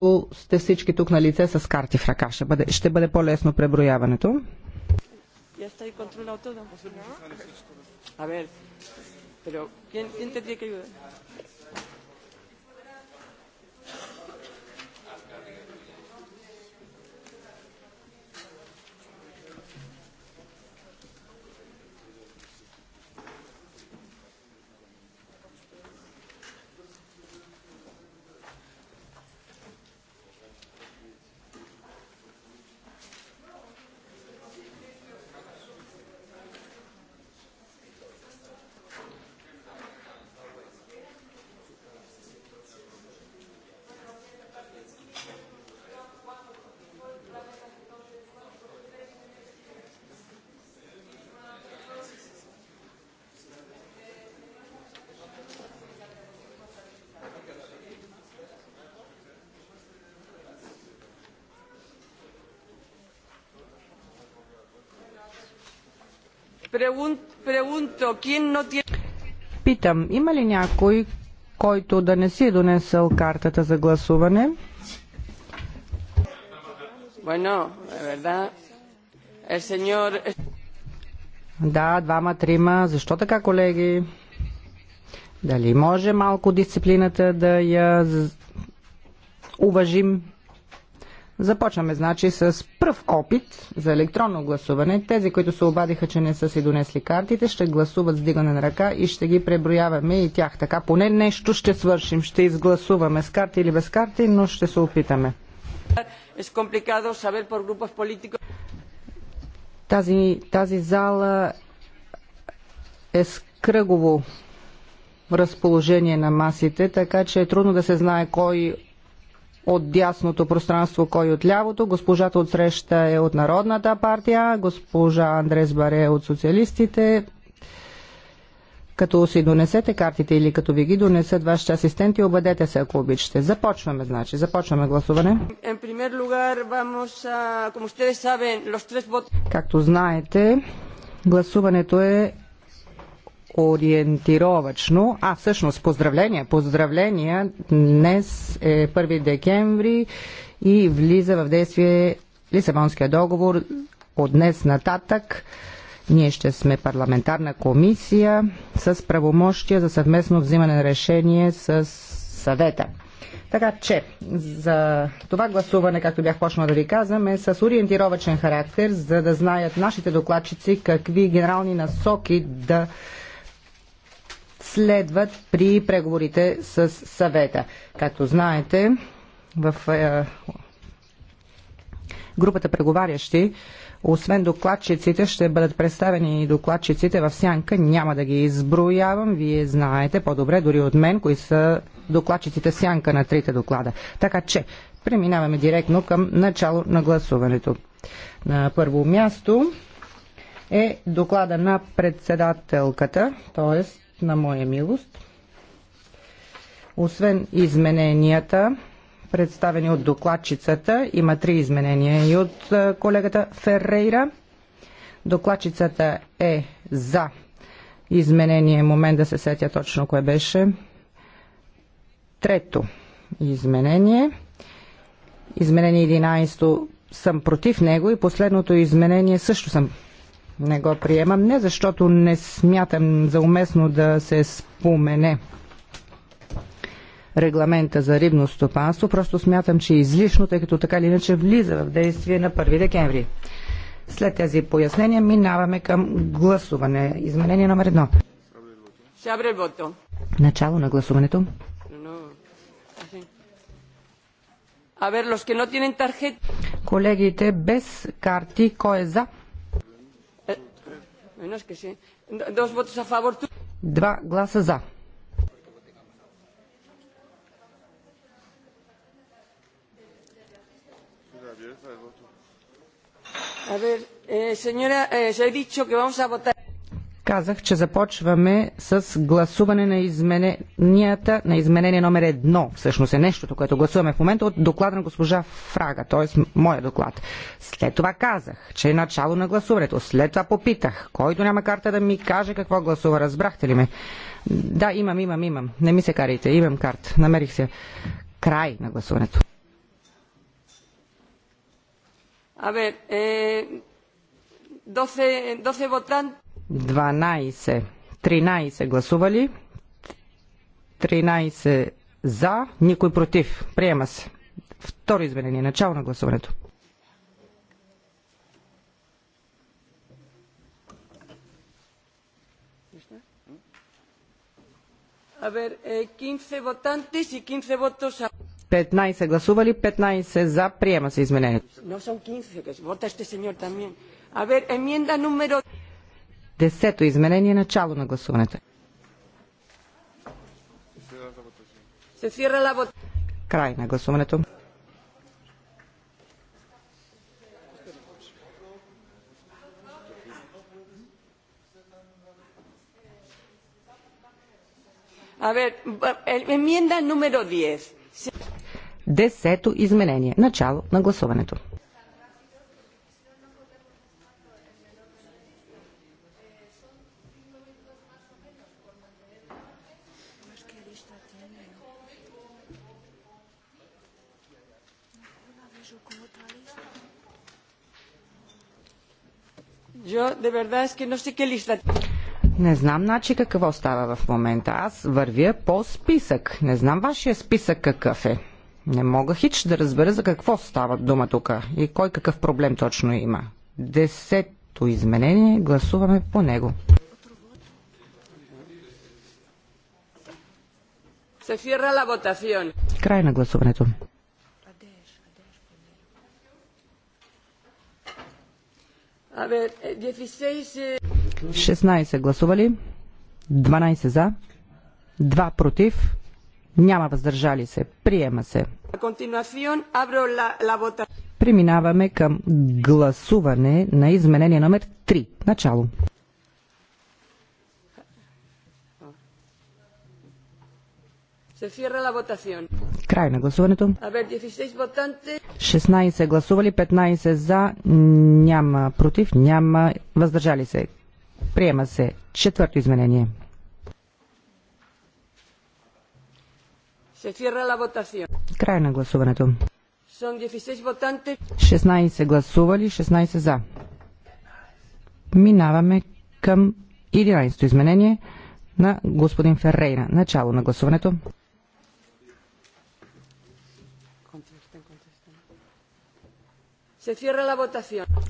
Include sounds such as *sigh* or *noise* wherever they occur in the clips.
ако сте всички тук на лице с карти в ръка, ще бъде, ще бъде по-лесно преброяването. A pero ¿quién, quién tendría que ayudar? Питам, има ли някой, който да не си е донесъл картата за гласуване? Да, двама, трима. Защо така, колеги? Дали може малко дисциплината да я уважим? Започваме, значи, с пръв опит за електронно гласуване. Тези, които се обадиха, че не са си донесли картите, ще гласуват с дигане на ръка и ще ги преброяваме и тях. Така поне нещо ще свършим. Ще изгласуваме с карти или без карти, но ще се опитаме. Тази, тази зала е с кръгово разположение на масите, така че е трудно да се знае кой от дясното пространство, кой от лявото. Госпожата от среща е от Народната партия, госпожа Андрес Баре е от социалистите. Като си донесете картите или като ви ги донесат вашите асистенти, обадете се, ако обичате. Започваме, значи. Започваме гласуване. Както знаете, гласуването е ориентировачно. А, всъщност, поздравления, поздравления. Днес е 1 декември и влиза в действие Лисабонския договор. От днес нататък ние ще сме парламентарна комисия с правомощия за съвместно взимане на решение с съвета. Така че, за това гласуване, както бях почнал да ви казвам, е с ориентировачен характер, за да знаят нашите докладчици какви генерални насоки да следват при преговорите с съвета. Както знаете, в е, групата преговарящи освен докладчиците, ще бъдат представени и докладчиците в сянка. Няма да ги изброявам. Вие знаете по-добре, дори от мен, кои са докладчиците сянка на трите доклада. Така че, преминаваме директно към начало на гласуването. На първо място е доклада на председателката, т.е на моя милост. Освен измененията, представени от докладчицата, има три изменения и от е, колегата Феррейра. Докладчицата е за изменение, момент да се сетя точно кое беше. Трето изменение. Изменение 11 съм против него и последното изменение също съм не го приемам. Не защото не смятам за уместно да се спомене регламента за рибно стопанство, просто смятам, че е излишно, тъй като така или иначе влиза в действие на 1 декември. След тези пояснения минаваме към гласуване. Изменение номер едно. Начало на гласуването. Колегите без карти, кой е за? Два гласа за. A ver, eh, señora, eh, se ha dicho que vamos a votar казах, че започваме с гласуване на измененията, на изменение номер едно, всъщност е нещото, което гласуваме в момента от доклада на госпожа Фрага, т.е. моя доклад. След това казах, че е начало на гласуването. След това попитах, който няма карта да ми каже какво гласува, разбрахте ли ме? Да, имам, имам, имам. Не ми се карайте, имам карта. Намерих се. Край на гласуването. Абе, е... 12, 12 votantes. 12, 13 гласували, 13 за, никой против. Приема се. Второ изменение. Начало на гласуването. A ver, eh, 15 votantes y 15 votos a... 15 гласували, 15 за. Приема се изменението. No son 15, que vota este señor también. A ver, enmienda número... Десето изменение, начало на гласуването. Край на гласуването. Десето изменение. Начало на гласуването. Не знам, значи, какво става в момента. Аз вървя по списък. Не знам вашия списък какъв е. Не мога хич да разбера за какво става дума тук и кой какъв проблем точно има. Десето изменение, гласуваме по него. Край на гласуването. 16 eh, eh, гласували, 12 за, 2 против, няма въздържали се. Приема се. Преминаваме към гласуване на изменение номер 3. Начало. Край на гласуването. 16 гласували, 15 за, няма против, няма въздържали се. Приема се четвърто изменение. Край на гласуването. 16 гласували, 16 за. Минаваме към 11-то изменение на господин Феррейна. Начало на гласуването.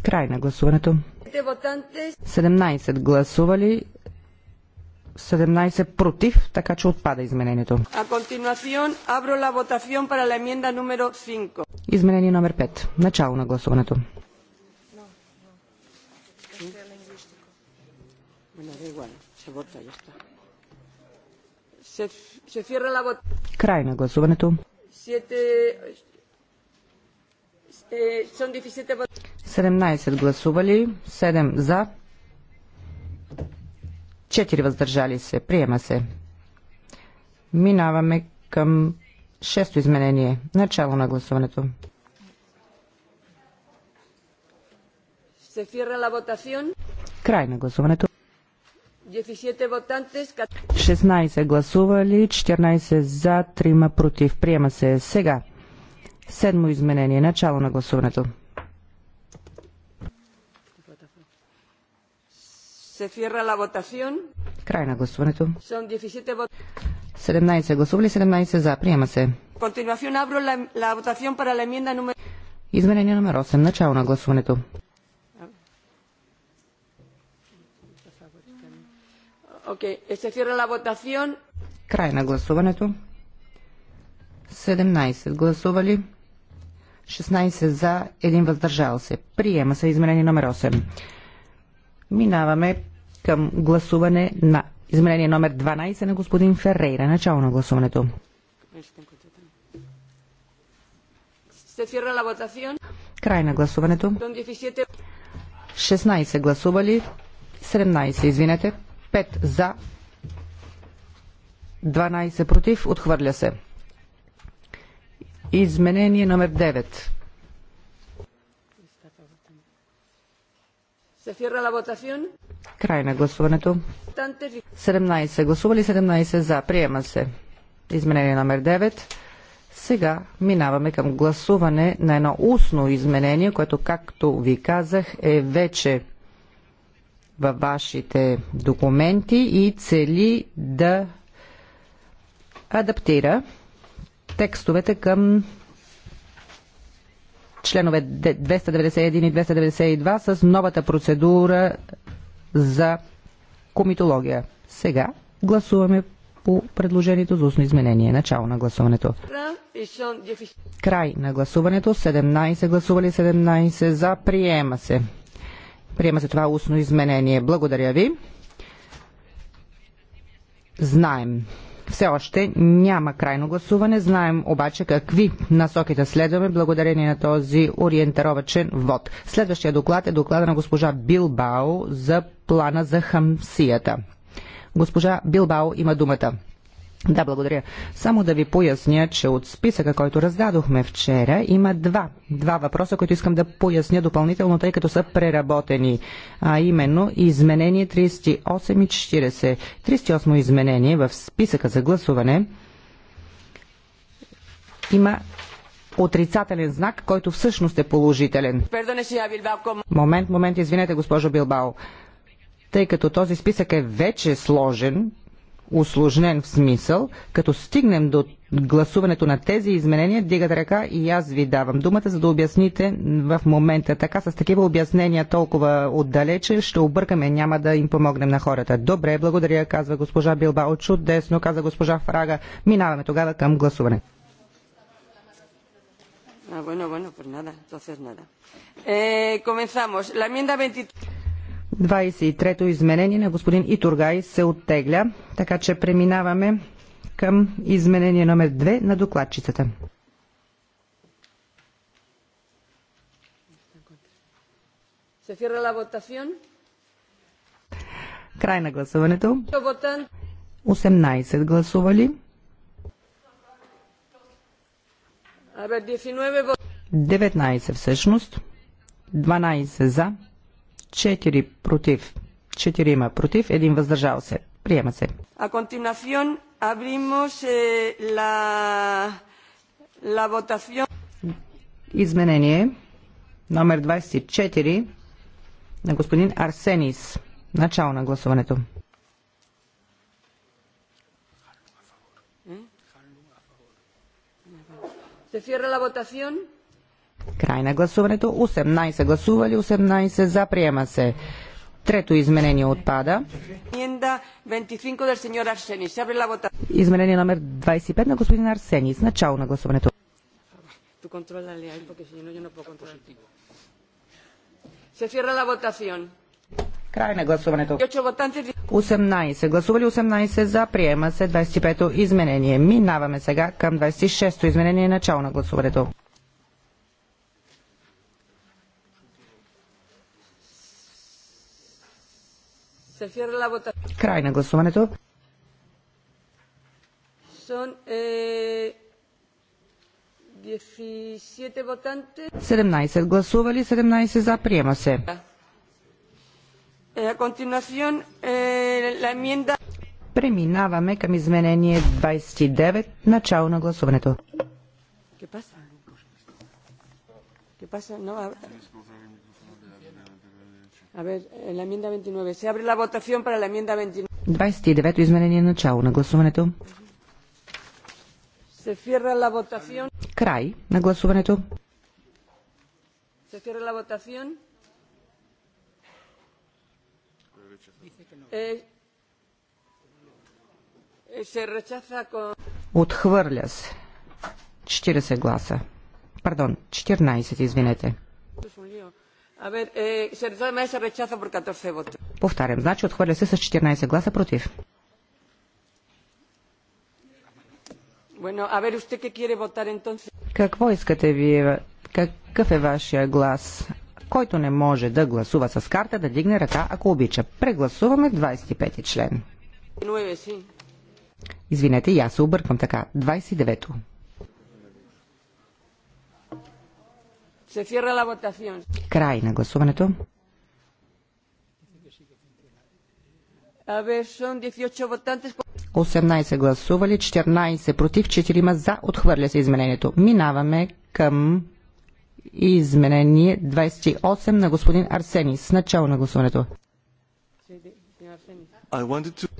Край на гласуването. 17 гласували, 17 против, така че отпада изменението. Изменение номер 5. Начало на гласуването. Край на гласуването. 17 гласували, 7 за, 4 въздържали се. Приема се. Минаваме към 6 изменение. Начало на гласуването. Край на гласуването. 16 гласували, 14 за, 3 против. Приема се сега. Седмо изменение. Начало на гласуването. Се Край на гласуването. 17 гласували, 17 за. Приема се. Изменение номер 8. Начало на гласуването. Край на гласуването. 17 гласували, 16 за, 1 въздържал се. Приема се изменение номер 8. Минаваме към гласуване на изменение номер 12 на господин Феррейра. Начало на гласуването. Край на гласуването. 16 гласували, 17 извинете, 5 за, 12 против, отхвърля се. Изменение номер 9. Край на гласуването. 17. Гласували 17 за. Приема се. Изменение номер 9. Сега минаваме към гласуване на едно устно изменение, което, както ви казах, е вече във вашите документи и цели да адаптира текстовете към членове 291 и 292 с новата процедура за комитология. Сега гласуваме по предложението за устно изменение. Начало на гласуването. Край на гласуването. 17 гласували, 17 за. Приема се. Приема се това устно изменение. Благодаря ви. Знаем. Все още няма крайно гласуване. Знаем обаче какви насоки да следваме благодарение на този ориентировачен вод. Следващия доклад е доклада на госпожа Билбао за плана за хамсията. Госпожа Билбао има думата. Да, благодаря. Само да ви поясня, че от списъка, който раздадохме вчера, има два, два въпроса, които искам да поясня допълнително, тъй като са преработени. А именно изменение 38 и 40. 38 изменение в списъка за гласуване има отрицателен знак, който всъщност е положителен. Момент, момент, извинете, госпожо Билбао. Тъй като този списък е вече сложен, усложнен в смисъл. Като стигнем до гласуването на тези изменения, дигат ръка и аз ви давам думата, за да обясните в момента. Така с такива обяснения толкова отдалече ще объркаме, няма да им помогнем на хората. Добре, благодаря, казва госпожа Билбао. Чудесно, каза госпожа Фрага. Минаваме тогава към гласуване. Ah, bueno, bueno, pues nada, entonces nada. Eh, comenzamos. La enmienda 23. 23-то изменение на господин Итургай се оттегля, така че преминаваме към изменение номер 2 на докладчицата. Край на гласуването. 18 гласували. 19 всъщност. 12 за. 4 против. 4 има против, 1 въздържал се. Приема се. A continuación abrimos eh, la, la votación. Изменение номер 24 на господин Арсенис. Начало на гласуването. Се cierra la votación. Край на гласуването. 18 гласували, 18 за. Приема се. Трето изменение отпада. Изменение номер 25 на господин Арсени. С начало на гласуването. Край на гласуването. 18 гласували, 18 за, приема се 25-то изменение. Минаваме сега към 26-то изменение, начало на гласуването. Край на гласуването. Сон е... 17 гласували, 17 за. Приема се. Eh, eh, Преминаваме към изменение 29, начало на гласуването. ¿Qué pasa? ¿Qué pasa? No, 29. то изменение начало на гласуването. Се cierra la votación. Край на гласуването. Се cierra la votación. Е, Отхвърля се. 40 гласа. Пардон, 14, извинете. Eh, Повтарям, значи отхвърля се с 14 гласа против. Какво искате вие? Какъв е вашия глас? Който не може да гласува с карта, да дигне ръка, ако обича. Прегласуваме 25 ти член. Извинете, и аз се обърквам така. 29-то. Се cierra la votación. Край на гласуването. A 18 votantes. 18 гласували, 14 против, 4 за. Отхвърля се изменението. Минаваме към изменение 28 на господин Арсений с начало на гласуването.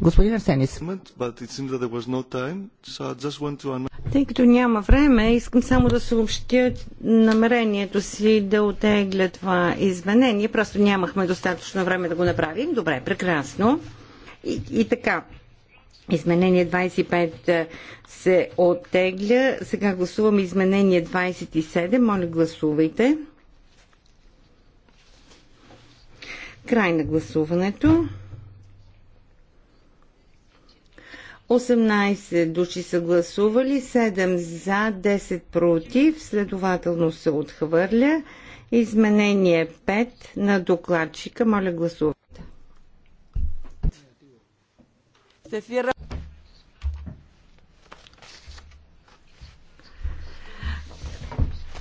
Господин Арсенис. Тъй като няма време, искам само да съобщя намерението си да отегля това изменение. Просто нямахме достатъчно време да го направим. Добре, прекрасно. И, и така, изменение 25 се оттегля. Сега гласуваме изменение 27. Моля, гласувайте. Край на гласуването. 18 души са гласували, 7 за, 10 против, следователно се отхвърля. Изменение 5 на докладчика. Моля гласувайте.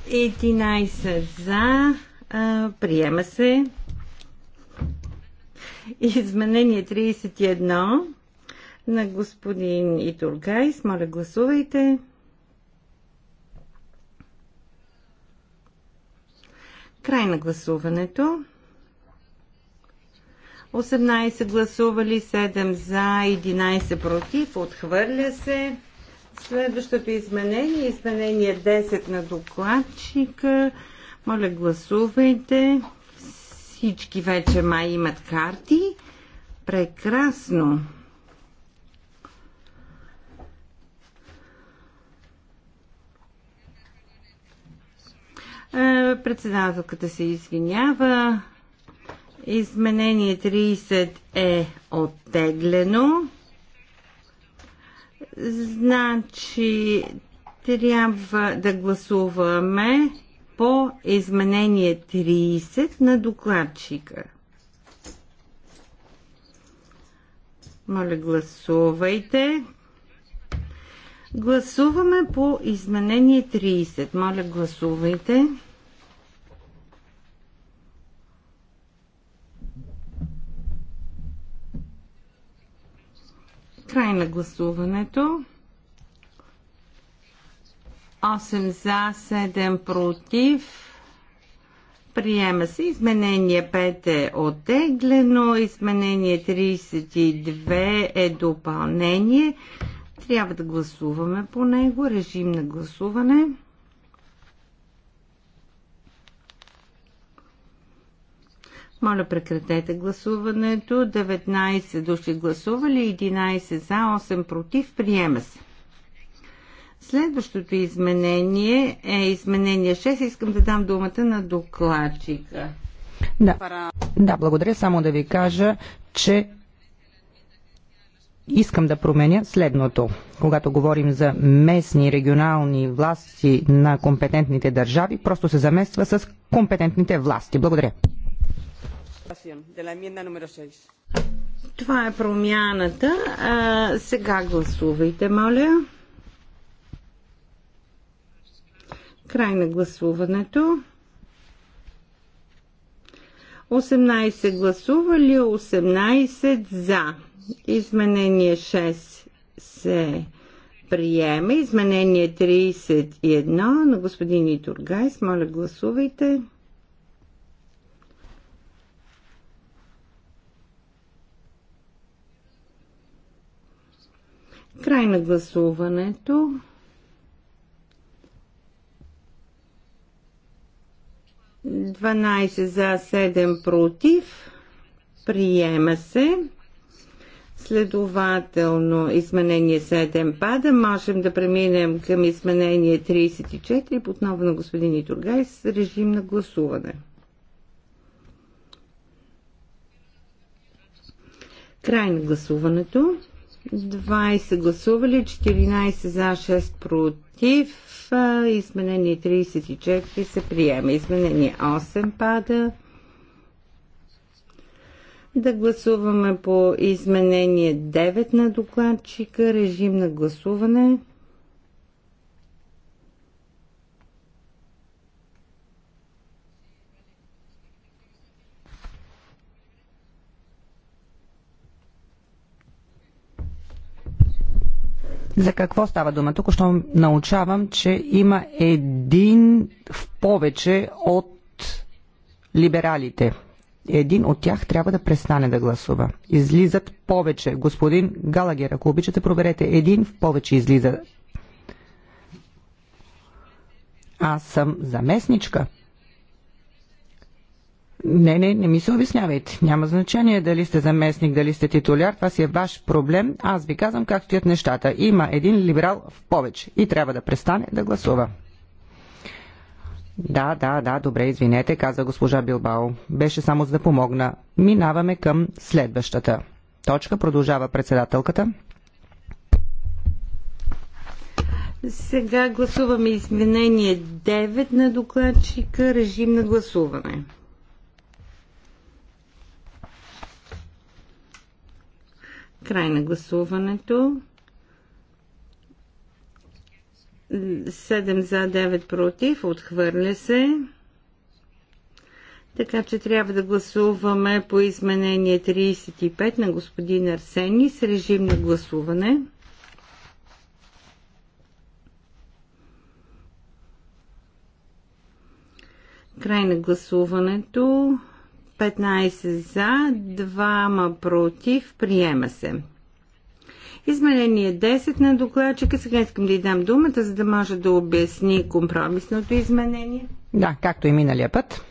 11 за. А, приема се. Изменение 31 на господин Итургайс. Моля, гласувайте. Край на гласуването. 18 гласували, 7 за, 11 против. Отхвърля се. Следващото изменение, изменение 10 на докладчика. Моля, гласувайте. Всички вече май имат карти. Прекрасно. Е, председателката се извинява. Изменение 30 е оттеглено. Значи трябва да гласуваме по изменение 30 на докладчика. Моля, гласувайте. Гласуваме по изменение 30. Моля, гласувайте. Край на гласуването. 8 за, 7 против. Приема се изменение 5 е оттеглено, изменение 32 е допълнение. Трябва да гласуваме по него. Режим на гласуване. Моля, прекратете гласуването. 19 души гласували, 11 за, 8 против. Приема се. Следващото изменение е изменение 6. Искам да дам думата на докладчика. Да, да благодаря. Само да ви кажа, че искам да променя следното. Когато говорим за местни, регионални власти на компетентните държави, просто се замества с компетентните власти. Благодаря. Това е промяната. А, сега гласувайте, моля. Край на гласуването. 18 гласували, 18 за. Изменение 6 се приема. Изменение 31 на господин Итургайс. Моля, гласувайте. Край на гласуването. Дванайсет за, седем против. Приема се. Следователно, изменение 7 пада. Можем да преминем към изменение 34, отново на господин Итургай, с режим на гласуване. Край на гласуването. 20 гласували, 14 за, 6 против. Изменение 34 се приема. Изменение 8 пада да гласуваме по изменение 9 на докладчика. Режим на гласуване. За какво става дума? Тук още научавам, че има един в повече от либералите един от тях трябва да престане да гласува. Излизат повече. Господин Галагер, ако обичате, проверете. Един в повече излиза. Аз съм заместничка. Не, не, не ми се обяснявайте. Няма значение дали сте заместник, дали сте титуляр. Това си е ваш проблем. Аз ви казвам как стоят нещата. Има един либерал в повече и трябва да престане да гласува. Да, да, да, добре, извинете, каза госпожа Билбао. Беше само за да помогна. Минаваме към следващата. Точка продължава председателката. Сега гласуваме изменение 9 на докладчика. Режим на гласуване. Край на гласуването. 7 за 9 против, отхвърля се. Така че трябва да гласуваме по изменение 35 на господин Арсени с режим на гласуване. Край на гласуването. 15 за, 2 против. Приема се. Изменение 10 на докладчика. Сега искам да й дам думата, за да може да обясни компромисното изменение. Да, както и миналия път.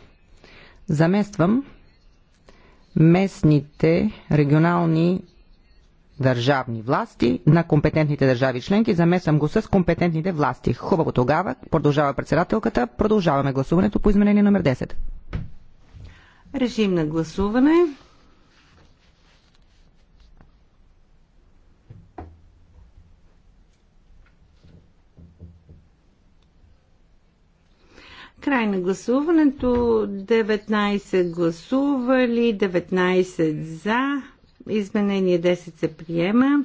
Замествам местните регионални държавни власти на компетентните държави членки. Замесвам го с компетентните власти. Хубаво тогава. Продължава председателката. Продължаваме гласуването по изменение номер 10. Режим на гласуване. Край на гласуването. 19 гласували, 19 за. Изменение 10 се приема.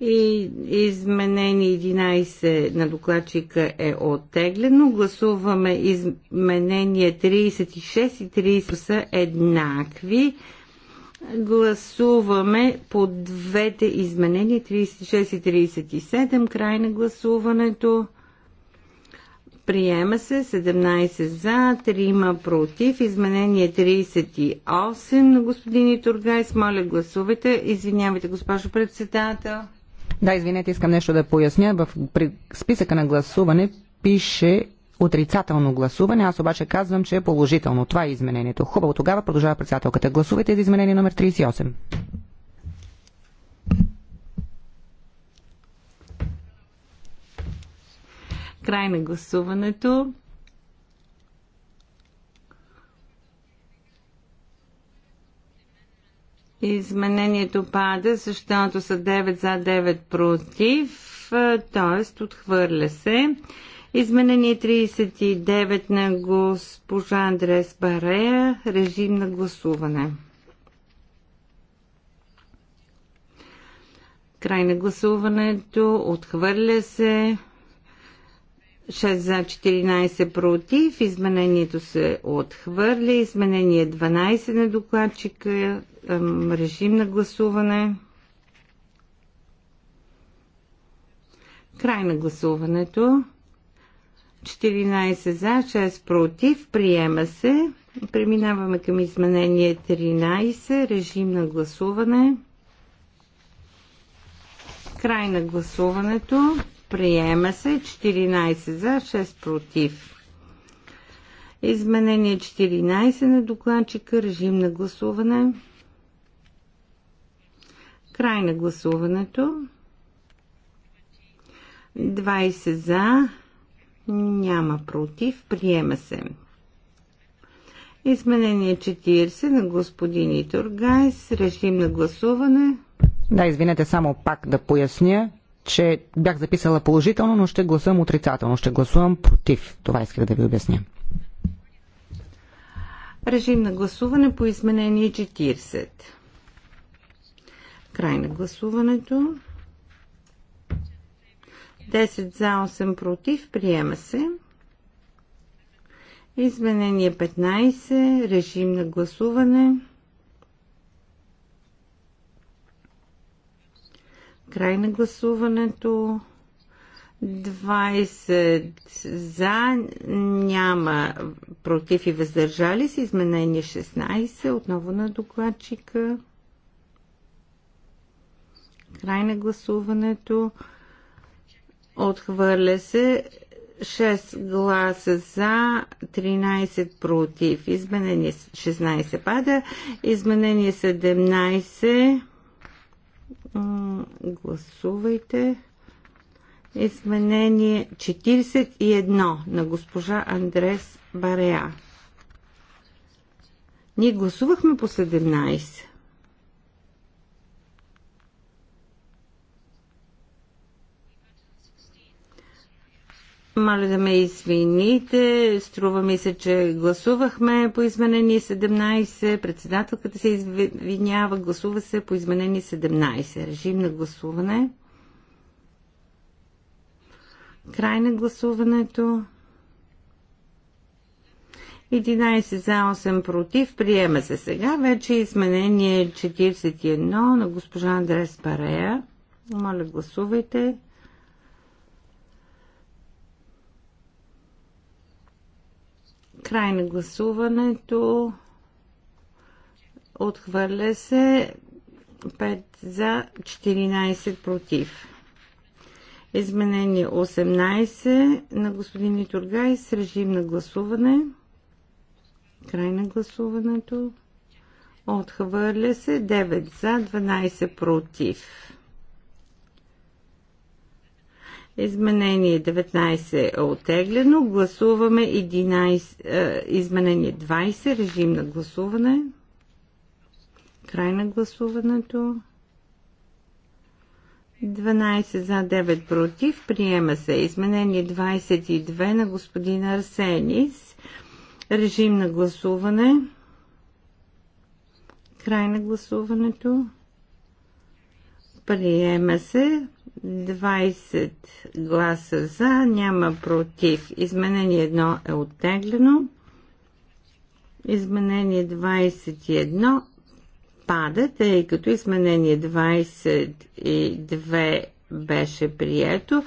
И изменение 11 на докладчика е оттеглено. Гласуваме изменение 36 и 30 са еднакви. Гласуваме по двете изменения 36 и 37. Край на гласуването. Приема се 17 за, 3 против. Изменение 38 на господин Итургайс. Моля, гласувайте. Извинявайте, госпожо председател. Да, извинете, искам нещо да поясня. В списъка на гласуване пише отрицателно гласуване. Аз обаче казвам, че е положително. Това е изменението. Хубаво, тогава продължава председателката. Гласувайте за изменение номер 38. Край на гласуването. Изменението пада, защото са 9 за 9 против, т.е. отхвърля се. Изменение 39 на госпожа Андрес Барея. Режим на гласуване. Край на гласуването. Отхвърля се. 6 за 14 против. Изменението се отхвърли. Изменение 12 на докладчика. Режим на гласуване. Край на гласуването. 14 за, 6 против. Приема се. Преминаваме към изменение 13. Режим на гласуване. Край на гласуването. Приема се 14 за, 6 против. Изменение 14 на докладчика. Режим на гласуване. Край на гласуването. 20 за. Няма против. Приема се. Изменение 40 на господин Итургайс. Режим на гласуване. Да, извинете, само пак да поясня, че бях записала положително, но ще гласувам отрицателно. Ще гласувам против. Това исках да ви обясня. Режим на гласуване по изменение 40. Край на гласуването. 10 за 8 против. Приема се. Изменение 15. Режим на гласуване. Край на гласуването. 20 за, няма против и въздържали се. Изменение 16. Отново на докладчика. Край на гласуването. Отхвърля се 6 гласа за, 13 против. Изменение 16 пада. Изменение 17 гласувайте. Изменение 41 на госпожа Андрес Бареа. Ние гласувахме по 17. Моля да ме извините. Струва ми се, че гласувахме по изменени 17. Председателката се извинява. Гласува се по изменени 17. Режим на гласуване. Край на гласуването. 11 за 8 против. Приема се сега вече изменение 41 на госпожа Андрес Парея. Моля, гласувайте. Край на гласуването. Отхвърля се 5 за 14 против. Изменение 18 на господин Итургай с режим на гласуване. Край на гласуването. Отхвърля се 9 за 12 против. Изменение 19 е отеглено. Гласуваме 11, е, изменение 20. Режим на гласуване. Край на гласуването. 12 за 9 против. Приема се изменение 22 на господин Арсенис. Режим на гласуване. Край на гласуването. Приема се. 20 гласа за, няма против. Изменение 1 е оттеглено. Изменение 21 пада, тъй като изменение 22 беше прието.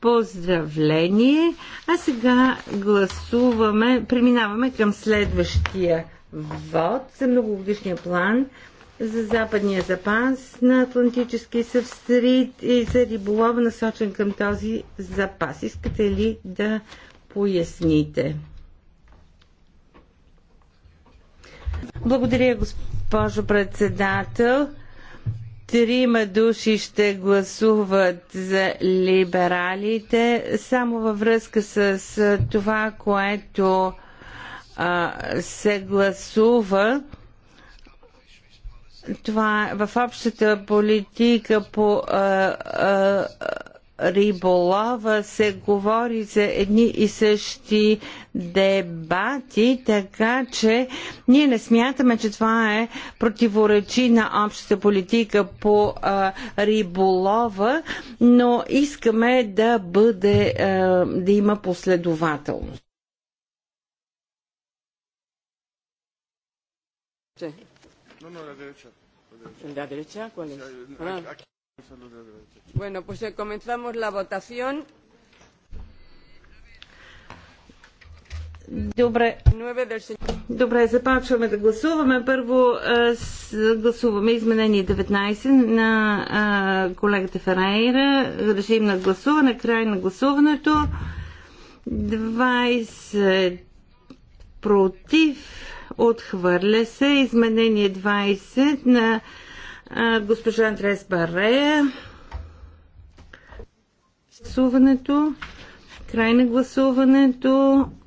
Поздравление! А сега гласуваме, преминаваме към следващия вод за многогодишния план за западния запас на Атлантически съвстрит и за риболов насочен към този запас. Искате ли да поясните? Благодаря, госпожо председател. Трима души ще гласуват за либералите само във връзка с това, което а, се гласува. Това е в общата политика по а, а, риболова се говори за едни и същи дебати, така че ние не смятаме, че това е противоречи на общата политика по а, риболова, но искаме да бъде, а, да има последователност. No, no, la derecha? ¿Cuál es? Ah. Bueno, pues eh, comenzamos la votación. Добре. Добре, започваме да гласуваме. Първо гласуваме изменение 19 на колегата Ферейра. Режим на гласуване, край на гласуването. 20 против, отхвърля се. Изменение 20 на Госпожа Андрес Барея. Гласуването. Край на гласуването.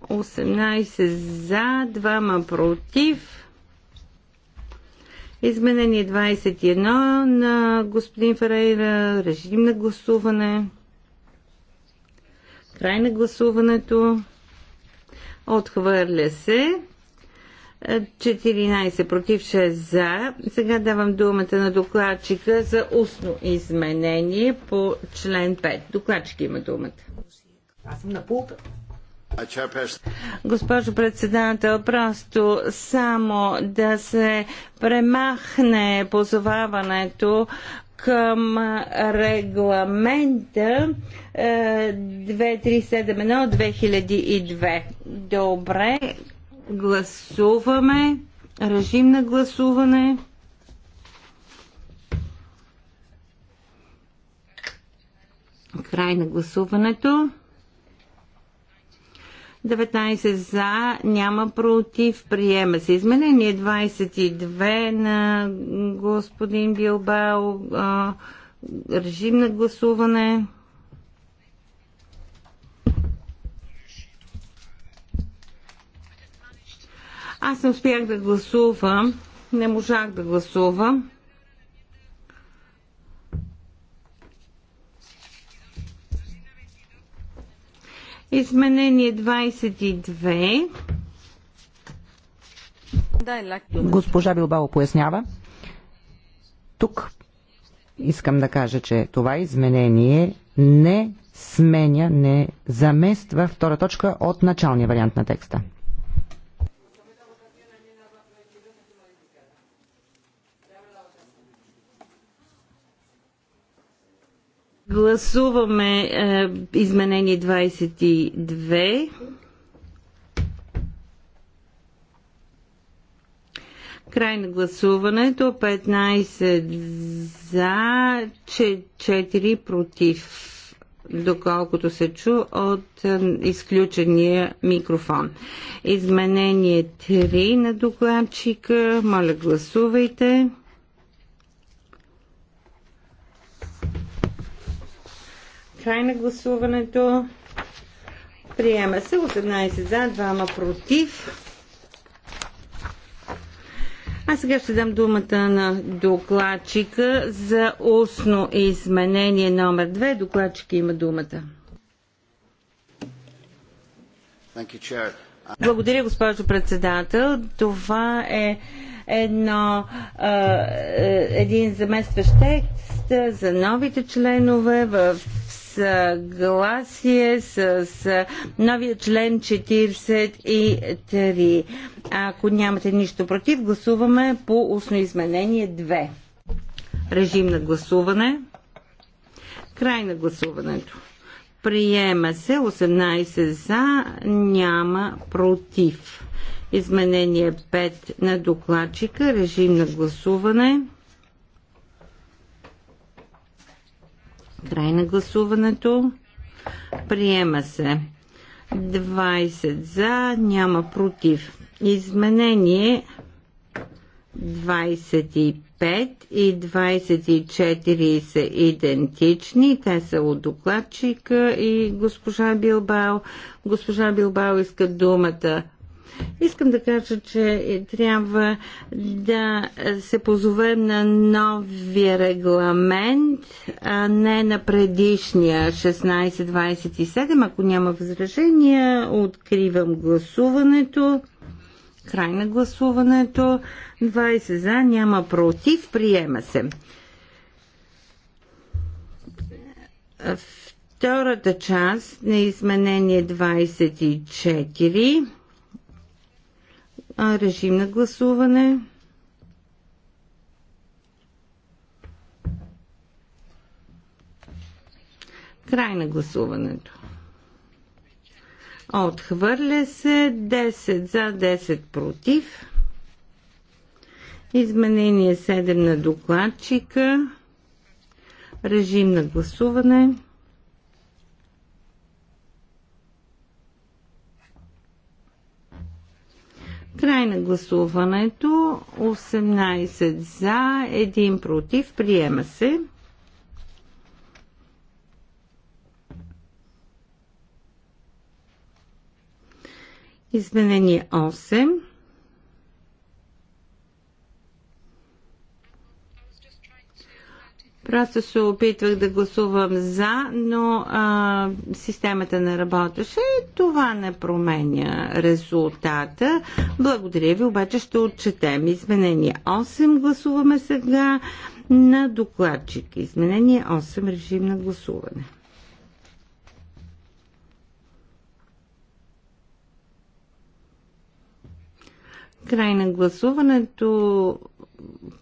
18 за, 2 против. Изменение 21 на господин Ферейра. Режим на гласуване. Край на гласуването. Отхвърля се. 14 против 6 за. Сега давам думата на докладчика за устно изменение по член 5. Докладчик има думата. Аз съм на пулта. Госпожо председател, просто само да се премахне позоваването към регламента 2371 от 2002. Добре, Гласуваме. Режим на гласуване. Край на гласуването. 19 за, няма против, приема се. Изменение 22 на господин Билбао. Режим на гласуване. Аз не успях да гласувам, не можах да гласувам. Изменение 22. Госпожа Билбао пояснява. Тук искам да кажа, че това изменение не сменя, не замества втора точка от началния вариант на текста. Гласуваме е, изменение 22. Край на гласуването 15 за, 4 против, доколкото се чу от е, изключения микрофон. Изменение 3 на докладчика. Моля, гласувайте. Край на гласуването. Приема се 18 за, 2 против. А сега ще дам думата на докладчика за устно изменение номер 2. Докладчика има думата. Благодаря, госпожо председател. Това е едно, е, един заместващ текст за новите членове в съгласие с новия член 43. Ако нямате нищо против, гласуваме по устно изменение 2. Режим на гласуване. Край на гласуването. Приема се 18 за, няма против. Изменение 5 на докладчика. Режим на гласуване. Край на гласуването. Приема се. 20 за, няма против. Изменение 25 и 24 са идентични. Те са от докладчика и госпожа Билбао. Госпожа Билбао иска думата. Искам да кажа, че трябва да се позовем на новия регламент, а не на предишния 1627. Ако няма възражения, откривам гласуването. Край на гласуването. 20 за, няма против. Приема се. Втората част на изменение 24 режим на гласуване. Край на гласуването. Отхвърля се 10 за 10 против. Изменение 7 на докладчика. Режим на гласуване. Край на гласуването. 18 за, 1 против. Приема се. Изменение 8. Просто се опитвах да гласувам за, но а, системата не работеше и това не променя резултата. Благодаря ви, обаче ще отчетем изменение 8. Гласуваме сега на докладчик. Изменение 8. Режим на гласуване. Край на гласуването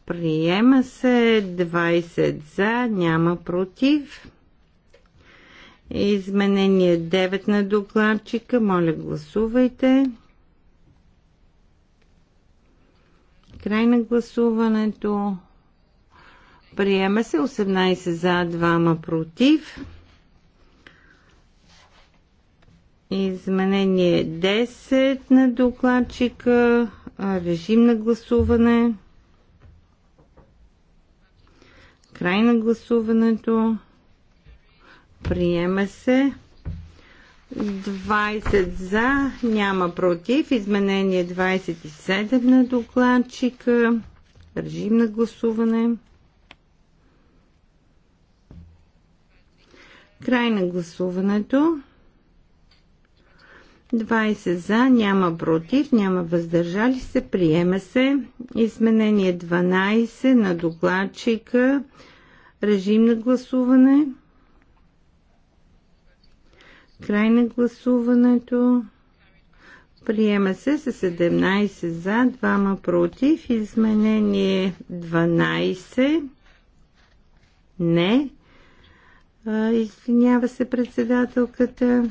Приема се 20 за, няма против. Изменение 9 на докладчика. Моля, гласувайте. Край на гласуването. Приема се 18 за, 2 против. Изменение 10 на докладчика. Режим на гласуване. Край на гласуването. Приема се. 20 за, няма против. Изменение 27 на докладчика. Режим на гласуване. Край на гласуването. 20 за, няма против, няма въздържали се, приема се. Изменение 12 на докладчика. Режим на гласуване. Край на гласуването. Приема се с 17 за, 2 против. Изменение 12. Не. Извинява се председателката.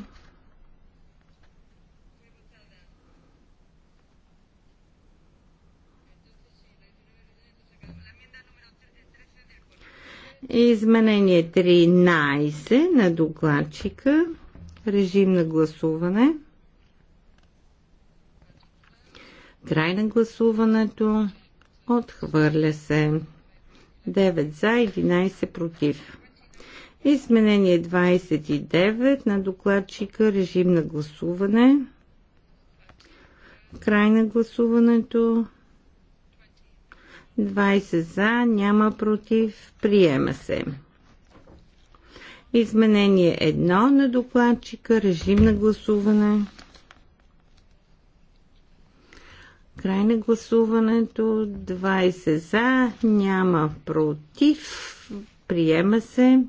Изменение 13 на докладчика. Режим на гласуване. Край на гласуването. Отхвърля се. 9 за, 11 против. Изменение 29 на докладчика. Режим на гласуване. Край на гласуването. 20 за, няма против, приема се. Изменение 1 на докладчика, режим на гласуване. Край на гласуването, 20 за, няма против, приема се.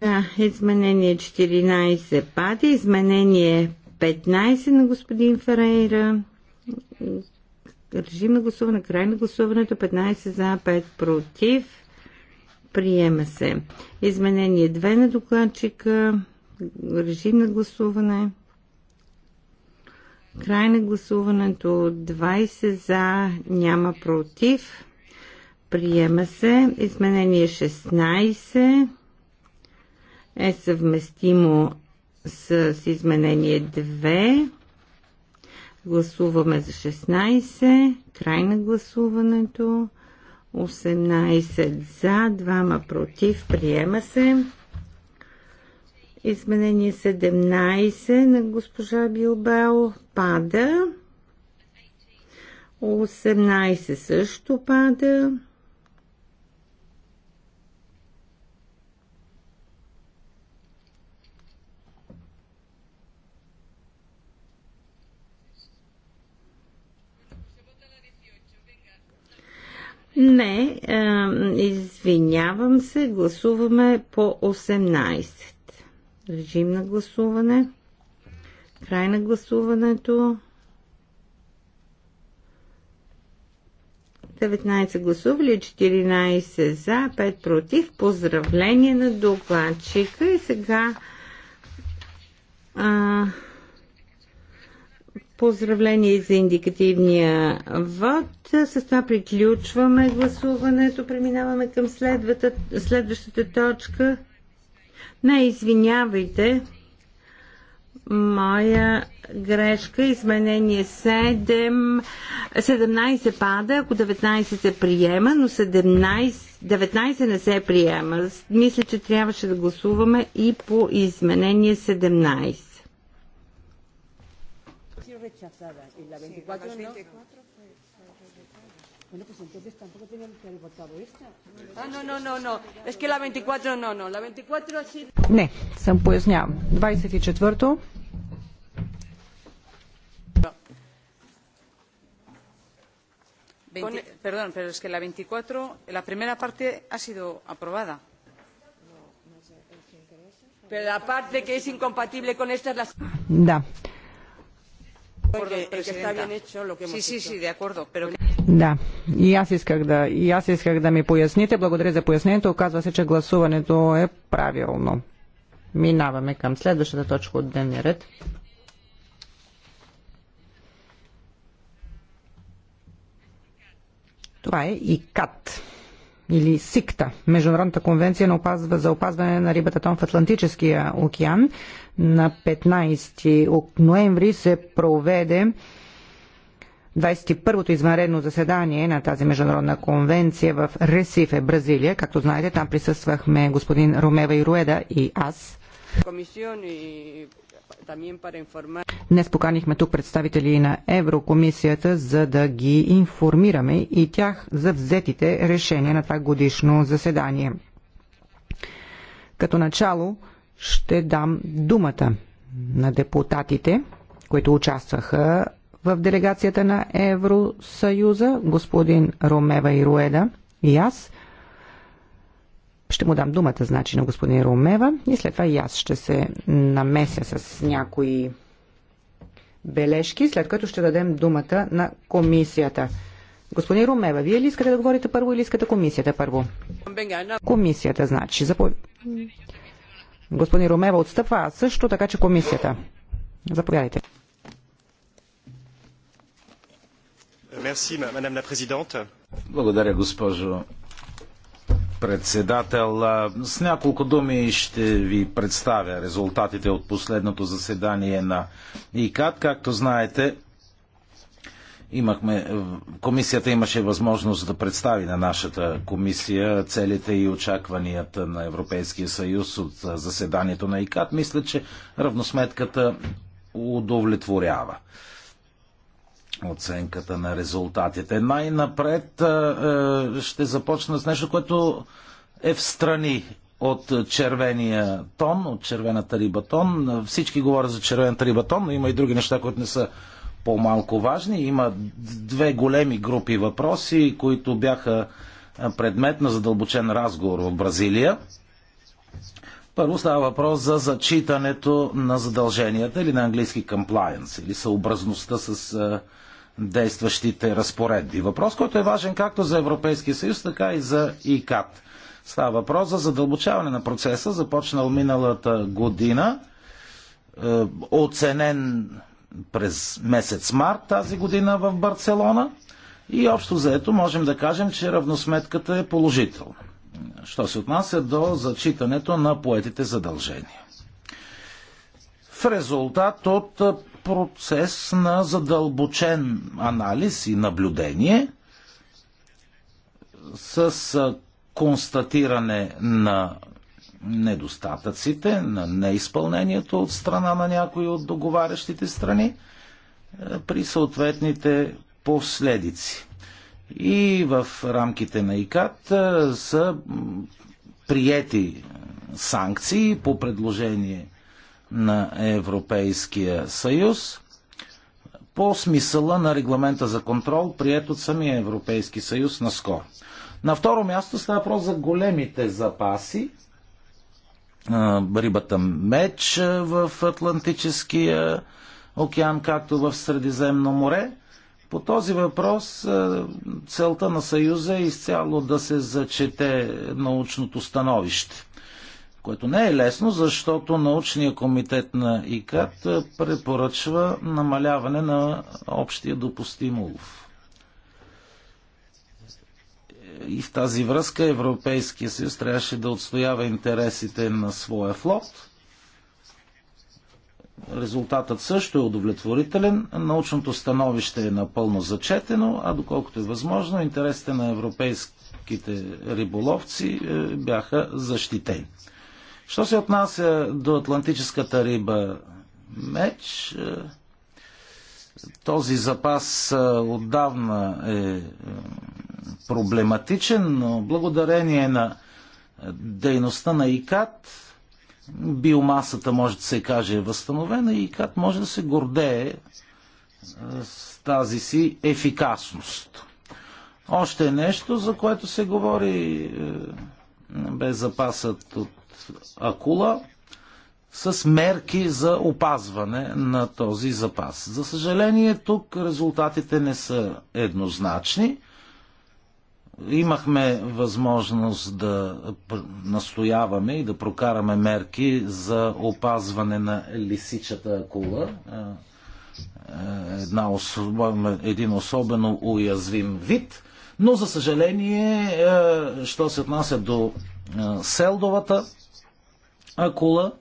Да, изменение 14 пада, изменение 15 на господин Ферейра. Режим на гласуване, край на гласуването, 15 за, 5 против. Приема се. Изменение 2 на докладчика. Режим на гласуване. Край на гласуването 20 за, няма против. Приема се. Изменение 16 е съвместимо с изменение 2. Гласуваме за 16. Край на гласуването. 18 за, 2 против. Приема се. Изменение 17 на госпожа Билбао пада. 18 също пада. Не, извинявам се, гласуваме по 18. Режим на гласуване. Край на гласуването. 19 гласували, 14 за, 5 против. Поздравление на докладчика и сега а, Поздравление за индикативния вод. С това приключваме гласуването. Преминаваме към следвата, следващата точка. Не, извинявайте. Моя грешка. Изменение 7. 17 пада, ако 19 се приема, но 17, 19 не се приема. Мисля, че трябваше да гласуваме и по изменение 17 rechazada y la 24 sí, la 24 no. fue... Bueno, pues entonces tampoco teníamos que haber votado esta. Ah, no, no, no, no. Es que la 24 no, no. La 24 ha sido... se me puede пояснявам. 24 Con, Perdón, pero es que la 24, la primera parte ha sido aprobada. Pero la parte que es incompatible con esta es la... Da. Да, и аз исках да, и аз исках да ми поясните. Благодаря за пояснението. Оказва се, че гласуването е правилно. Минаваме към следващата точка от дневния ред. Това е и КАТ или СИКТА, Международната конвенция на опазва, за опазване на рибата тон в Атлантическия океан. На 15 ноември се проведе 21-то извънредно заседание на тази международна конвенция в Ресифе, Бразилия. Както знаете, там присъствахме господин Ромева и Руеда и аз. Днес поканихме тук представители на Еврокомисията, за да ги информираме и тях за взетите решения на това годишно заседание. Като начало ще дам думата на депутатите, които участваха в делегацията на Евросъюза, господин Ромева и Руеда и аз – ще му дам думата, значи, на господин Ромева и след това и аз ще се намеся с някои бележки, след като ще дадем думата на комисията. Господин Ромева, вие ли искате да говорите първо или искате комисията първо? Комисията, значи. Запо... Господин Ромева, отстъпва, също така, че комисията. Заповядайте. Благодаря, госпожо председател. С няколко думи ще ви представя резултатите от последното заседание на ИКАД. Както знаете, имахме, комисията имаше възможност да представи на нашата комисия целите и очакванията на Европейския съюз от заседанието на ИКАД. Мисля, че равносметката удовлетворява оценката на резултатите. Най-напред е, е, ще започна с нещо, което е в страни от червения тон, от червената риба тон. Всички говорят за червената риба тон, но има и други неща, които не са по-малко важни. Има две големи групи въпроси, които бяха е, предмет на задълбочен разговор в Бразилия. Първо става въпрос за зачитането на задълженията или на английски compliance или съобразността с действащите разпоредби. Въпрос, който е важен както за Европейския съюз, така и за ИКАТ. Става въпрос за задълбочаване на процеса, започнал миналата година, е, оценен през месец март тази година в Барселона и общо заето можем да кажем, че равносметката е положителна. Що се отнася до зачитането на поетите задължения. В резултат от процес на задълбочен анализ и наблюдение с констатиране на недостатъците, на неизпълнението от страна на някои от договарящите страни е, при съответните последици. И в рамките на ИКАТ е, са приети санкции по предложение на Европейския съюз по смисъла на регламента за контрол, прият от самия Европейски съюз наскоро. На второ място става въпрос за големите запаси. Рибата меч в Атлантическия океан, както в Средиземно море. По този въпрос целта на Съюза е изцяло да се зачете научното становище което не е лесно, защото научният комитет на ИКАТ е, препоръчва намаляване на общия допустим улов. И в тази връзка Европейския съюз трябваше да отстоява интересите на своя флот. Резултатът също е удовлетворителен. Научното становище е напълно зачетено, а доколкото е възможно, интересите на европейските риболовци е, бяха защитени. Що се отнася до атлантическата риба меч, е, този запас е, отдавна е, е проблематичен, но благодарение на дейността на ИКАТ, биомасата може да се каже е възстановена и ИКАТ може да се гордее с тази си ефикасност. Още нещо, за което се говори бе запасът от акула с мерки за опазване на този запас. За съжаление, тук резултатите не са еднозначни. Имахме възможност да настояваме и да прокараме мерки за опазване на лисичата акула, една особен, един особено уязвим вид, но за съжаление, що се отнася до селдовата акула,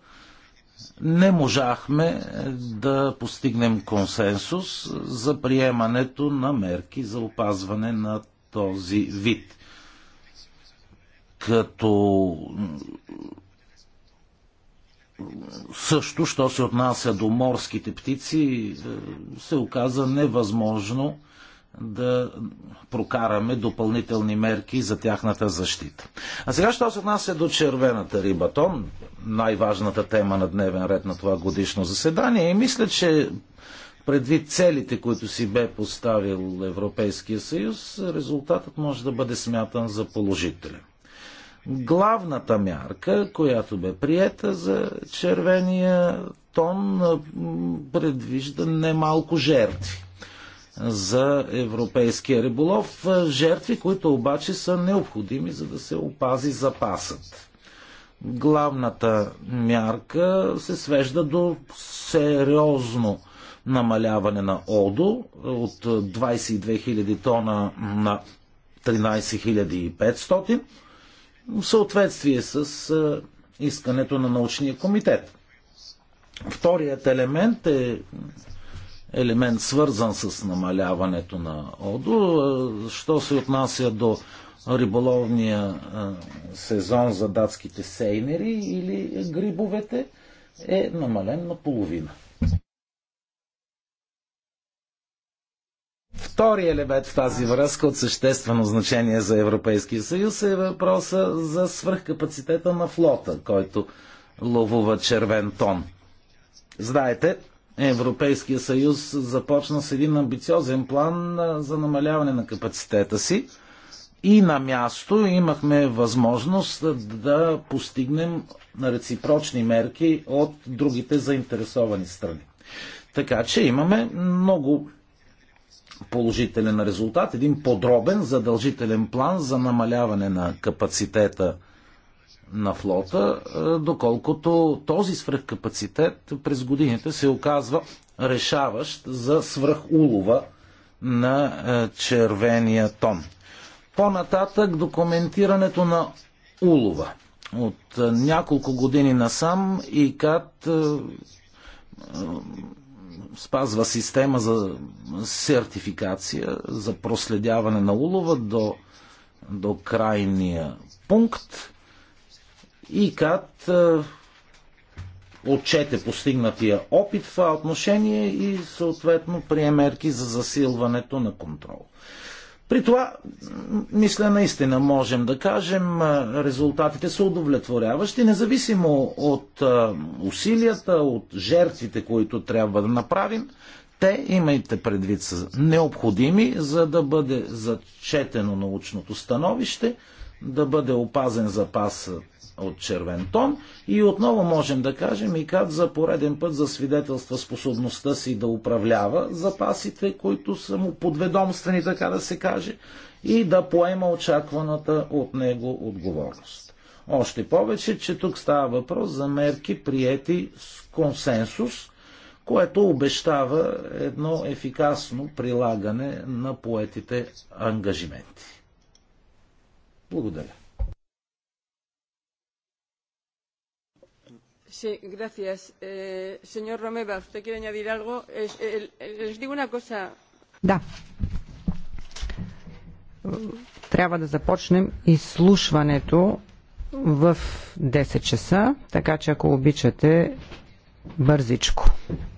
не можахме да постигнем консенсус за приемането на мерки за опазване на този вид. Като също, що се отнася до морските птици, се оказа невъзможно да прокараме допълнителни мерки за тяхната защита. А сега, що се отнася до червената риба, то най-важната тема на дневен ред на това годишно заседание и мисля, че предвид целите, които си бе поставил Европейския съюз, резултатът може да бъде смятан за положителен. Главната мярка, която бе приета за червения тон, предвижда немалко жертви за европейския риболов, е, жертви, които обаче са необходими, за да се опази запасът. Главната мярка се свежда до сериозно намаляване на ОДО от 22 000 тона на 13 500 в съответствие с е, искането на научния комитет. Вторият елемент е елемент свързан с намаляването на ОДО. Е, що се отнася до риболовния е, сезон за датските сейнери или грибовете, е намален на половина. Втори елемент в тази връзка от съществено значение за Европейския съюз е въпроса за свръхкапацитета на флота, който ловува червен тон. Знаете, Европейския съюз започна с един амбициозен план за намаляване на капацитета си. И на място имахме възможност да постигнем на реципрочни мерки от другите заинтересовани страни. Така че имаме много положителен резултат, един подробен задължителен план за намаляване на капацитета на флота, е, доколкото този свръхкапацитет през годините се оказва решаващ за свръхулова на е, червения тон. По-нататък документирането на улова. От е, няколко години насам и КАТ спазва система за сертификация, за проследяване на улова до, до крайния пункт ИКАТ е, отчете постигнатия опит в това отношение и съответно прие мерки за засилването на контрол. При това, мисля наистина, можем да кажем, е, резултатите са удовлетворяващи, независимо от е, усилията, от жертвите, които трябва да направим. Те, имайте предвид, са необходими, за да бъде зачетено научното становище, да бъде опазен запасът от червен тон и отново можем да кажем и как за пореден път за свидетелства способността си да управлява запасите, които са му подведомствени, така да се каже, и да поема очакваната от него отговорност. Още повече, че тук става въпрос за мерки приети с консенсус, което обещава едно ефикасно прилагане на поетите ангажименти. Благодаря. Eh, señor Romeva, ¿usted quiere añadir algo? Eh, eh, les digo una cosa. Да. Трябва да започнем изслушването в 10 часа, така че ако обичате бързичко.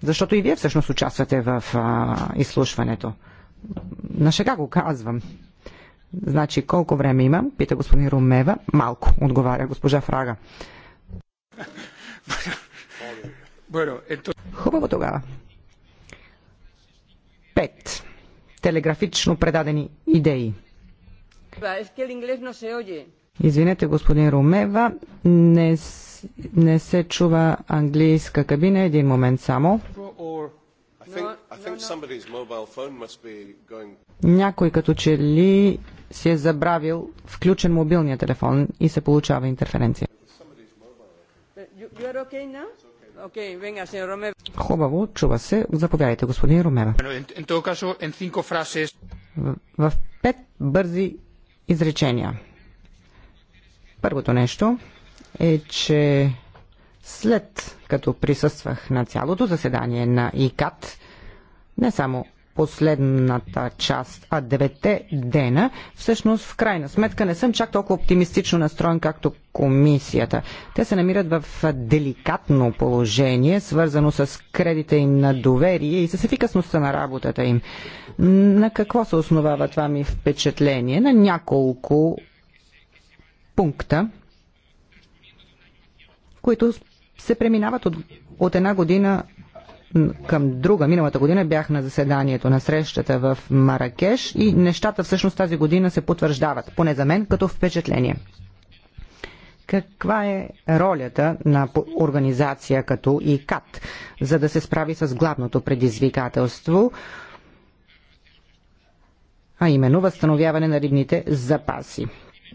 Защото и вие всъщност участвате в а, изслушването. На шега го казвам. Значи колко време имам? Пита господин Румева. Малко, отговаря госпожа Фрага. Хубаво тогава. Пет. Телеграфично предадени идеи. Е, Извинете, господин Румева, не, не се чува английска кабина. Един момент само. Някой като че ли си е забравил включен мобилния телефон и се получава интерференция. Хубаво, чува се. Заповядайте, господин Ромева. В, в пет бързи изречения. Първото нещо е, че след като присъствах на цялото заседание на ИКАТ, не само последната част, а девете дена, всъщност в крайна сметка не съм чак толкова оптимистично настроен, както комисията. Те се намират в деликатно положение, свързано с кредита им на доверие и с ефикасността на работата им. На какво се основава това ми впечатление? На няколко пункта, които се преминават от, от една година към друга. Миналата година бях на заседанието на срещата в Маракеш и нещата всъщност тази година се потвърждават, поне за мен, като впечатление. Каква е ролята на организация като ИКАТ, за да се справи с главното предизвикателство, а именно възстановяване на рибните запаси?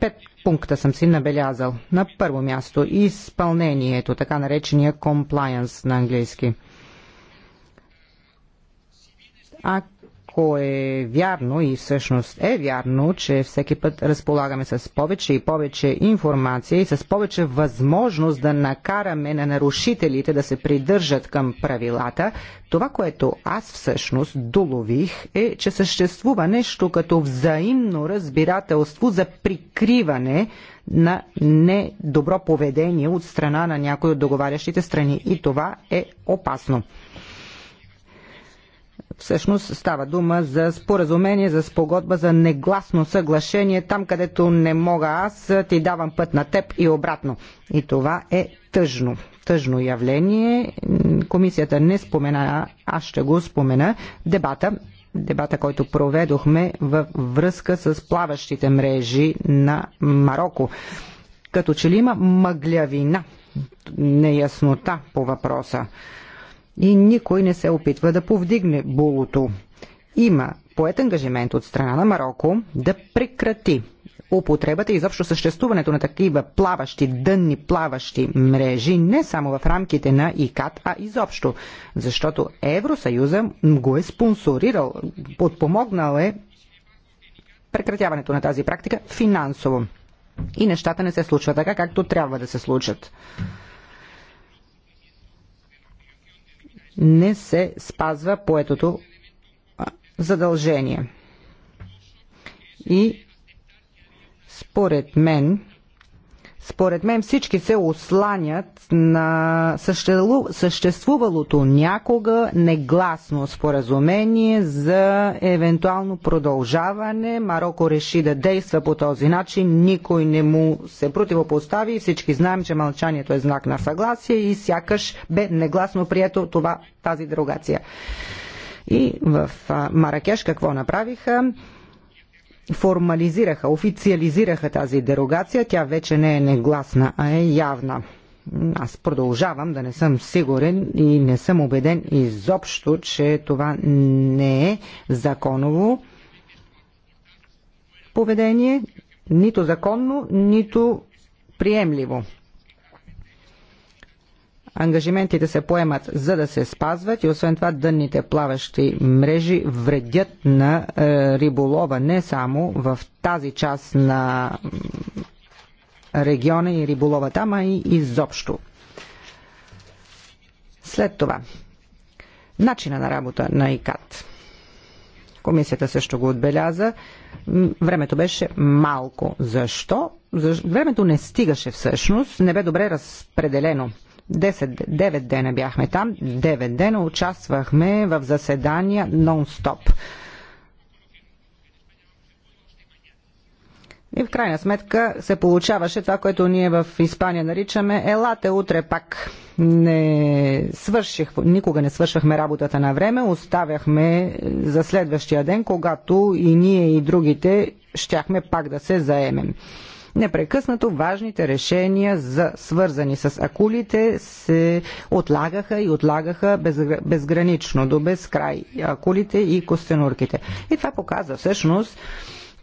Пет пункта съм си набелязал. На първо място изпълнението, така наречения compliance на английски – ако е вярно и всъщност е вярно, че всеки път разполагаме с повече и повече информация и с повече възможност да накараме на нарушителите да се придържат към правилата, това, което аз всъщност долових е, че съществува нещо като взаимно разбирателство за прикриване на недобро поведение от страна на някои от договарящите страни. И това е опасно. Всъщност става дума за споразумение, за спогодба, за негласно съглашение. Там, където не мога аз, ти давам път на теб и обратно. И това е тъжно. Тъжно явление. Комисията не спомена, аз ще го спомена. Дебата дебата, който проведохме във връзка с плаващите мрежи на Марокко. Като че ли има мъглявина, неяснота по въпроса и никой не се опитва да повдигне булото. Има поет ангажимент от страна на Марокко да прекрати употребата и изобщо съществуването на такива плаващи, дънни плаващи мрежи не само в рамките на ИКАТ, а изобщо. Защото Евросъюза го е спонсорирал, подпомогнал е прекратяването на тази практика финансово. И нещата не се случват така, както трябва да се случат. не се спазва поетото задължение. И според мен според мен всички се осланят на съществувалото някога негласно споразумение за евентуално продължаване. Марокко реши да действа по този начин, никой не му се противопостави. Всички знаем, че мълчанието е знак на съгласие и сякаш бе негласно прието това, тази дерогация. И в Маракеш какво направиха? формализираха, официализираха тази дерогация. Тя вече не е негласна, а е явна. Аз продължавам да не съм сигурен и не съм убеден изобщо, че това не е законово поведение, нито законно, нито приемливо. Ангажиментите се поемат за да се спазват и освен това дънните плаващи мрежи вредят на е, риболова не само в тази част на региона и риболова там, а и изобщо. След това, начина на работа на ИКАТ. Комисията също го отбеляза. Времето беше малко. Защо? Времето не стигаше всъщност, не бе добре разпределено. 10, 9 дена бяхме там, 9 дена участвахме в заседания нон-стоп. И в крайна сметка се получаваше това, което ние в Испания наричаме елате утре пак. Не свърших, никога не свършахме работата на време, оставяхме за следващия ден, когато и ние и другите щяхме пак да се заемем непрекъснато важните решения за свързани с акулите се отлагаха и отлагаха безгранично до безкрай акулите и костенурките. И това показва всъщност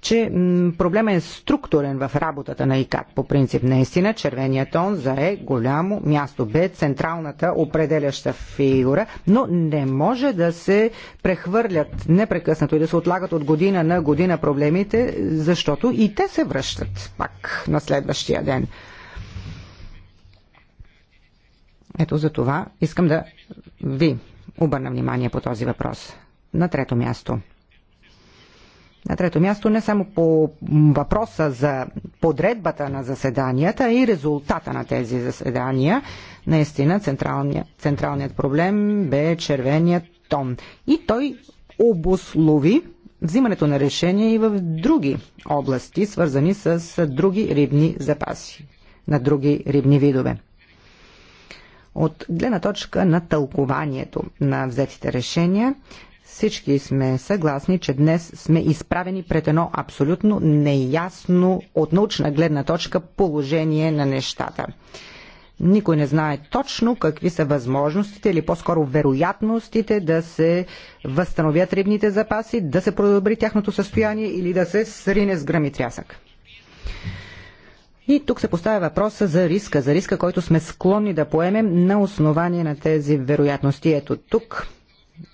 че проблема е структурен в работата на ИКАТ. По принцип, наистина, червеният тон зае голямо място, бе централната определяща фигура, но не може да се прехвърлят непрекъснато и да се отлагат от година на година проблемите, защото и те се връщат пак на следващия ден. Ето за това искам да ви обърна внимание по този въпрос. На трето място – на трето място не само по въпроса за подредбата на заседанията и резултата на тези заседания, наистина централният, централният проблем бе червеният тон. И той обослови взимането на решения и в други области, свързани с други рибни запаси, на други рибни видове. От гледна точка на тълкованието на взетите решения, всички сме съгласни, че днес сме изправени пред едно абсолютно неясно от научна гледна точка положение на нещата. Никой не знае точно какви са възможностите или по-скоро вероятностите да се възстановят рибните запаси, да се подобри тяхното състояние или да се срине с гръм и трясък. И тук се поставя въпроса за риска, за риска, който сме склонни да поемем на основание на тези вероятности. Ето тук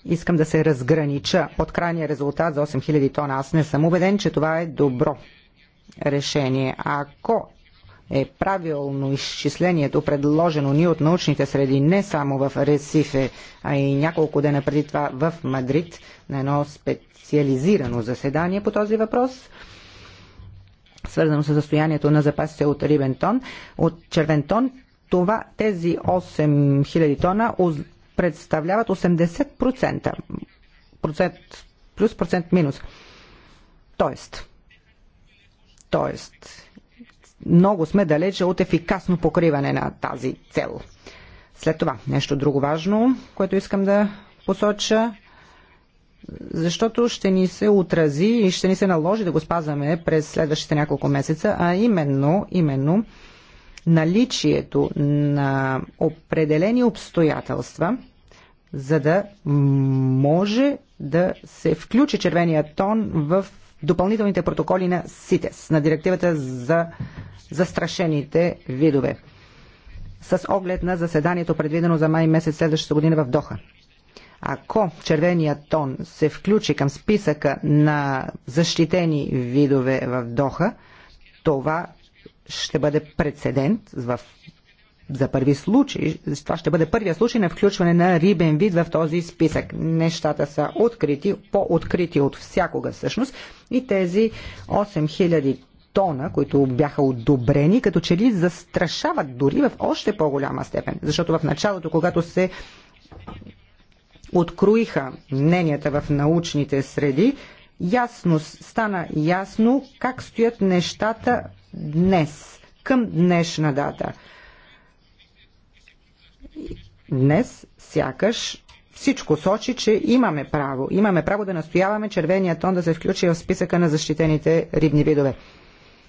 искам да се разгранича от крайния резултат за 8000 тона. Аз не съм убеден, че това е добро решение. Ако е правилно изчислението, предложено ни от научните среди, не само в Ресифе, а и няколко дена преди това в Мадрид, на едно специализирано заседание по този въпрос, свързано с състоянието на запасите от рибен тон, от червен тон, това, тези 8000 тона представляват 80%. Процент, плюс процент минус. Тоест, тоест, много сме далече от ефикасно покриване на тази цел. След това, нещо друго важно, което искам да посоча, защото ще ни се отрази и ще ни се наложи да го спазваме през следващите няколко месеца, а именно, именно наличието на определени обстоятелства – за да може да се включи червения тон в допълнителните протоколи на СИТЕС, на директивата за застрашените видове, с оглед на заседанието предвидено за май месец следващата година в Доха. Ако червения тон се включи към списъка на защитени видове в Доха, това ще бъде прецедент в за първи случай, това ще бъде първия случай на включване на рибен вид в този списък. Нещата са открити, по-открити от всякога всъщност и тези 8000 тона, които бяха одобрени, като че ли застрашават дори в още по-голяма степен. Защото в началото, когато се откроиха мненията в научните среди, ясно стана ясно как стоят нещата днес, към днешна дата. Днес сякаш всичко сочи, че имаме право. Имаме право да настояваме червения тон да се включи в списъка на защитените рибни видове.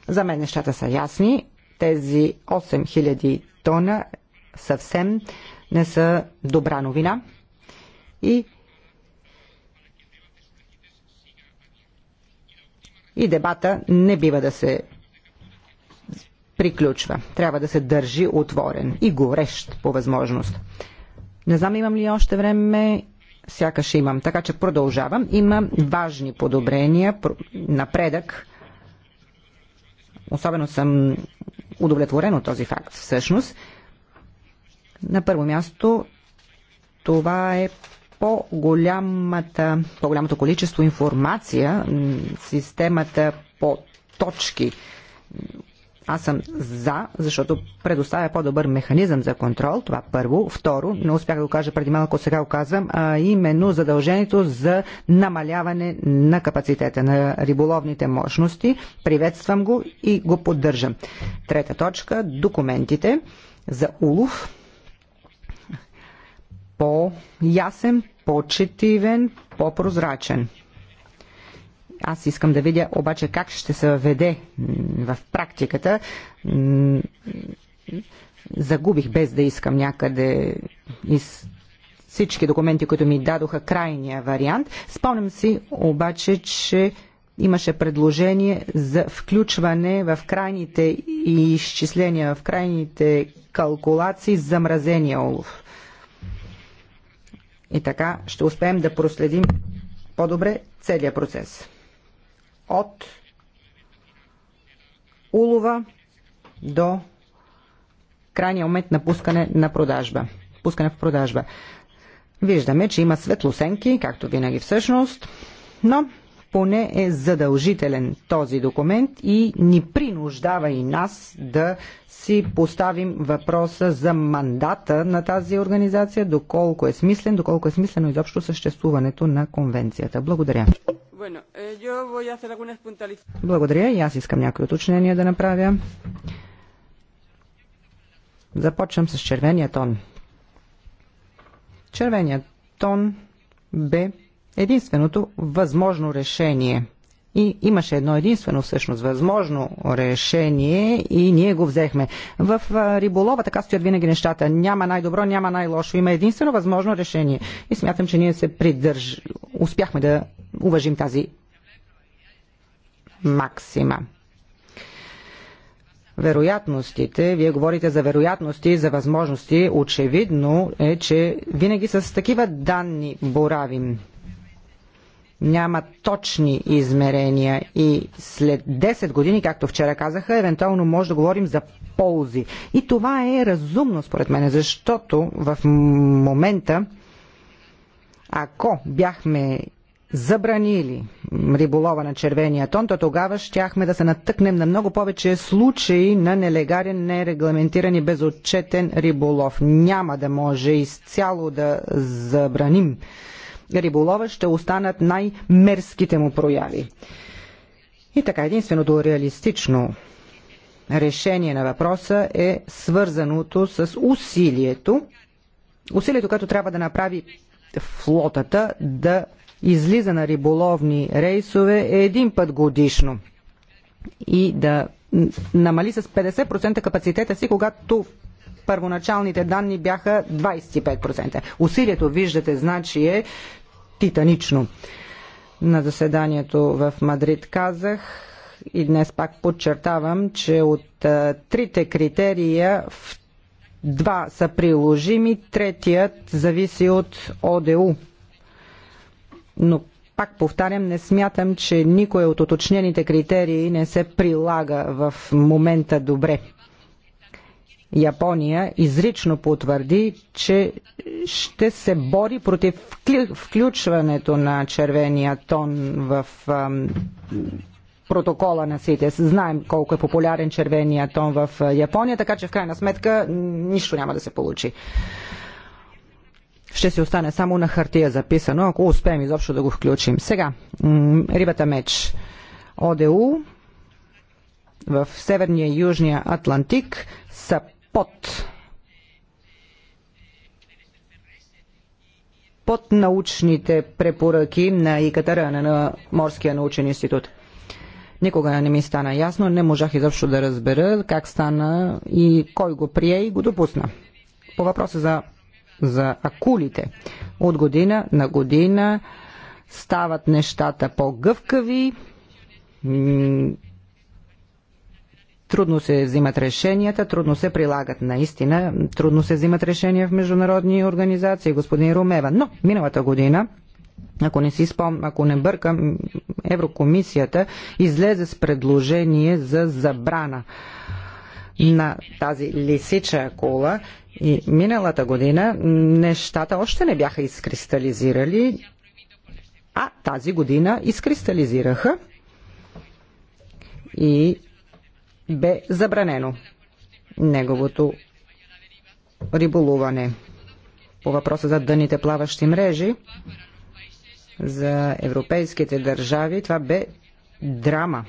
За мен нещата са ясни. Тези 8000 тона съвсем не са добра новина. И и дебата не бива да се приключва. Трябва да се държи отворен и горещ по възможност. Не знам имам ли още време сякаш имам. Така че продължавам. Има важни подобрения, напредък. Особено съм удовлетворен от този факт всъщност. На първо място това е по-голямата, по-голямото количество информация, системата по точки, аз съм за, защото предоставя по-добър механизъм за контрол. Това първо. Второ, не успях да го кажа преди малко, сега го казвам, а именно задължението за намаляване на капацитета на риболовните мощности. Приветствам го и го поддържам. Трета точка документите за улов по-ясен, по-четивен, по-прозрачен. Аз искам да видя обаче как ще се въведе в практиката. Загубих без да искам някъде из всички документи, които ми дадоха крайния вариант. Спомням си обаче, че имаше предложение за включване в крайните изчисления, в крайните калкулации замразения олов. И така ще успеем да проследим по-добре целият процес от улова до крайния момент на пускане на продажба. Пускане в продажба. Виждаме, че има светлосенки, както винаги всъщност, но поне е задължителен този документ и ни принуждава и нас да си поставим въпроса за мандата на тази организация, доколко е смислен, доколко е смислено изобщо съществуването на конвенцията. Благодаря. Eh, Благодаря и аз искам някои уточнения да направя. Започвам с червения тон. Червеният тон бе единственото възможно решение – и имаше едно единствено всъщност възможно решение и ние го взехме. В риболова така стоят винаги нещата. Няма най-добро, няма най-лошо. Има единствено възможно решение. И смятам, че ние се придърж... успяхме да уважим тази максима вероятностите, вие говорите за вероятности, за възможности, очевидно е, че винаги с такива данни боравим няма точни измерения и след 10 години, както вчера казаха, евентуално може да говорим за ползи. И това е разумно според мен, защото в момента, ако бяхме забранили риболова на червения тон, то тогава щяхме да се натъкнем на много повече случаи на нелегарен, нерегламентиран и безотчетен риболов. Няма да може изцяло да забраним риболова ще останат най-мерските му прояви. И така, единственото реалистично решение на въпроса е свързаното с усилието, усилието, което трябва да направи флотата да излиза на риболовни рейсове един път годишно и да намали с 50% капацитета си, когато първоначалните данни бяха 25%. Усилието, виждате, значи е, титанично. На заседанието в Мадрид казах и днес пак подчертавам, че от а, трите критерия в два са приложими, третият зависи от ОДУ. Но пак повтарям, не смятам, че никой от уточнените критерии не се прилага в момента добре. Япония изрично потвърди, че ще се бори против включването на червения тон в протокола на СИТЕС. Знаем колко е популярен червения тон в Япония, така че в крайна сметка нищо няма да се получи. Ще си остане само на хартия записано, ако успеем изобщо да го включим. Сега, рибата меч. ОДУ в Северния и Южния Атлантик са под под научните препоръки на ИКТРН, на Морския научен институт. Никога не ми стана ясно, не можах изобщо да разбера как стана и кой го прие и го допусна. По въпроса за, за акулите. От година на година стават нещата по-гъвкави, Трудно се взимат решенията, трудно се прилагат наистина, трудно се взимат решения в международни организации, господин Румева. Но миналата година ако не си спом, ако не бъркам, Еврокомисията излезе с предложение за забрана на тази лисича кола и миналата година нещата още не бяха изкристализирали, а тази година изкристализираха и бе забранено неговото риболуване. По въпроса за дъните плаващи мрежи, за европейските държави това бе драма.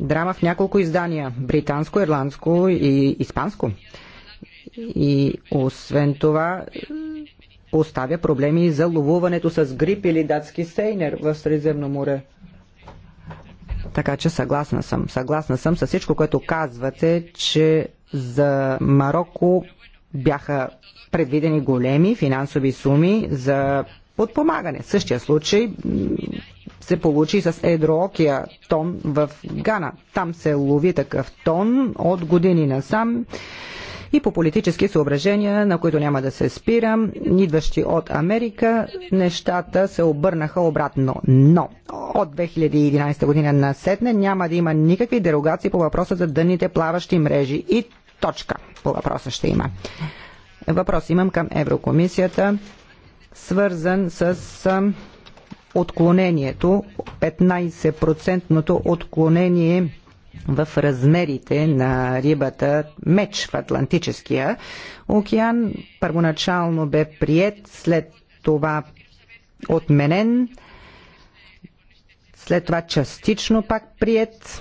Драма в няколко издания британско, ирландско и испанско. И освен това поставя проблеми за ловуването с грип или датски сейнер в Средиземно море. Така че съгласна съм. Съгласна съм с всичко, което казвате, че за Марокко бяха предвидени големи финансови суми за подпомагане. В същия случай се получи с едроокия тон в Гана. Там се лови такъв тон от години насам и по политически съображения, на които няма да се спирам, идващи от Америка, нещата се обърнаха обратно. Но от 2011 година на сетне няма да има никакви дерогации по въпроса за дъните плаващи мрежи и точка по въпроса ще има. Въпрос имам към Еврокомисията, свързан с отклонението, 15 отклонение в размерите на рибата меч в Атлантическия океан. Първоначално бе прият, след това отменен, след това частично пак прият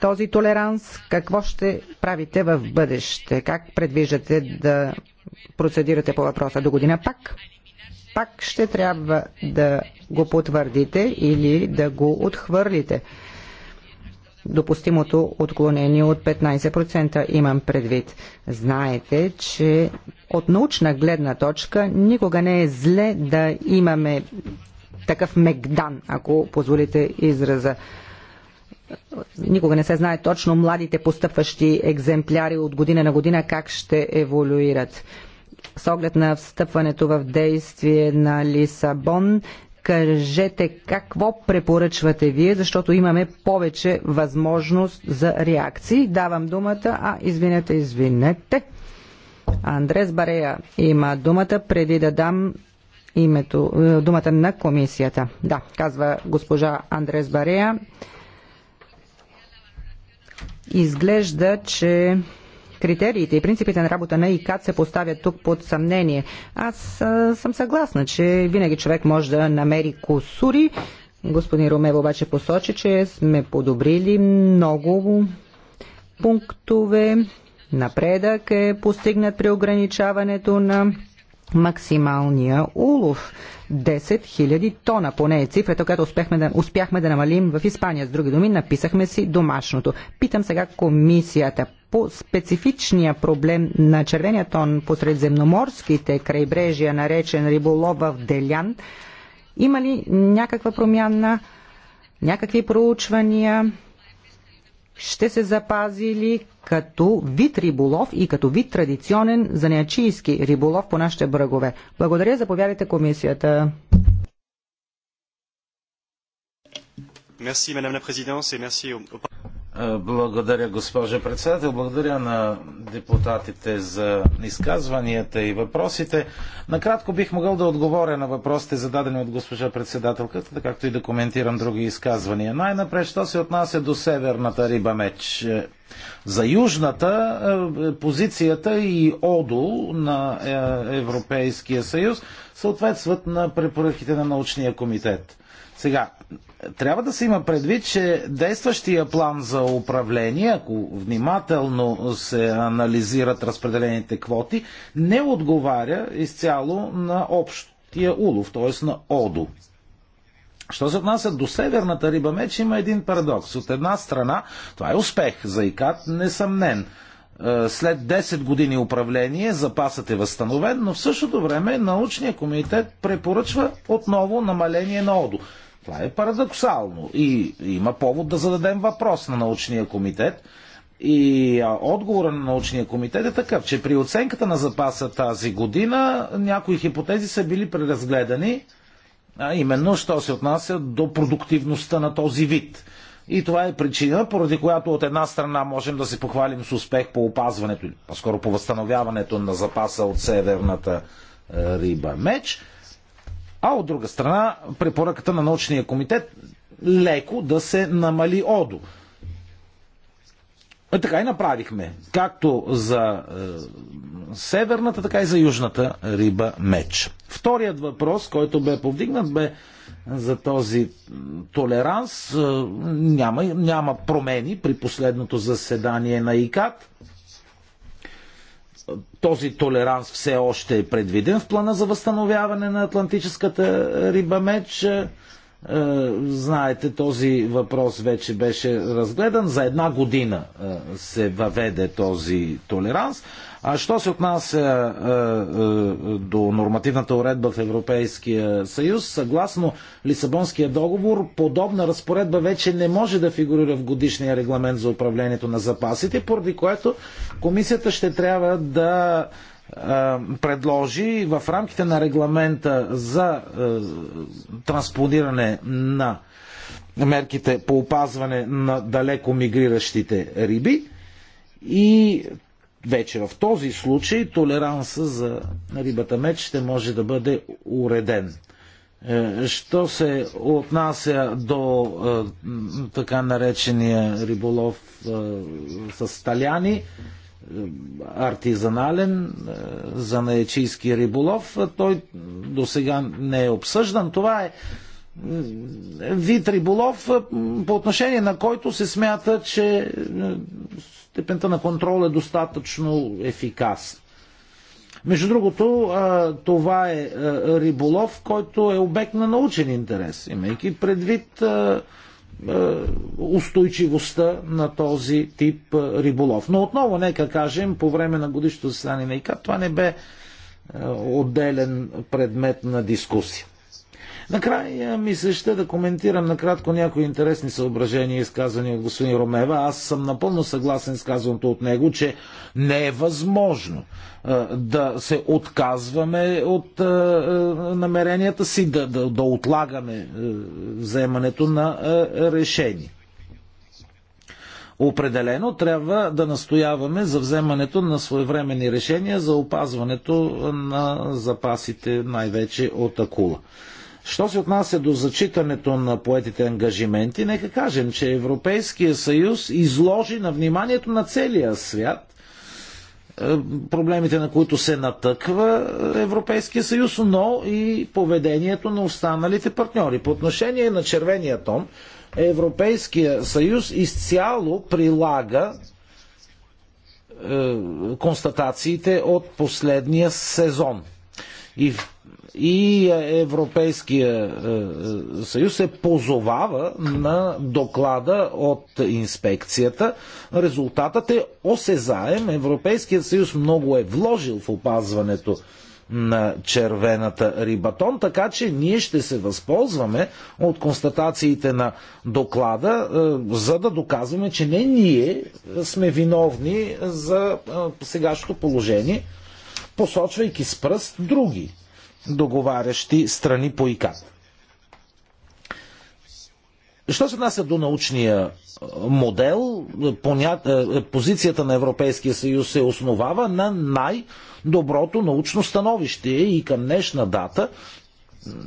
този толеранс. Какво ще правите в бъдеще? Как предвиждате да процедирате по въпроса до година пак? Пак ще трябва да го потвърдите или да го отхвърлите допустимото отклонение от 15% имам предвид. Знаете, че от научна гледна точка никога не е зле да имаме такъв мегдан, ако позволите израза. Никога не се знае точно младите постъпващи екземпляри от година на година как ще еволюират. С оглед на встъпването в действие на Лисабон, кажете какво препоръчвате вие, защото имаме повече възможност за реакции. Давам думата. А, извинете, извинете. Андрес Барея има думата преди да дам името, е, думата на комисията. Да, казва госпожа Андрес Барея. Изглежда, че критериите и принципите на работа на ИКАД се поставят тук под съмнение. Аз съм съгласна, че винаги човек може да намери косури. Господин Ромев обаче посочи, че сме подобрили много пунктове. Напредък е постигнат при ограничаването на максималния улов. 10 000 тона, поне е цифрата, която успяхме да, успяхме да намалим в Испания. С други думи, написахме си домашното. Питам сега комисията по специфичния проблем на червения тон посред земноморските крайбрежия, наречен риболова в Делян. Има ли някаква промяна, някакви проучвания? ще се запази ли като вид риболов и като вид традиционен занячийски риболов по нашите брагове? Благодаря, заповядайте комисията. Merci, madame la présidence, et merci au... Е, благодаря, госпожа председател. Благодаря на депутатите за изказванията и въпросите. Накратко бих могъл да отговоря на въпросите, зададени от госпожа председателката, както и да коментирам други изказвания. Най-напред, що се отнася до северната риба меч? Е, за южната е, позицията и ОДУ на Европейския съюз съответстват на препоръките на научния комитет. Сега, трябва да се има предвид, че действащия план за управление, ако внимателно се анализират разпределените квоти, не отговаря изцяло на общия улов, т.е. на ОДО. Що се отнася до северната риба меч, има един парадокс. От една страна, това е успех за ИКАТ, несъмнен. Е, след 10 години управление запасът е възстановен, но в същото време научният комитет препоръчва отново намаление на ОДО. Това е парадоксално и има повод да зададем въпрос на научния комитет. И отговора на научния комитет е такъв, че при оценката на запаса тази година някои хипотези са били преразгледани, а именно, що се отнася до продуктивността на този вид. И това е причина, поради която от една страна можем да се похвалим с успех по опазването, по-скоро по възстановяването на запаса от северната е, риба меч, а от друга страна препоръката на научния комитет леко да се намали ОДО. Е, така и направихме. Както за е, северната, така и за южната риба меч. Вторият въпрос, който бе повдигнат, бе за този толеранс. Е, няма, няма промени при последното заседание на ИКАТ този толеранс все още е предвиден в плана за възстановяване на Атлантическата риба меч е, знаете, този въпрос вече беше разгледан. За една година е, се въведе този толеранс. А що се отнася е, до нормативната уредба в Европейския съюз, съгласно Лисабонския договор, подобна разпоредба вече не може да фигурира в годишния регламент за управлението на запасите, поради което комисията ще трябва да предложи в рамките на регламента за транспониране на мерките по опазване на далеко мигриращите риби и вече в този случай толеранса за рибата меч ще може да бъде уреден. Е, що се отнася до е, така наречения риболов е, с таляни, артизанален, е, за наечийски риболов. Той до сега не е обсъждан. Това е, е вид риболов, е, по отношение на който се смята, че степента на контрол е достатъчно ефикас. Между другото, това е риболов, който е обект на научен интерес, имайки предвид е, устойчивостта на този тип е, риболов. Но отново, нека кажем, по време на годишното заседание на ИКА, това не бе е, отделен предмет на дискусия. Накрая ми се ще да коментирам накратко някои интересни съображения, изказани от господин Ромева. Аз съм напълно съгласен с казаното от него, че не е възможно да се отказваме от намеренията си, да, да, да отлагаме вземането на решение. Определено трябва да настояваме за вземането на своевременни решения за опазването на запасите най-вече от акула. Що се отнася до зачитането на поетите ангажименти, нека кажем, че Европейския съюз изложи на вниманието на целия свят е, проблемите, на които се натъква Европейския съюз, но и поведението на останалите партньори. По отношение на червения тон, Европейския съюз изцяло прилага е, констатациите от последния сезон. И в и Европейския е, е, съюз се позовава на доклада от инспекцията. Резултатът е осезаем. Европейският съюз много е вложил в опазването на червената рибатон, така че ние ще се възползваме от констатациите на доклада, е, за да доказваме, че не ние сме виновни за сегашното положение, посочвайки с пръст други договарящи страни по ИКАД. Що се отнася до научния е, модел, е, позицията на Европейския съюз се основава на най-доброто научно становище и към днешна дата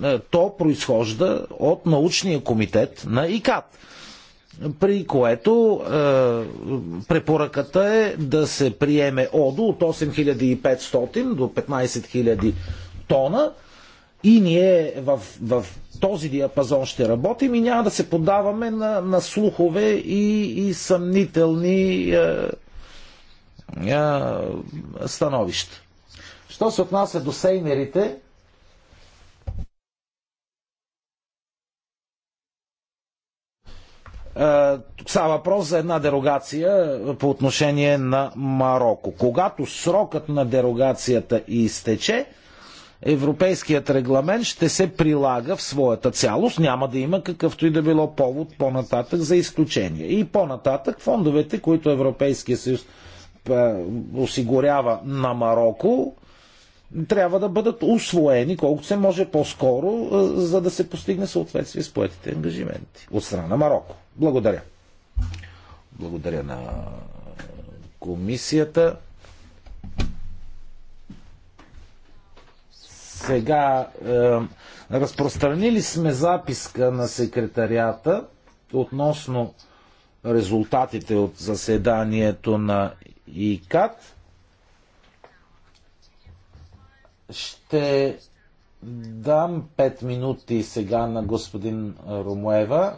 е, то произхожда от научния комитет на ИКАД при което е, препоръката е да се приеме ОДО от 8500 до 000 тона и ние в, в този диапазон ще работим и няма да се подаваме на, на слухове и, и съмнителни е, е, становища. Що се отнася до сеймерите, е, са въпрос за една дерогация по отношение на Марокко. Когато срокът на дерогацията изтече, европейският регламент ще се прилага в своята цялост, няма да има какъвто и да било повод по-нататък за изключение. И по-нататък фондовете, които Европейския съюз осигурява на Марокко, трябва да бъдат освоени колкото се може по-скоро, за да се постигне съответствие с поетите ангажименти от страна на Марокко. Благодаря. Благодаря на комисията. Сега е, разпространили сме записка на секретарията относно резултатите от заседанието на ИКАТ. Ще дам 5 минути сега на господин Ромуева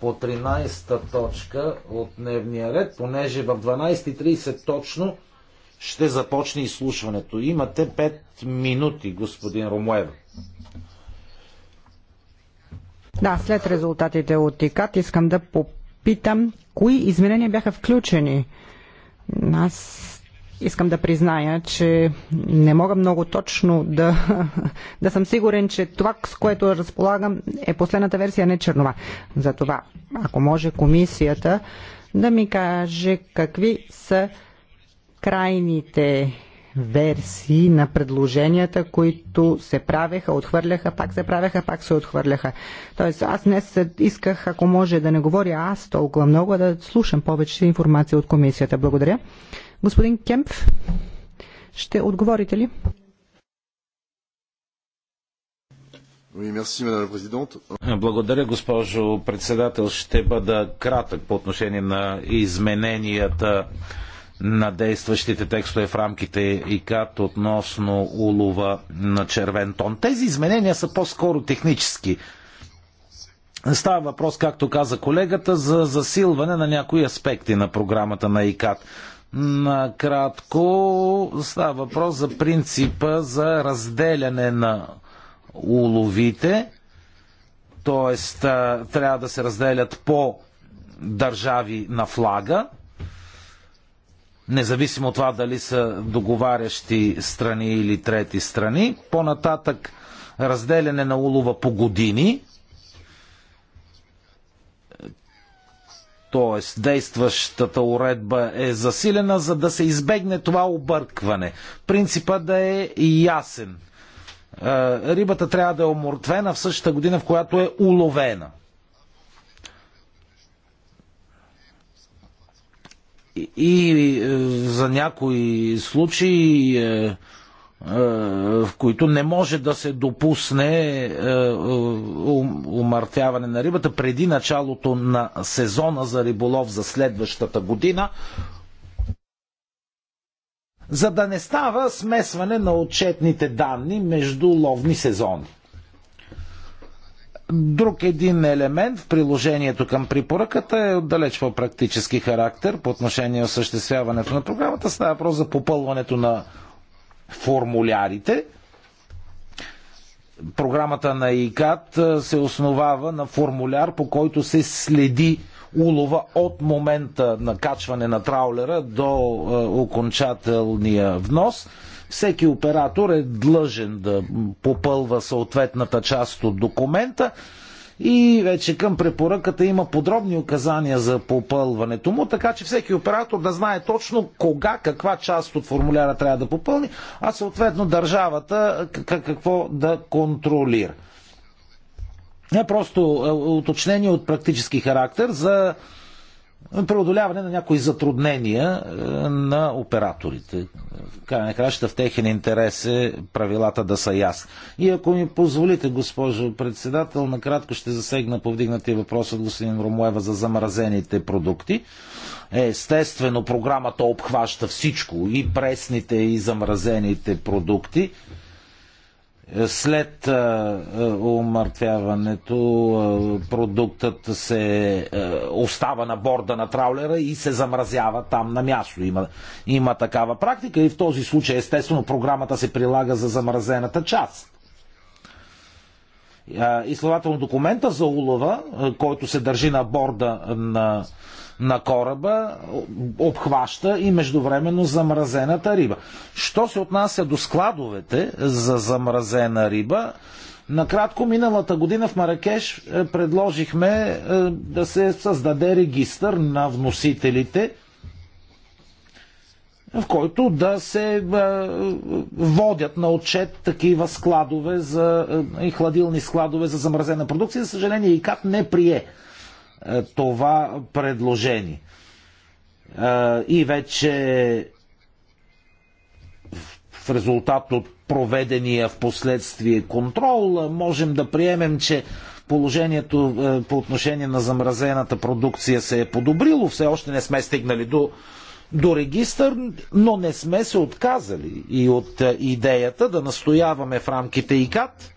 по 13-та точка от дневния ред, понеже в 12.30 точно ще започне изслушването. Имате 5 минути, господин Ромуев. Да, след резултатите от ИКАТ искам да попитам кои изменения бяха включени. Аз Искам да призная, че не мога много точно да, *laughs* да съм сигурен, че това, с което разполагам, е последната версия, не чернова. Затова, ако може комисията да ми каже какви са крайните версии на предложенията, които се правеха, отхвърляха, пак се правеха, пак се отхвърляха. Тоест, аз днес исках, ако може да не говоря аз толкова много, да слушам повече информация от комисията. Благодаря. Господин Кемп, ще отговорите ли? Благодаря, госпожо председател. Ще бъда кратък по отношение на измененията на действащите текстове в рамките и кат относно улова на червен тон. Тези изменения са по-скоро технически. Става въпрос, както каза колегата, за засилване на някои аспекти на програмата на ИКАТ. Накратко става въпрос за принципа за разделяне на уловите, т.е. трябва да се разделят по държави на флага, независимо от това дали са договарящи страни или трети страни. По-нататък разделяне на улова по години, т.е. действащата уредба е засилена, за да се избегне това объркване. Принципа да е ясен. Е, рибата трябва да е омортвена в същата година, в която е уловена. и е, за някои случаи, е, е, в които не може да се допусне умъртяване на рибата преди началото на сезона за риболов за следващата година, за да не става смесване на отчетните данни между ловни сезони. Друг един елемент в приложението към препоръката е от далеч по-практически характер по отношение осъществяването на програмата. Става въпрос за попълването на формулярите. Програмата на ИКАТ се основава на формуляр, по който се следи улова от момента на качване на траулера до окончателния внос всеки оператор е длъжен да попълва съответната част от документа и вече към препоръката има подробни указания за попълването му, така че всеки оператор да знае точно кога, каква част от формуляра трябва да попълни, а съответно държавата какво да контролира. Не просто е, уточнение от практически характер за преодоляване на някои затруднения е, на операторите. В край на в техен интерес е правилата да са ясни. И ако ми позволите, госпожо председател, накратко ще засегна повдигнатия въпрос от господин Ромоева за замразените продукти. Е, естествено, програмата обхваща всичко и пресните, и замразените продукти след умъртвяването продуктът се остава на борда на траулера и се замразява там на място. Има, има такава практика и в този случай естествено програмата се прилага за замразената част. И следователно документа за улова, който се държи на борда на на кораба обхваща и междувременно замразената риба. Що се отнася до складовете за замразена риба, Накратко, миналата година в Маракеш е, предложихме е, да се създаде регистър на вносителите, в който да се е, водят на отчет такива складове за, и хладилни складове за замразена продукция. За съжаление, ИКАТ не прие е, това предложение. Е, и вече в резултат от проведения в последствие контрол, е, можем да приемем, че положението по отношение на замразената продукция се е подобрило. Все още не сме стигнали до, до регистър, но не сме се отказали и от идеята да настояваме в рамките ИКАТ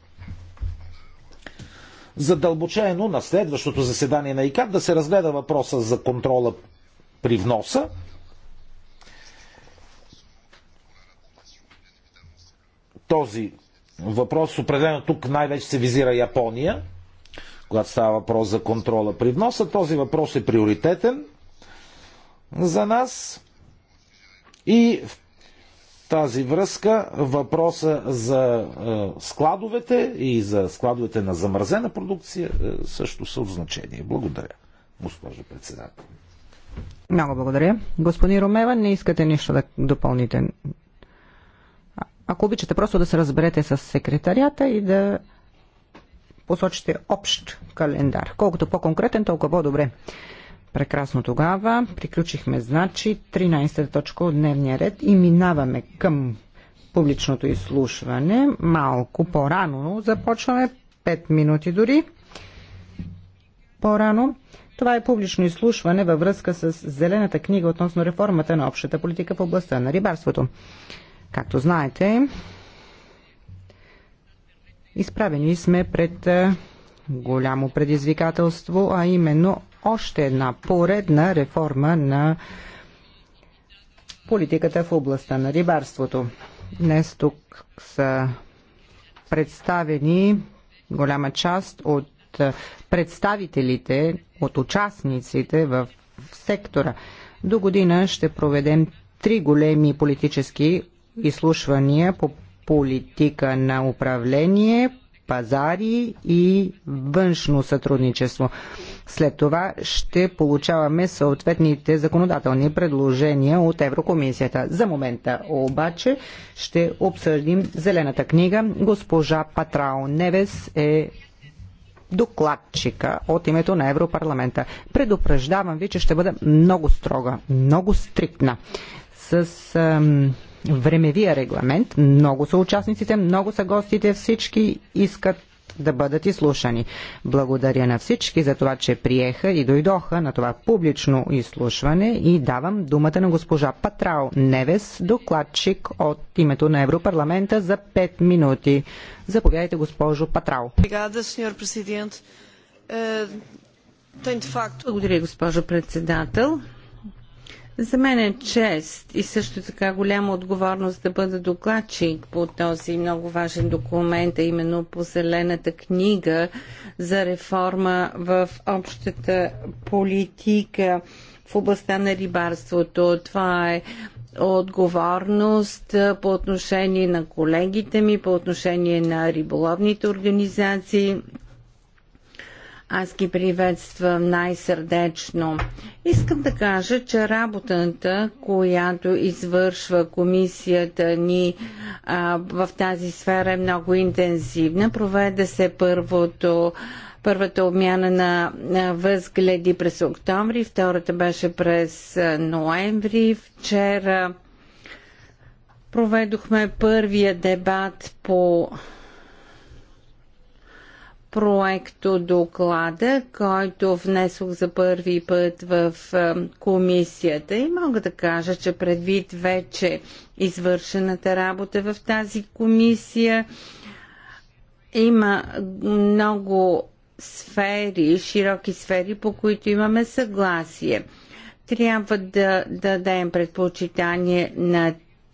задълбочено на следващото заседание на ИКАД да се разгледа въпроса за контрола при вноса. Този въпрос определено тук най-вече се визира Япония, когато става въпрос за контрола при вноса. Този въпрос е приоритетен за нас. И в тази връзка въпроса за е, складовете и за складовете на замразена продукция е, също са от значение. Благодаря, госпожо председател. Много благодаря. Господин Ромева, не искате нищо да допълните. Ако обичате, просто да се разберете с секретарията и да посочите общ календар. Колкото по-конкретен, толкова по-добре. Прекрасно тогава. Приключихме, значи, 13-та точка от дневния ред и минаваме към публичното изслушване. Малко по-рано започваме, 5 минути дори по-рано. Това е публично изслушване във връзка с Зелената книга относно реформата на общата политика в областта на рибарството. Както знаете, изправени сме пред голямо предизвикателство, а именно още една поредна реформа на политиката в областта на рибарството. Днес тук са представени голяма част от представителите, от участниците в сектора. До година ще проведем три големи политически изслушвания по политика на управление, пазари и външно сътрудничество. След това ще получаваме съответните законодателни предложения от Еврокомисията. За момента обаче ще обсъдим Зелената книга. Госпожа Патрао Невес е докладчика от името на Европарламента. Предупреждавам ви, че ще бъда много строга, много стриктна с ам, времевия регламент. Много са участниците, много са гостите, всички искат да бъдат изслушани. Благодаря на всички за това, че приеха и дойдоха на това публично изслушване и давам думата на госпожа Патрао Невес, докладчик от името на Европарламента за 5 минути. Заповядайте, госпожо Патрао. Е, Благодаря, госпожо председател. За мен е чест и също така голяма отговорност да бъда докладчик по този много важен документ, а именно по Зелената книга за реформа в общата политика в областта на рибарството. Това е отговорност по отношение на колегите ми, по отношение на риболовните организации, аз ги приветствам най-сърдечно. Искам да кажа, че работата, която извършва комисията ни а, в тази сфера е много интензивна. Проведе се първото първата обмяна на, на възгледи през октомври, втората беше през ноември. Вчера проведохме първия дебат по проекто доклада, който внесох за първи път в комисията и мога да кажа, че предвид вече извършената работа в тази комисия има много сфери, широки сфери, по които имаме съгласие. Трябва да, дадем предпочитание на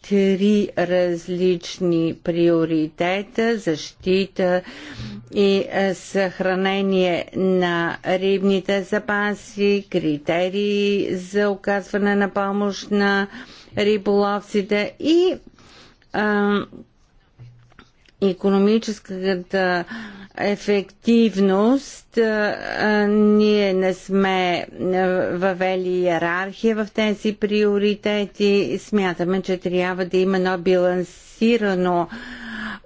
три различни приоритета защита и е, съхранение на рибните запаси, критерии за оказване на помощ на риболовците и а, е, економическата ефективност. Е, ние не сме въвели иерархия в тези приоритети. Смятаме, че трябва да има едно балансирано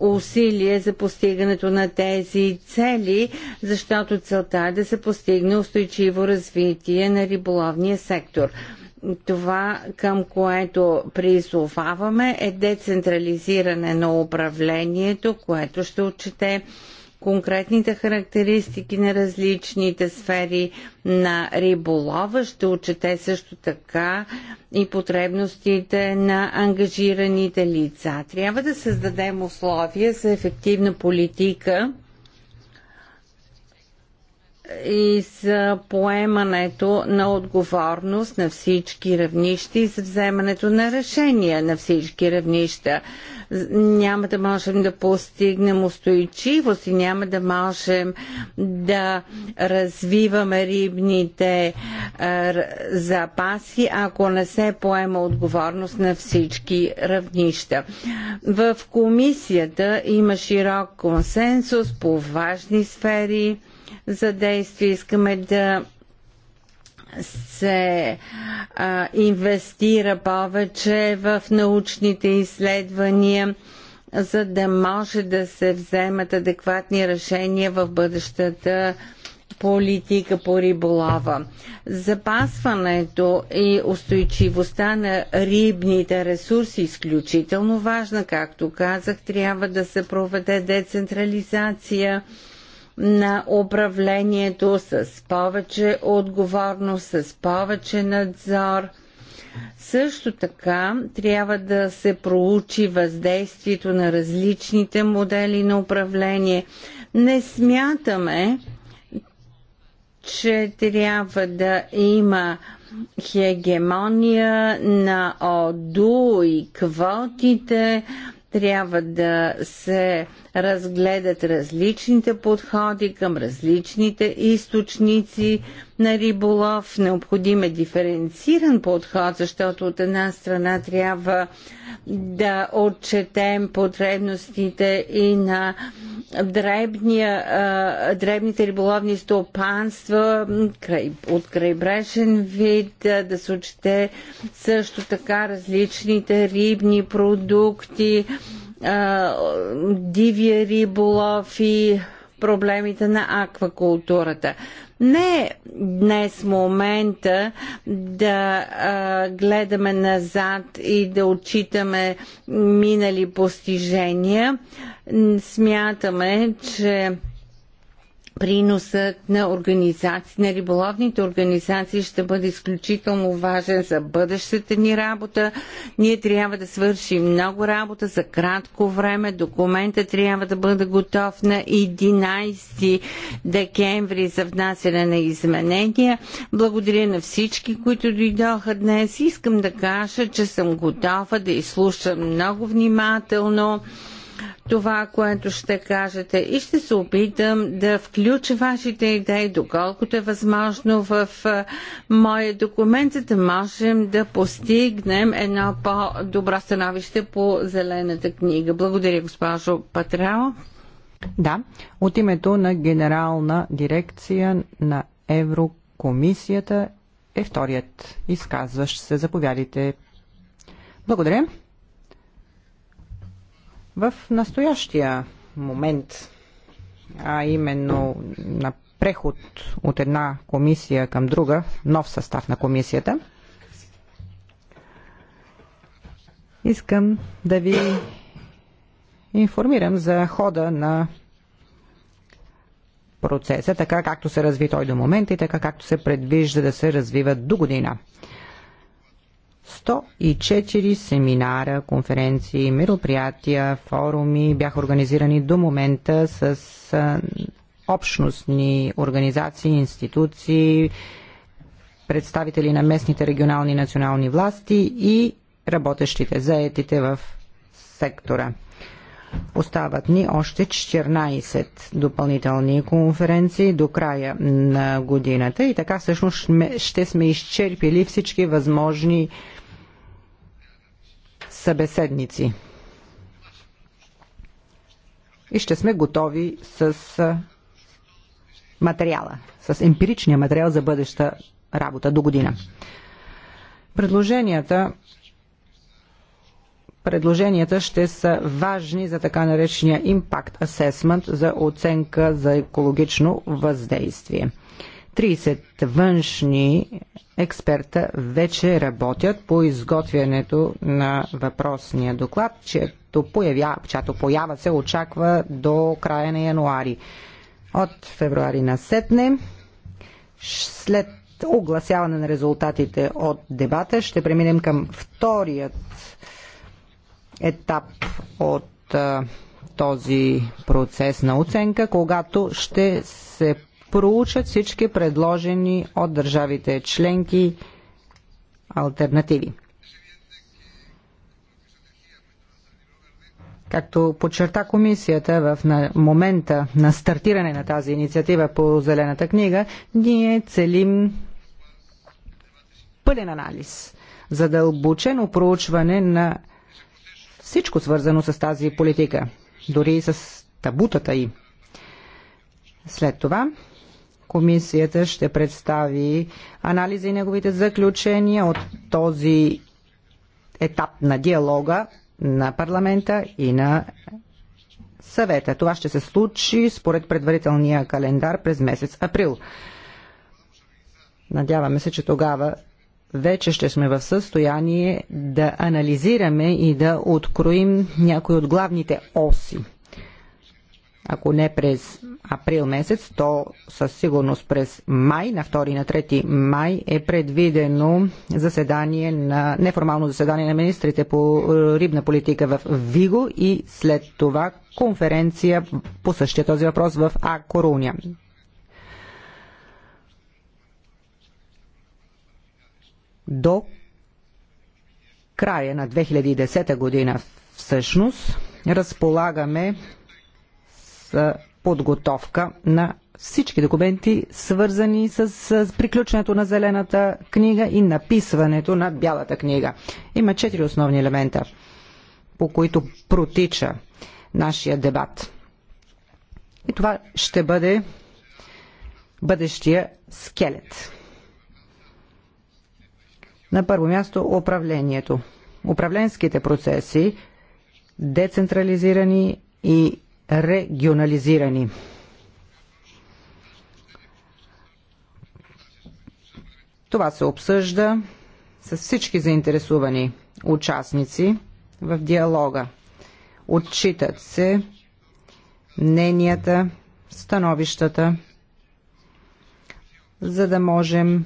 усилие за постигането на тези цели, защото целта е да се постигне устойчиво развитие на риболовния сектор. Това, към което призоваваме, е децентрализиране на управлението, което ще отчете конкретните характеристики на различните сфери на риболова, ще отчете също така и потребностите на ангажираните лица. Трябва да създадем условия за ефективна политика и за поемането на отговорност на всички равнища и за вземането на решения на всички равнища. Няма да можем да постигнем устойчивост и няма да можем да развиваме рибните е, запаси, ако не се поема отговорност на всички равнища. В комисията има широк консенсус по важни сфери за действие. Искаме да се а, инвестира повече в научните изследвания, за да може да се вземат адекватни решения в бъдещата политика по риболова. Запасването и устойчивостта на рибните ресурси е изключително важна, както казах, трябва да се проведе децентрализация на управлението, с повече отговорност, с повече надзор. Също така трябва да се проучи въздействието на различните модели на управление. Не смятаме, че трябва да има хегемония на ОДУ и квотите, трябва да се разгледат различните подходи към различните източници на риболов. Необходим е диференциран подход, защото от една страна трябва да отчетем потребностите и на дребния, дребните риболовни стопанства от крайбрежен вид, да се отчете също така различните рибни продукти, дивия риболов и проблемите на аквакултурата. Не е днес момента да а, гледаме назад и да отчитаме минали постижения. Смятаме, че приносът на организации, на риболовните организации ще бъде изключително важен за бъдещата ни работа. Ние трябва да свършим много работа за кратко време. Документа трябва да бъде готов на 11 декември за внасяне на изменения. Благодаря на всички, които дойдоха днес. Искам да кажа, че съм готова да изслушам много внимателно това, което ще кажете и ще се опитам да включа вашите идеи, доколкото е възможно в моя документ, за да можем да постигнем едно по-добро становище по зелената книга. Благодаря, госпожо Патрао. Да, от името на генерална дирекция на Еврокомисията е вторият изказващ се. Заповядайте. Благодаря в настоящия момент, а именно на преход от една комисия към друга, нов състав на комисията, искам да ви информирам за хода на процеса, така както се разви той до момента и така както се предвижда да се развива до година. 104 семинара, конференции, мероприятия, форуми бяха организирани до момента с общностни организации, институции, представители на местните регионални и национални власти и работещите, заетите в сектора. Остават ни още 14 допълнителни конференции до края на годината и така всъщност ще сме изчерпили всички възможни събеседници. И ще сме готови с материала, с емпиричния материал за бъдеща работа до година. Предложенията предложенията ще са важни за така наречения Impact Assessment за оценка за екологично въздействие. 30 външни експерта вече работят по изготвянето на въпросния доклад, чието, появя, чието поява се очаква до края на януари. От февруари на сетне, след огласяване на резултатите от дебата, ще преминем към вторият етап от този процес на оценка, когато ще се проучат всички предложени от държавите членки альтернативи. Както подчерта комисията в момента на стартиране на тази инициатива по Зелената книга, ние целим пълен анализ, задълбочено проучване на всичко свързано с тази политика, дори и с табутата й. След това комисията ще представи анализа и неговите заключения от този етап на диалога на парламента и на съвета. Това ще се случи според предварителния календар през месец април. Надяваме се, че тогава вече ще сме в състояние да анализираме и да откроим някои от главните оси ако не през април месец, то със сигурност през май, на 2 и на 3 май е предвидено заседание на, неформално заседание на министрите по е, рибна политика в Виго и след това конференция по същия този въпрос в А Коруня. До края на 2010 година всъщност разполагаме подготовка на всички документи, свързани с, с приключването на зелената книга и написването на бялата книга. Има четири основни елемента, по които протича нашия дебат. И това ще бъде бъдещия скелет. На първо място управлението. Управленските процеси, децентрализирани и регионализирани. Това се обсъжда с всички заинтересувани участници в диалога. Отчитат се мненията, становищата, за да можем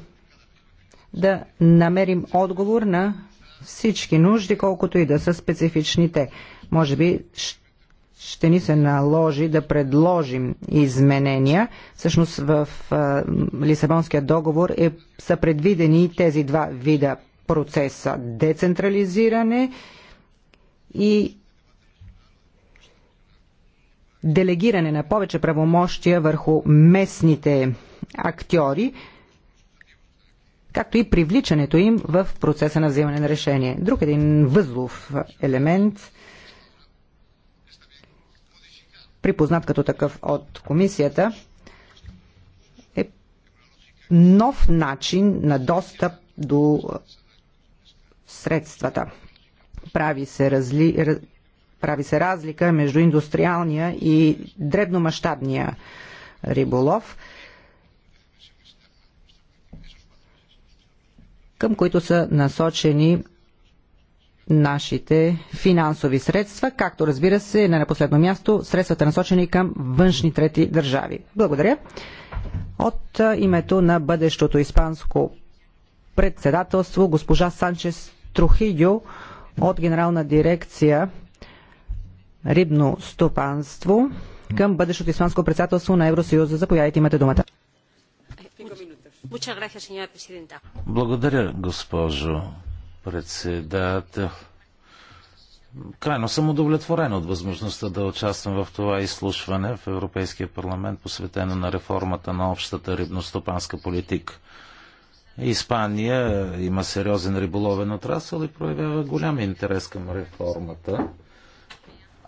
да намерим отговор на всички нужди, колкото и да са специфичните. Може би ще ще ни се наложи да предложим изменения. Всъщност в Лисабонския договор е, са предвидени тези два вида процеса децентрализиране и делегиране на повече правомощия върху местните актьори, както и привличането им в процеса на взимане на решение. Друг един възлов елемент – припознат като такъв от комисията, е нов начин на достъп до средствата. Прави се, разли, прави се разлика между индустриалния и дребномащабния риболов, към които са насочени нашите финансови средства, както разбира се, не на последно място, средствата насочени към външни трети държави. Благодаря. От името на бъдещото испанско председателство, госпожа Санчес Трухидио от Генерална дирекция Рибно стопанство към бъдещото испанско председателство на Евросъюза. Заповядайте, имате думата. Благодаря, госпожо председател. Крайно съм удовлетворен от възможността да участвам в това изслушване в Европейския парламент, посветено на реформата на общата рибностопанска политика. Испания има сериозен риболовен отрасъл и проявява голям интерес към реформата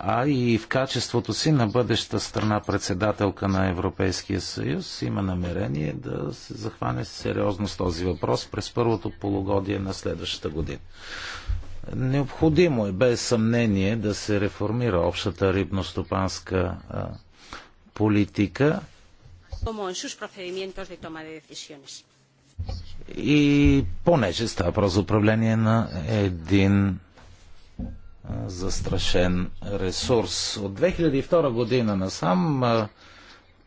а и в качеството си на бъдеща страна председателка на Европейския съюз има намерение да се захване сериозно с този въпрос през първото полугодие на следващата година. Необходимо е без съмнение да се реформира общата рибностопанска политика и понеже става въпрос за управление на един застрашен ресурс. От 2002 година насам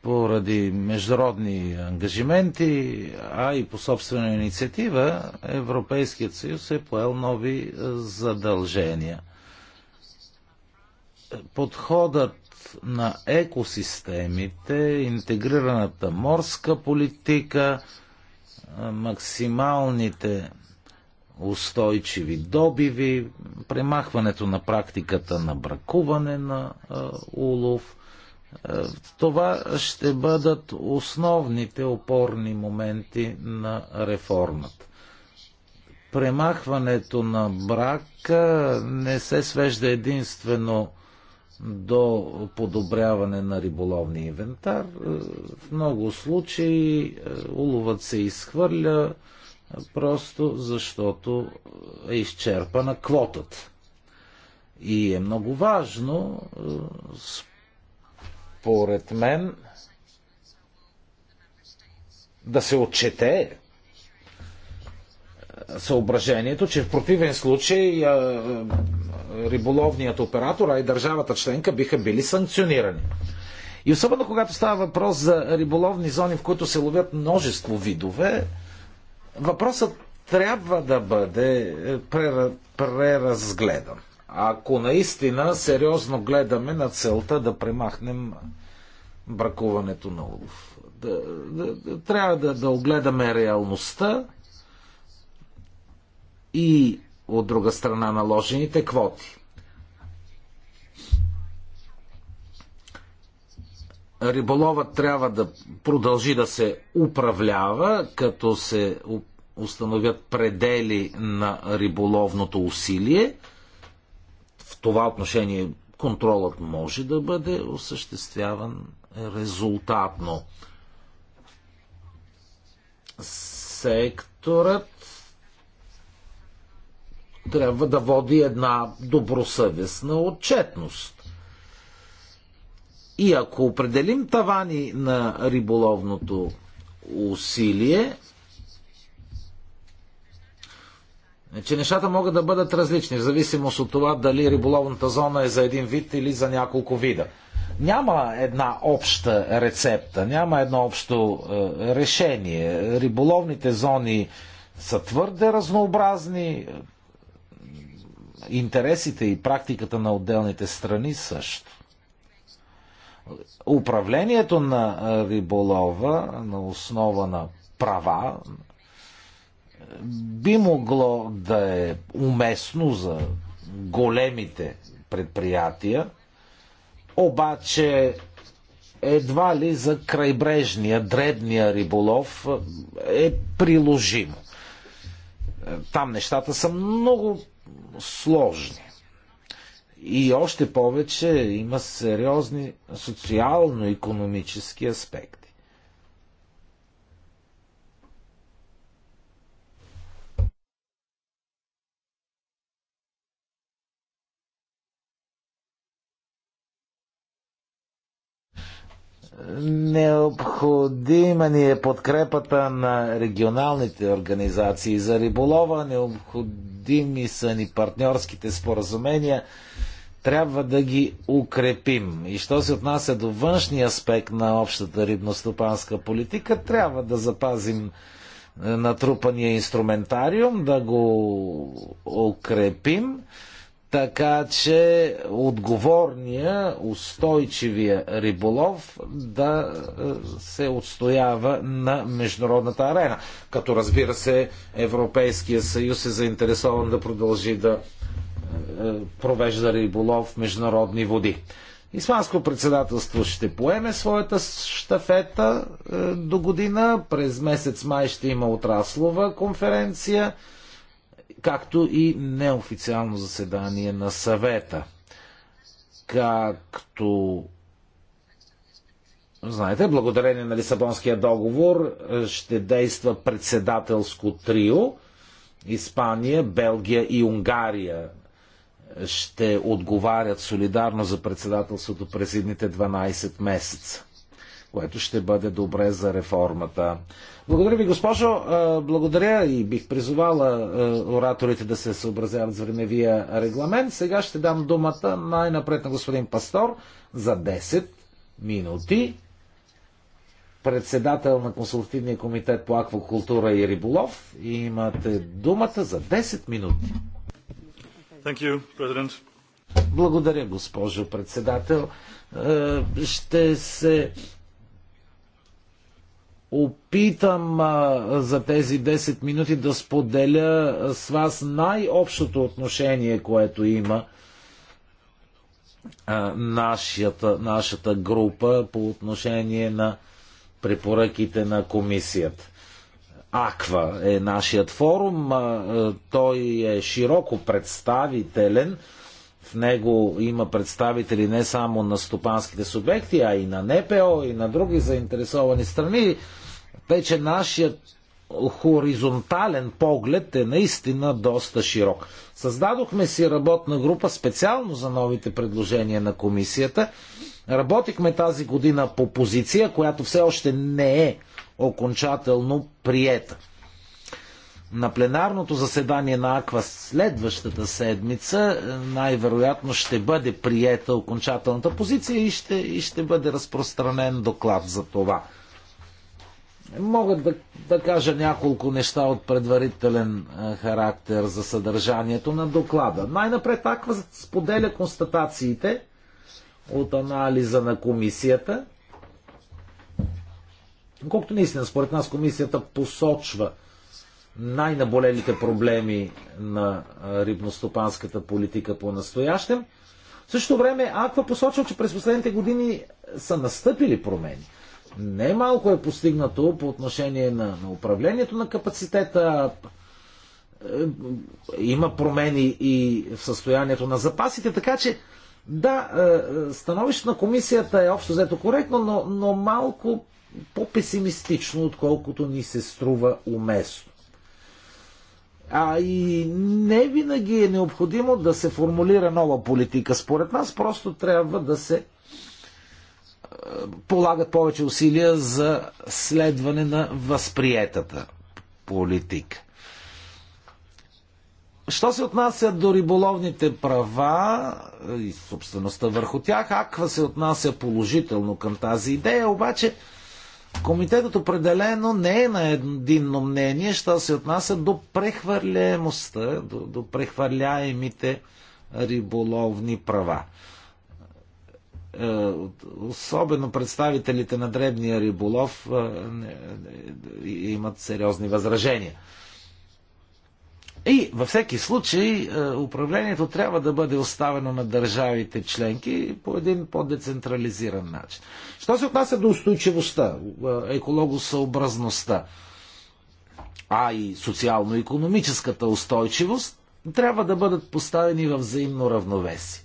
поради международни ангажименти, а и по собствена инициатива, Европейският съюз е поел нови задължения. Подходът на екосистемите, интегрираната морска политика, максималните устойчиви добиви, премахването на практиката на бракуване на улов. Е, това ще бъдат основните опорни моменти на реформата. Премахването на брака не се свежда единствено до подобряване на риболовния инвентар. Е, в много случаи е, уловът се изхвърля, просто защото е изчерпана квотата. И е много важно, е, според мен, да се отчете е, съображението, че в противен случай е, риболовният оператор, а и държавата членка биха били санкционирани. И особено когато става въпрос за риболовни зони, в които се ловят множество видове, Въпросът трябва да бъде е, преразгледан. Ако наистина сериозно гледаме на целта да премахнем бракуването на улов. Да, да, да, трябва да, да огледаме реалността и от друга страна наложените квоти. риболовът трябва да продължи да се управлява, като се установят предели на риболовното усилие. В това отношение контролът може да бъде осъществяван резултатно. Секторът трябва да води една добросъвестна отчетност и ако определим тавани на риболовното усилие, че значи нещата могат да бъдат различни, в зависимост от това дали риболовната зона е за един вид или за няколко вида. Няма една обща рецепта, няма едно общо е, решение. Риболовните зони са твърде разнообразни, интересите и практиката на отделните страни също управлението на риболова на основа на права би могло да е уместно за големите предприятия, обаче едва ли за крайбрежния, дребния риболов е приложимо. Е, там нещата са много сложни и още повече има сериозни социално-економически аспекти. Необходима ни е подкрепата на регионалните организации за риболова, необходими са ни партньорските споразумения трябва да ги укрепим. И що се отнася до външния аспект на общата рибностопанска политика, трябва да запазим е, натрупания инструментариум, да го укрепим, така че отговорния, устойчивия риболов да е, се отстоява на международната арена. Като разбира се, Европейския съюз е заинтересован да продължи да е, провежда риболов в международни води. Испанско председателство ще поеме своята штафета е, до година. През месец май ще има отраслова конференция, както и неофициално заседание на съвета. Както знаете, благодарение на Лисабонския договор е, ще действа председателско трио. Испания, Белгия и Унгария ще отговарят солидарно за председателството през едните 12 месеца което ще бъде добре за реформата. Благодаря ви, госпожо. Благодаря и бих призовала ораторите да се съобразяват с времевия регламент. Сега ще дам думата най-напред на господин Пастор за 10 минути. Председател на Консултативния комитет по аквакултура и риболов. имате думата за 10 минути. You, Благодаря, госпожо председател. Е, ще се опитам е, за тези 10 минути да споделя е, с вас най-общото отношение, което има нашата, нашата група по отношение на препоръките на комисията. Аква е нашият форум. Той е широко представителен. В него има представители не само на стопанските субекти, а и на НПО, и на други заинтересовани страни. Вече че нашият хоризонтален поглед е наистина доста широк. Създадохме си работна група специално за новите предложения на комисията. Работихме тази година по позиция, която все още не е окончателно приета. На пленарното заседание на АКВА следващата седмица е, най-вероятно ще бъде приета окончателната позиция и ще, и ще бъде разпространен доклад за това. Мога да, да кажа няколко неща от предварителен е, характер за съдържанието на доклада. Най-напред АКВА споделя констатациите от анализа на комисията Колкото наистина, според нас комисията посочва най-наболелите проблеми на рибностопанската политика по настоящем. В същото време Аква посочва, че през последните години са настъпили промени. Не малко е постигнато по отношение на, на управлението на капацитета. Е, има промени и в състоянието на запасите, така че да, е, становището на комисията е общо взето коректно, но, но малко по-песимистично, отколкото ни се струва уместно. А и не винаги е необходимо да се формулира нова политика. Според нас просто трябва да се е, полагат повече усилия за следване на възприетата политика. Що се отнася до риболовните права и собствеността върху тях, Аква се отнася положително към тази идея, обаче Комитетът определено не е на единно мнение, що се отнася до прехвърляемостта, до, до прехвърляемите риболовни права. Е, особено представителите на дребния риболов е, е, имат сериозни възражения и във всеки случай е, управлението трябва да бъде оставено на държавите членки по един по-децентрализиран начин. Що се отнася до устойчивостта, е, екологосъобразността, а и социално-економическата устойчивост, трябва да бъдат поставени в взаимно равновесие.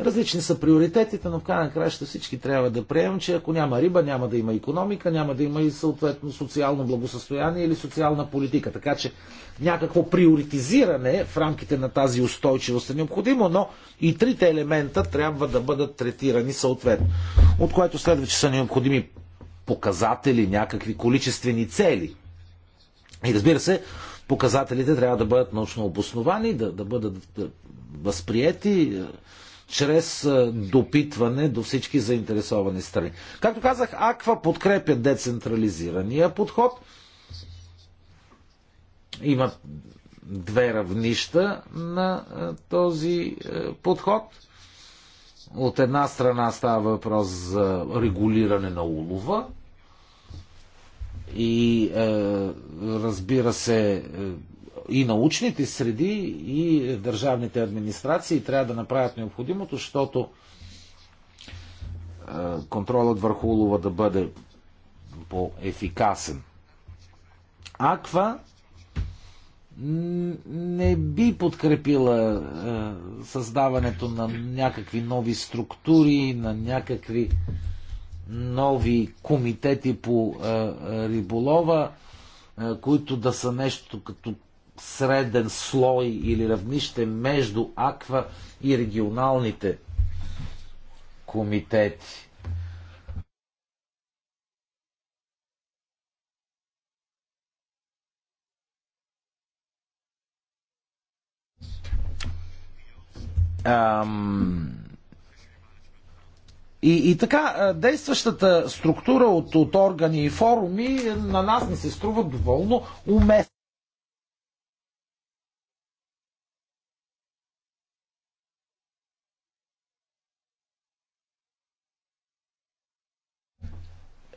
Различни са приоритетите, но в крайна краща всички трябва да приемем, че ако няма риба, няма да има економика, няма да има и съответно социално благосъстояние или социална политика. Така че някакво приоритизиране в рамките на тази устойчивост е необходимо, но и трите елемента трябва да бъдат третирани съответно. От което следва, че са необходими показатели, някакви количествени цели. И разбира се, показателите трябва да бъдат научно обосновани, да, да бъдат възприяти. Да чрез допитване до всички заинтересовани страни. Както казах, АКВА подкрепя децентрализирания подход. Има две равнища на този подход. От една страна става въпрос за регулиране на улова и разбира се и научните среди, и държавните администрации трябва да направят необходимото, защото контролът върху улова да бъде по-ефикасен. Аква не би подкрепила създаването на някакви нови структури, на някакви нови комитети по риболова, които да са нещо като среден слой или равнище между Аква и регионалните комитети. Ам... И, и така, действащата структура от, от органи и форуми е, на нас не се струва доволно уместна.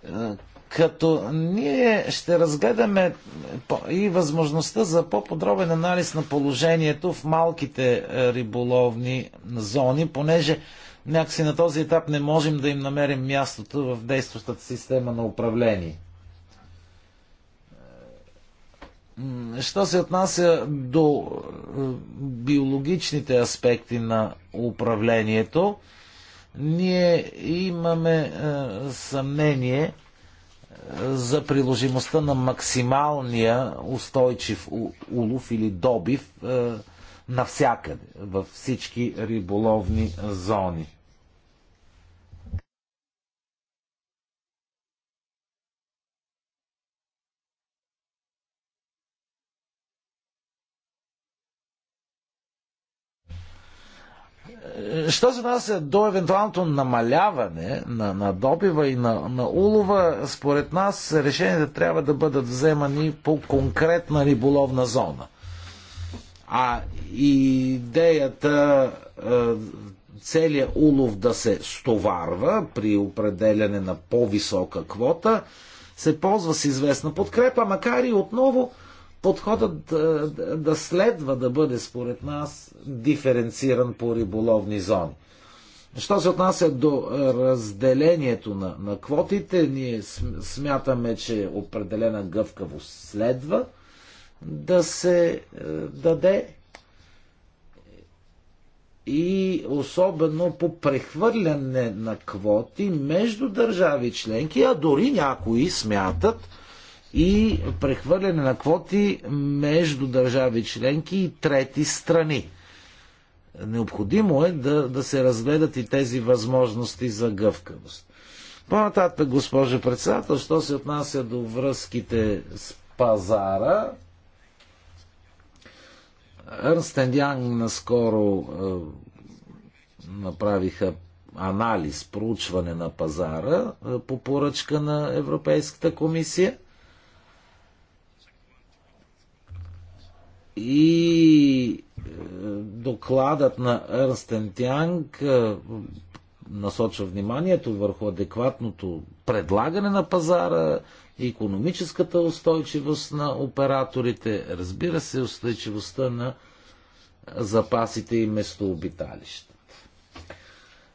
Е, като ние ще разгледаме и възможността за по-подробен анализ на положението в малките е, риболовни зони, понеже някакси на този етап не можем да им намерим мястото в действащата система на управление. Е, що се отнася до биологичните аспекти на управлението, ние имаме е, съмнение е, за приложимостта на максималния устойчив улов или добив е, навсякъде, във всички риболовни зони. Що се отнася е до евентуалното намаляване на, на добива и на, на улова, според нас решенията трябва да бъдат вземани по конкретна риболовна зона. А идеята е, целият улов да се стоварва при определяне на по-висока квота се ползва с известна подкрепа, макар и отново подходът да, да следва да бъде, според нас, диференциран по риболовни зони. Що се отнася до разделението на, на квотите, ние смятаме, че определена гъвкавост следва да се е, даде и особено по прехвърляне на квоти между държави членки, а дори някои смятат, и прехвърляне на квоти между държави членки и трети страни. Необходимо е да, да се разгледат и тези възможности за гъвкавост. По-нататък, госпожо председател, що се отнася до връзките с пазара, Ернстен Янг наскоро е, направиха анализ, проучване на пазара е, по поръчка на Европейската комисия – и е, докладът на Ерстен Тянг е, насочва вниманието върху адекватното предлагане на пазара, економическата устойчивост на операторите, разбира се, устойчивостта на запасите и местообиталища.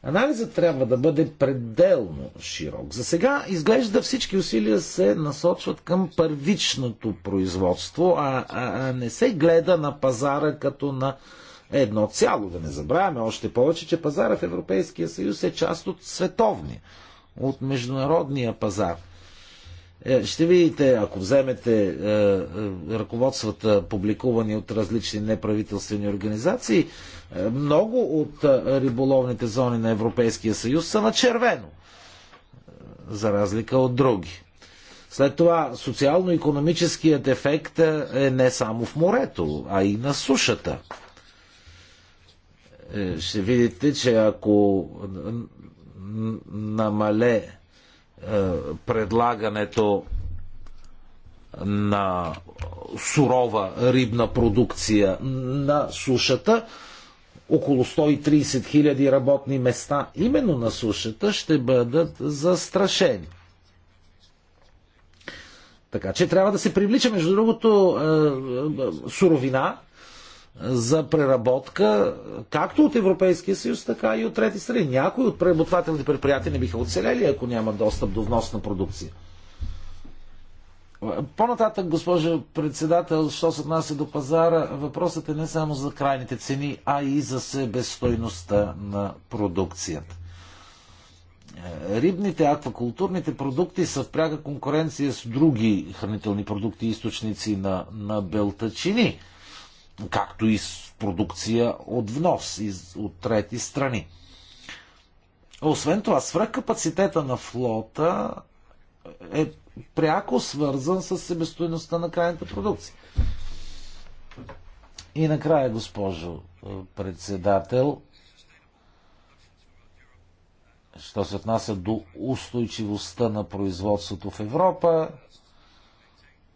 Анализът трябва да бъде пределно широк. За сега изглежда всички усилия се насочват към първичното производство, а, а, а не се гледа на пазара като на едно цяло. Да не забравяме още повече, че пазара в Европейския съюз е част от световния, от международния пазар. Е, ще видите, ако вземете е, е, ръководствата, публикувани от различни неправителствени организации, много от риболовните зони на Европейския съюз са на червено, за разлика от други. След това социално-економическият ефект е не само в морето, а и на сушата. Е, ще видите, че ако намале е, предлагането на сурова рибна продукция на сушата, около 130 хиляди работни места именно на сушата ще бъдат застрашени. Така че трябва да се привлича, между другото, е, е, суровина за преработка, както от Европейския съюз, така и от трети страни. Някои от преработвателните предприятия не биха оцелели, ако няма достъп до вносна продукция. По-нататък, госпожо председател, що се отнася до пазара, въпросът е не само за крайните цени, а и за себестойността на продукцията. Е, рибните аквакултурните продукти са в пряка конкуренция с други хранителни продукти и източници на, на белтачини, както и с продукция от внос из, от трети страни. Освен това, свръхкапацитета на флота е пряко свързан с себестоеността на крайната продукция. И накрая, госпожо е, председател, що се отнася до устойчивостта на производството в Европа,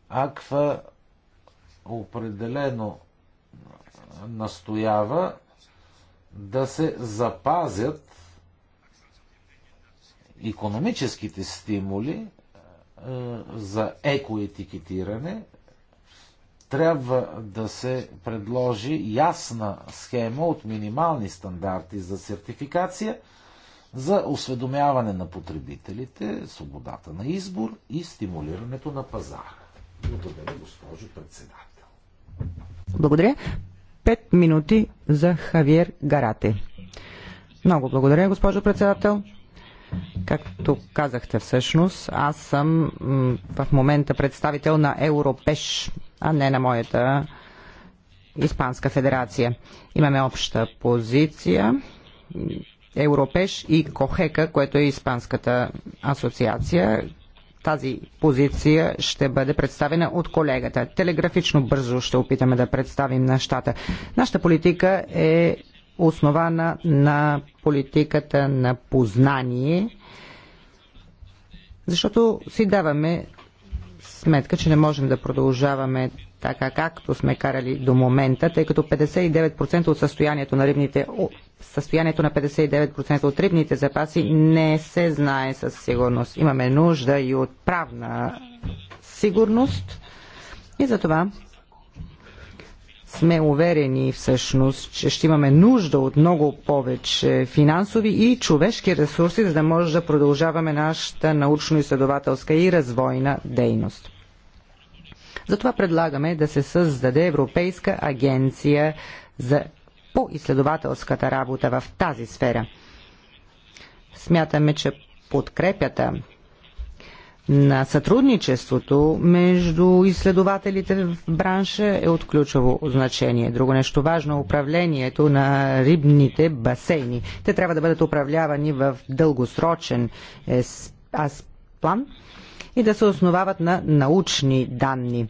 Аква определено настоява да се запазят економическите стимули е, за екоетикетиране, трябва да се предложи ясна схема от минимални стандарти за сертификация за осведомяване на потребителите, свободата на избор и стимулирането на пазара. Благодаря, госпожо председател. Благодаря. Пет минути за Хавиер Гарате. Много благодаря, госпожо председател. Както казахте всъщност, аз съм в момента представител на Европеш, а не на моята Испанска федерация. Имаме обща позиция. Европеш и Кохека, което е Испанската асоциация. Тази позиция ще бъде представена от колегата. Телеграфично бързо ще опитаме да представим нещата. Нашата политика е основана на политиката на познание, защото си даваме сметка, че не можем да продължаваме така както сме карали до момента, тъй като 59% от състоянието на рибните състоянието на 59% от рибните запаси не се знае със сигурност. Имаме нужда и от правна сигурност и затова сме уверени всъщност, че ще имаме нужда от много повече финансови и човешки ресурси, за да може да продължаваме нашата научно-изследователска и развойна дейност. Затова предлагаме да се създаде Европейска агенция за по изследователската работа в тази сфера. Смятаме, че подкрепята на сътрудничеството между изследователите в бранша е от ключово значение. Друго нещо важно е управлението на рибните басейни. Те трябва да бъдат управлявани в дългосрочен е, план и да се основават на научни данни.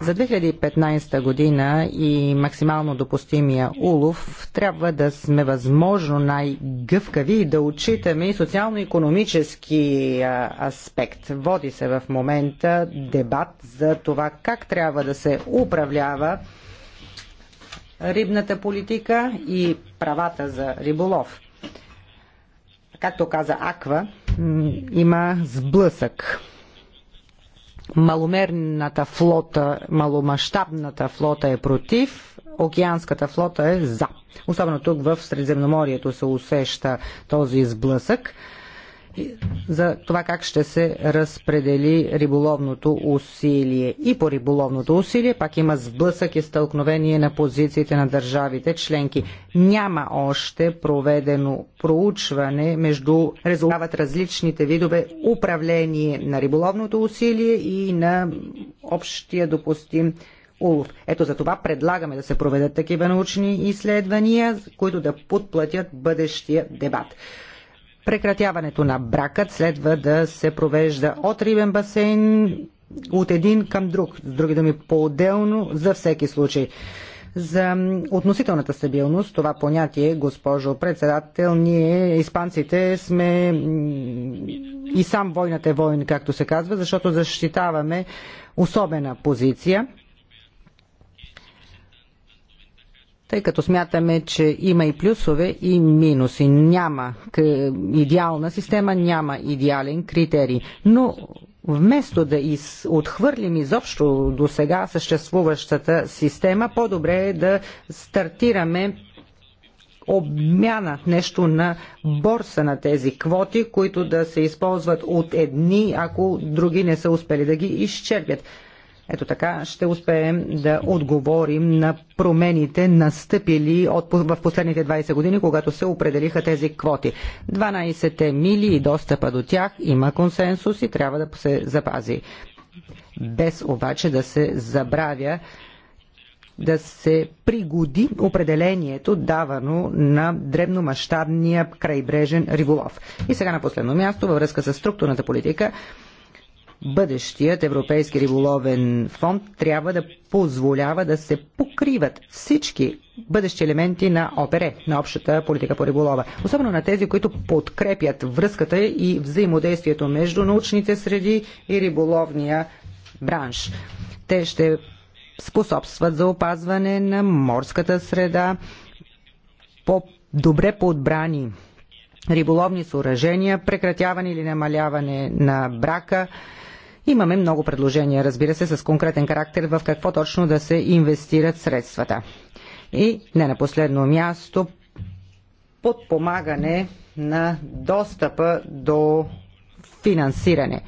За 2015 година и максимално допустимия улов трябва да сме възможно най-гъвкави и да отчитаме и социално-економически аспект. Води се в момента дебат за това как трябва да се управлява рибната политика и правата за риболов. Както каза Аква, има сблъсък маломерната флота, маломащабната флота е против, океанската флота е за. Особено тук в Средиземноморието се усеща този сблъсък за това как ще се разпредели риболовното усилие. И по риболовното усилие пак има сблъсък и стълкновение на позициите на държавите членки. Няма още проведено проучване между резултават различните видове управление на риболовното усилие и на общия допустим улов. Ето за това предлагаме да се проведат такива научни изследвания, които да подплатят бъдещия дебат. Прекратяването на бракът следва да се провежда от рибен басейн от един към друг, с други думи по-отделно за всеки случай. За относителната стабилност, това понятие, госпожо председател, ние, испанците, сме и сам войната е войн, както се казва, защото защитаваме особена позиция тъй като смятаме, че има и плюсове и минуси. Няма идеална система, няма идеален критерий. Но вместо да из, отхвърлим изобщо до сега съществуващата система, по-добре е да стартираме обмяна нещо на борса на тези квоти, които да се използват от едни, ако други не са успели да ги изчерпят. Ето така ще успеем да отговорим на промените настъпили от, в последните 20 години, когато се определиха тези квоти. 12 мили и достъпа до тях има консенсус и трябва да се запази. Без обаче да се забравя да се пригоди определението давано на дребномащабния крайбрежен риболов. И сега на последно място, във връзка с структурната политика, бъдещият Европейски риболовен фонд трябва да позволява да се покриват всички бъдещи елементи на ОПР, на общата политика по риболова. Особено на тези, които подкрепят връзката и взаимодействието между научните среди и риболовния бранш. Те ще способстват за опазване на морската среда по добре подбрани риболовни съоръжения, прекратяване или намаляване на брака, Имаме много предложения, разбира се, с конкретен характер в какво точно да се инвестират средствата. И не на последно място, подпомагане на достъпа до финансиране.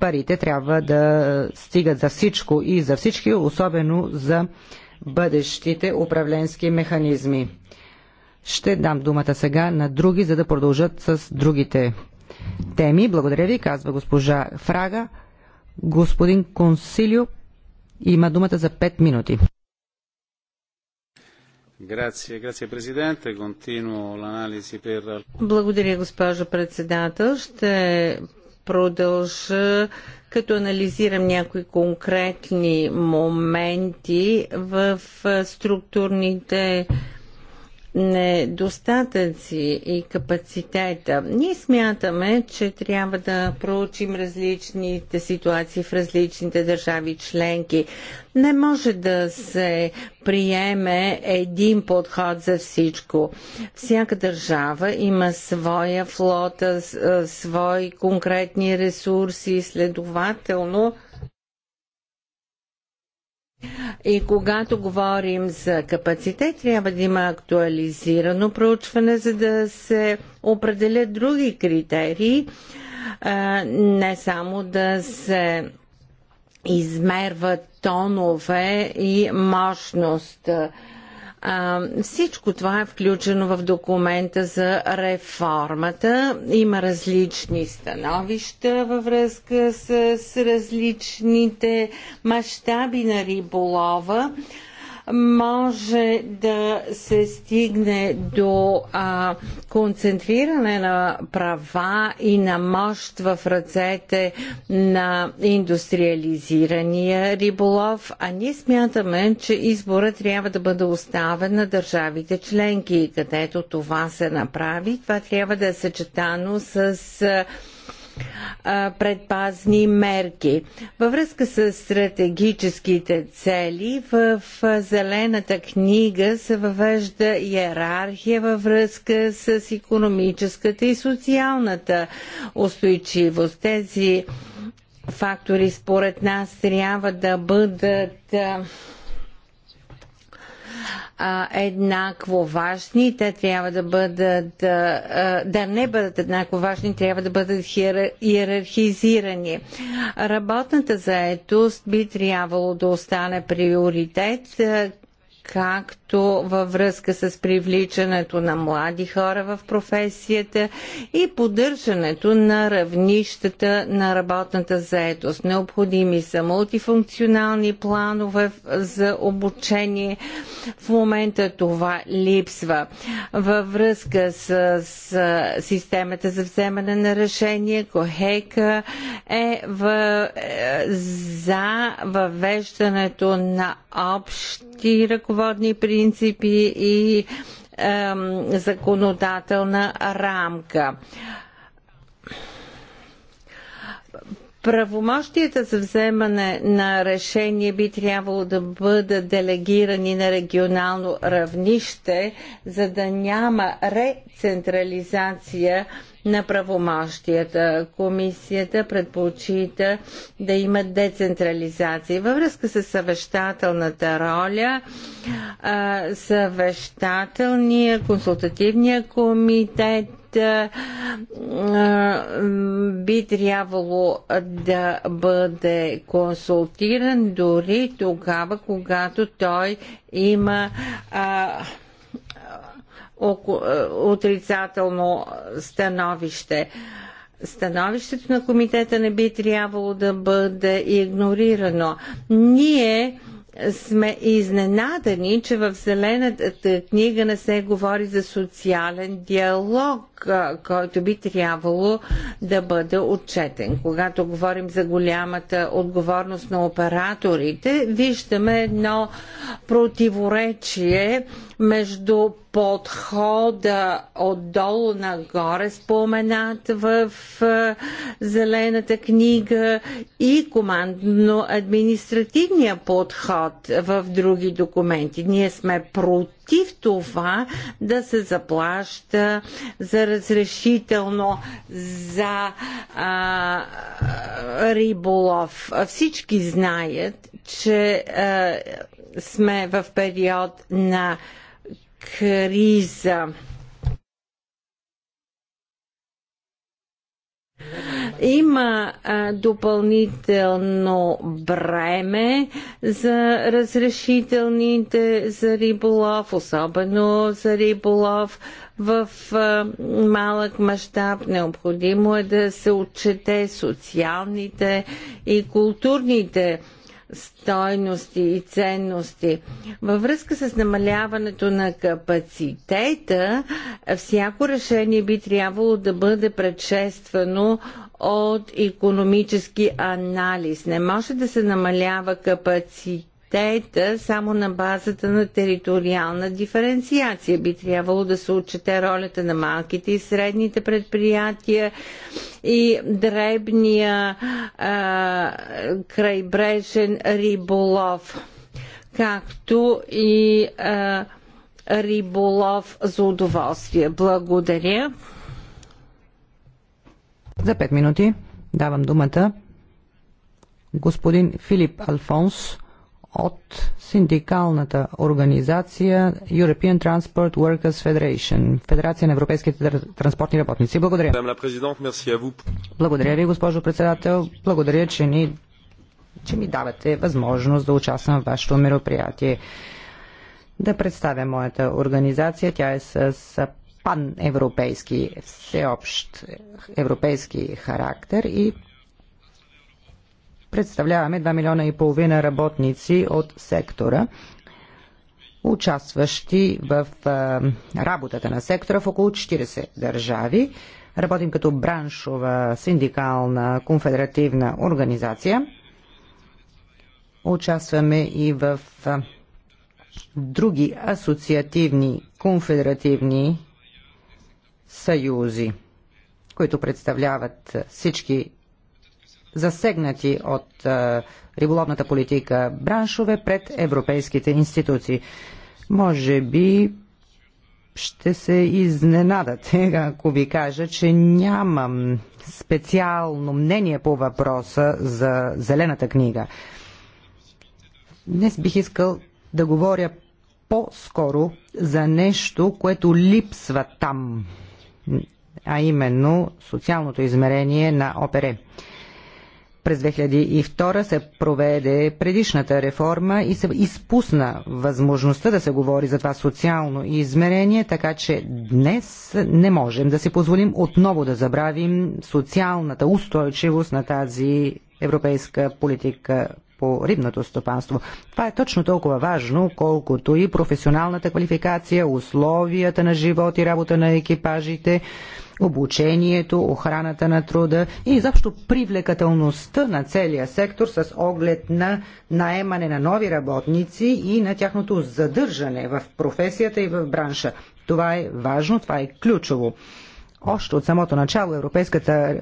Парите трябва да стигат за всичко и за всички, особено за бъдещите управленски механизми. Ще дам думата сега на други, за да продължат с другите теми. Благодаря ви, казва госпожа Фрага. Господин Консилио има думата за 5 минути. Благодаря, госпожо председател. Ще продължа като анализирам някои конкретни моменти в структурните недостатъци и капацитета. Ние смятаме, че трябва да проучим различните ситуации в различните държави членки. Не може да се приеме един подход за всичко. Всяка държава има своя флота, свои конкретни ресурси, следователно и когато говорим за капацитет, трябва да има актуализирано проучване, за да се определят други критерии, не само да се измерват тонове и мощност. А, всичко това е включено в документа за реформата. Има различни становища във връзка с, с различните мащаби на риболова. А, може да се стигне до а, концентриране на права и на мощ в ръцете на индустриализирания риболов, а ние смятаме, че избора трябва да бъде оставен на държавите членки, където това се направи. Това трябва да е съчетано с а, предпазни мерки. Във връзка с стратегическите цели, в Зелената книга се въвежда иерархия във връзка с економическата и социалната устойчивост. Тези фактори според нас трябва да бъдат а, еднакво важни, те трябва да бъдат, а, да не бъдат еднакво важни, трябва да бъдат иерархизирани. Работната заетост би трябвало да остане приоритет, а, както във връзка с привличането на млади хора в професията и поддържането на равнищата на работната заедост. Необходими са мултифункционални планове за обучение. В момента това липсва. Във връзка с, с системата за вземане на решение, Кохека е в, е, за въвеждането на общи ръководители ръководни принципи и ем, законодателна рамка. Правомощията за вземане на решение би трябвало да бъдат делегирани на регионално равнище, за да няма рецентрализация на правомощията. Комисията предпочита да има децентрализация. Във връзка с съвещателната роля, съвещателния, консултативния комитет би трябвало да бъде консултиран дори тогава, когато той има а, е, отрицателно становище. Становището на комитета не би трябвало да бъде игнорирано. Ние сме изненадани, че в Зелената книга не се говори за социален диалог който би трябвало да бъде отчетен. Когато говорим за голямата отговорност на операторите, виждаме едно противоречие между подхода отдолу нагоре, споменат в е, Зелената книга и командно-административния подход в други документи. Ние сме против против това да се заплаща за разрешително за а, риболов. Всички знаят, че а, сме в период на криза. Има а, допълнително бреме за разрешителните за риболов, особено за риболов в а, малък мащаб. Необходимо е да се отчете социалните и културните а, стойности и ценности. Във връзка с намаляването на капацитета, всяко решение би трябвало да бъде предшествано от економически анализ. Не може да се намалява капацитет приоритета само на базата на териториална диференциация. Би трябвало да се отчете ролята на малките и средните предприятия и дребния а, крайбрежен риболов, както и а, риболов за удоволствие. Благодаря. За пет минути давам думата господин Филип Алфонс от синдикалната организация European Transport Workers Federation, Федерация на европейските транспортни работници. Благодаря. Благодаря ви, госпожо председател. Благодаря, че ни че ми давате възможност да участвам в вашето мероприятие. Да представя моята организация. Тя е с паневропейски, всеобщ европейски характер и Представляваме 2 милиона и половина работници от сектора, участващи в работата на сектора в около 40 държави. Работим като браншова синдикална конфедеративна организация. Участваме и в други асоциативни конфедеративни съюзи, които представляват всички засегнати от риболовната политика браншове пред европейските институции. Може би ще се изненадате, *laughs* ако ви кажа, че нямам специално мнение по въпроса за зелената книга. Днес бих искал да говоря по-скоро за нещо, което липсва там, а именно социалното измерение на ОПРЕ. През 2002 се проведе предишната реформа и се изпусна възможността да се говори за това социално измерение, така че днес не можем да си позволим отново да забравим социалната устойчивост на тази европейска политика по рибното стопанство. Това е точно толкова важно, колкото и професионалната квалификация, условията на живот и работа на екипажите, обучението, охраната на труда и изобщо привлекателността на целия сектор с оглед на наемане на нови работници и на тяхното задържане в професията и в бранша. Това е важно, това е ключово. Още от самото начало европейската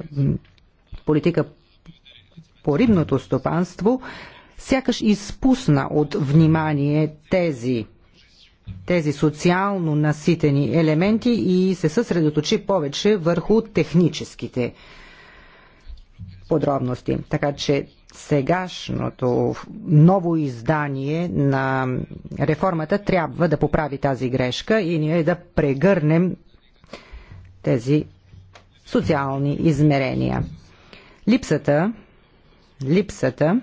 политика по рибното стопанство сякаш изпусна от внимание тези тези социално наситени елементи и се съсредоточи повече върху техническите подробности. Така че сегашното ново издание на реформата трябва да поправи тази грешка и ние да прегърнем тези социални измерения. Липсата, липсата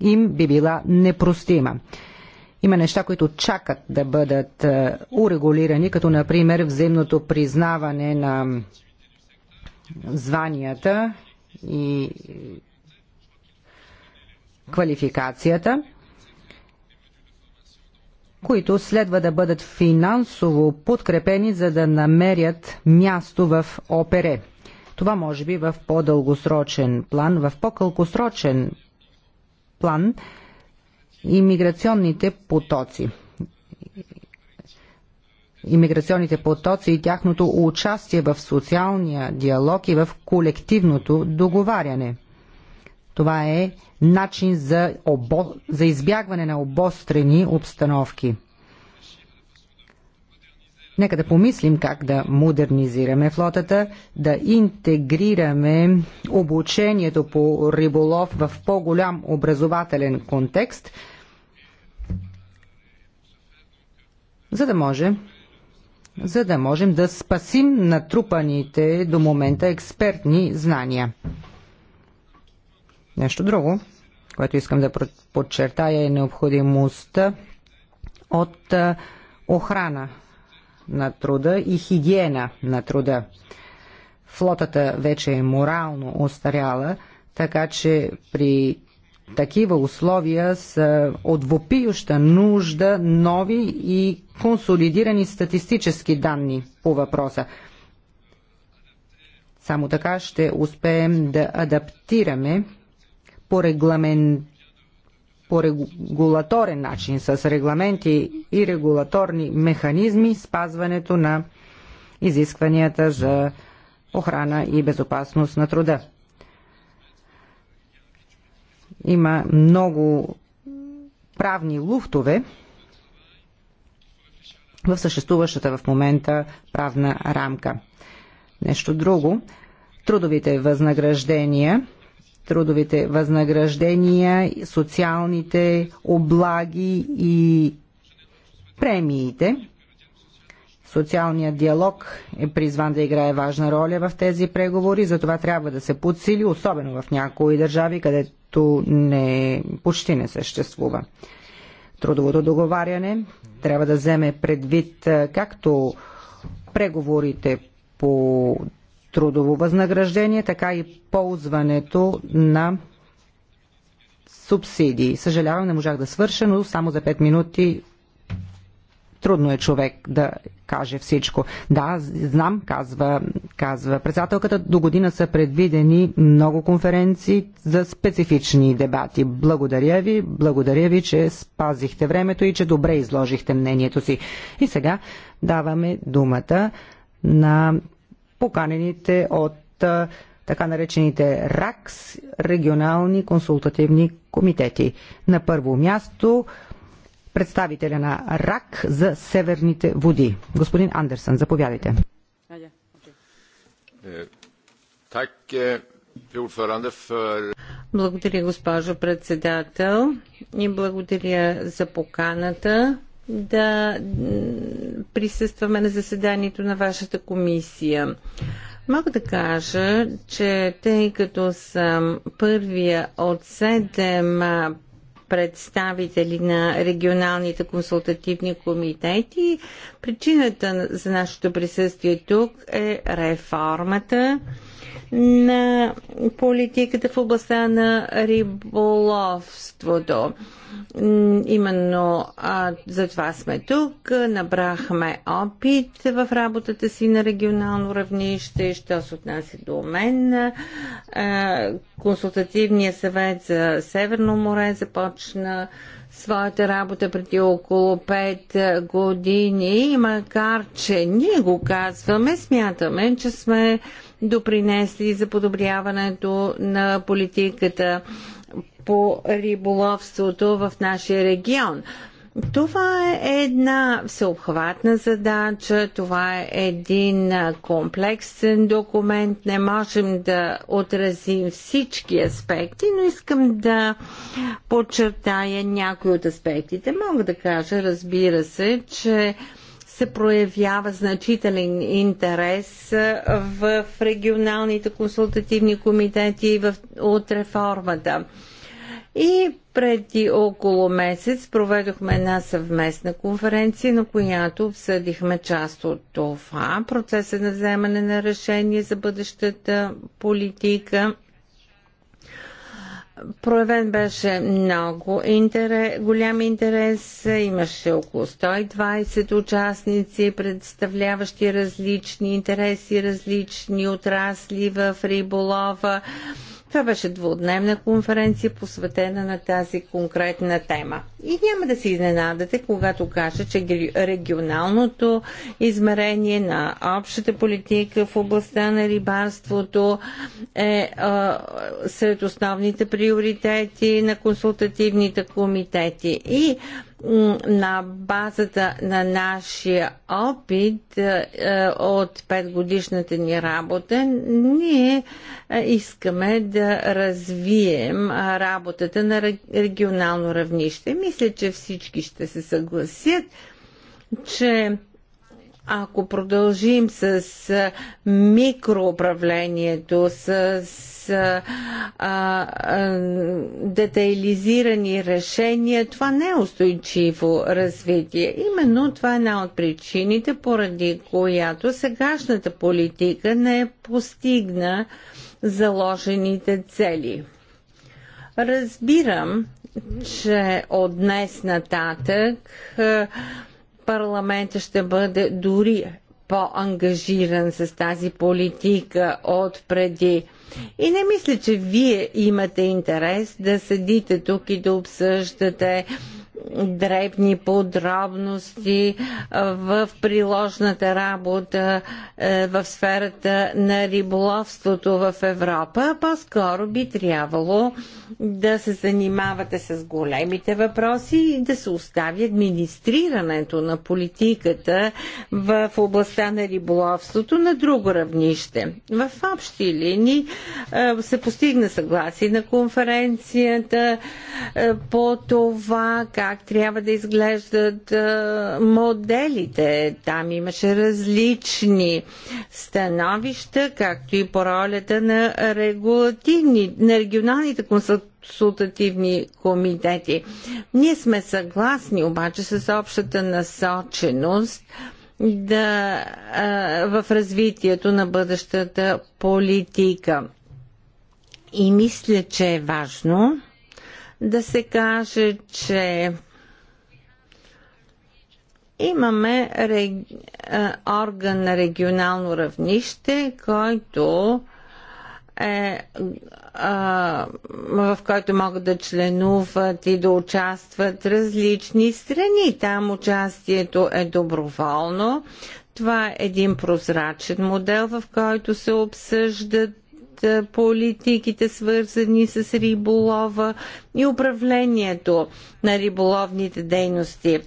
им би била непростима. Има неща, които чакат да бъдат е, урегулирани, като например взаимното признаване на званията и квалификацията, които следва да бъдат финансово подкрепени, за да намерят място в ОПР. Това може би в по-дългосрочен план, в по-кълкосрочен план – иммиграционните потоци иммиграционните потоци и тяхното участие в социалния диалог и в колективното договаряне. Това е начин за, обо... за избягване на обострени обстановки. Нека да помислим как да модернизираме флотата, да интегрираме обучението по риболов в по-голям образователен контекст – за да може за да можем да спасим натрупаните до момента експертни знания. Нещо друго, което искам да подчертая е необходимостта от охрана на труда и хигиена на труда. Флотата вече е морално остаряла, така че при такива условия са от вопиюща нужда нови и консолидирани статистически данни по въпроса. Само така ще успеем да адаптираме по, регламен... по регулаторен начин с регламенти и регулаторни механизми спазването на изискванията за охрана и безопасност на труда. Има много правни луфтове в съществуващата в момента правна рамка. Нещо друго. Трудовите възнаграждения трудовите възнаграждения, социалните облаги и премиите. Социалният диалог е призван да играе важна роля в тези преговори, затова трябва да се подсили, особено в някои държави, където който не, почти не съществува. Трудовото договаряне трябва да вземе предвид е, както преговорите по трудово възнаграждение, така и ползването на субсидии. Съжалявам, не можах да свърша, но само за 5 минути Трудно е човек да каже всичко. Да, знам, казва, казва председателката, до година са предвидени много конференции за специфични дебати. Благодаря ви, благодаря ви, че спазихте времето и че добре изложихте мнението си. И сега даваме думата на поканените от така наречените РАКС, регионални консултативни комитети. На първо място представителя на РАК за северните води. Господин Андерсън, заповядайте. Благодаря, госпожо председател, и благодаря за поканата да присъстваме на заседанието на вашата комисия. Мога да кажа, че тъй като съм първия от седем представители на регионалните консултативни комитети. Причината за нашето присъствие тук е реформата на политиката в областта на риболовството. Именно а, за това сме тук. Набрахме опит в работата си на регионално равнище. Що се отнася до мен, а, консултативният съвет за Северно море започна своята работа преди около 5 години макар, че ние го казваме, смятаме, че сме допринесли за подобряването на политиката по риболовството в нашия регион. Това е една всеобхватна задача, това е един комплексен документ, не можем да отразим всички аспекти, но искам да подчертая някои от аспектите. Мога да кажа, разбира се, че се проявява значителен интерес в регионалните консултативни комитети от реформата. И преди около месец проведохме една съвместна конференция, на която обсъдихме част от това, процеса на вземане на решение за бъдещата политика – Проявен беше много интерес, голям интерес. Имаше около 120 участници, представляващи различни интереси, различни отрасли в риболова. Това беше двудневна конференция, посветена на тази конкретна тема. И няма да се изненадате, когато кажа, че регионалното измерение на общата политика в областта на рибарството е а, сред основните приоритети на консултативните комитети. И на базата на нашия опит е, от петгодишната ни работа, ние е, искаме да развием е, работата на регионално равнище. Мисля, че всички ще се съгласят, че ако продължим с микроуправлението, с а, а, детайлизирани решения, това не е устойчиво развитие. Именно това е една от причините, поради която сегашната политика не е постигна заложените цели. Разбирам, че от днес нататък парламента ще бъде дори по-ангажиран с тази политика от преди. И не мисля, че вие имате интерес да седите тук и да обсъждате дребни подробности в приложната работа в сферата на риболовството в Европа. По-скоро би трябвало да се занимавате с големите въпроси и да се остави администрирането на политиката в областта на риболовството на друго равнище. В общи линии се постигна съгласие на конференцията по това как как трябва да изглеждат моделите. Там имаше различни становища, както и по ролята на, на регионалните консултативни комитети. Ние сме съгласни обаче с общата насоченост да, в развитието на бъдещата политика. И мисля, че е важно да се каже, че имаме рег... орган на регионално равнище, който е, а, в който могат да членуват и да участват различни страни. Там участието е доброволно. Това е един прозрачен модел, в който се обсъждат политиките, свързани с риболова и управлението на риболовните дейности.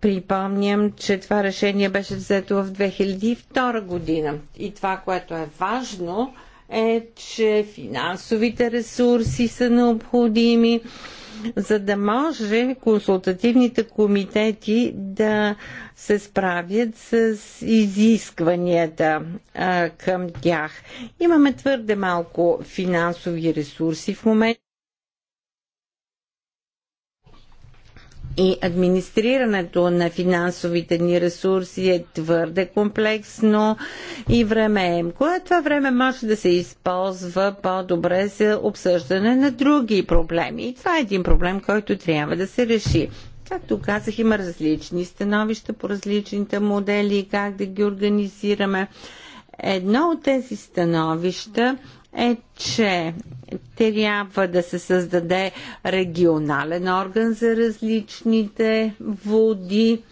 припомням, че това решение беше взето в 2002 година. И това, което е важно, е, че финансовите ресурси са необходими за да може консултативните комитети да се справят с изискванията а, към тях. Имаме твърде малко финансови ресурси в момента. и администрирането на финансовите ни ресурси е твърде комплексно и времеемко. А това време може да се използва по-добре за обсъждане на други проблеми. И това е един проблем, който трябва да се реши. Както казах, има различни становища по различните модели и как да ги организираме. Едно от тези становища е, че трябва да се създаде регионален орган за различните води,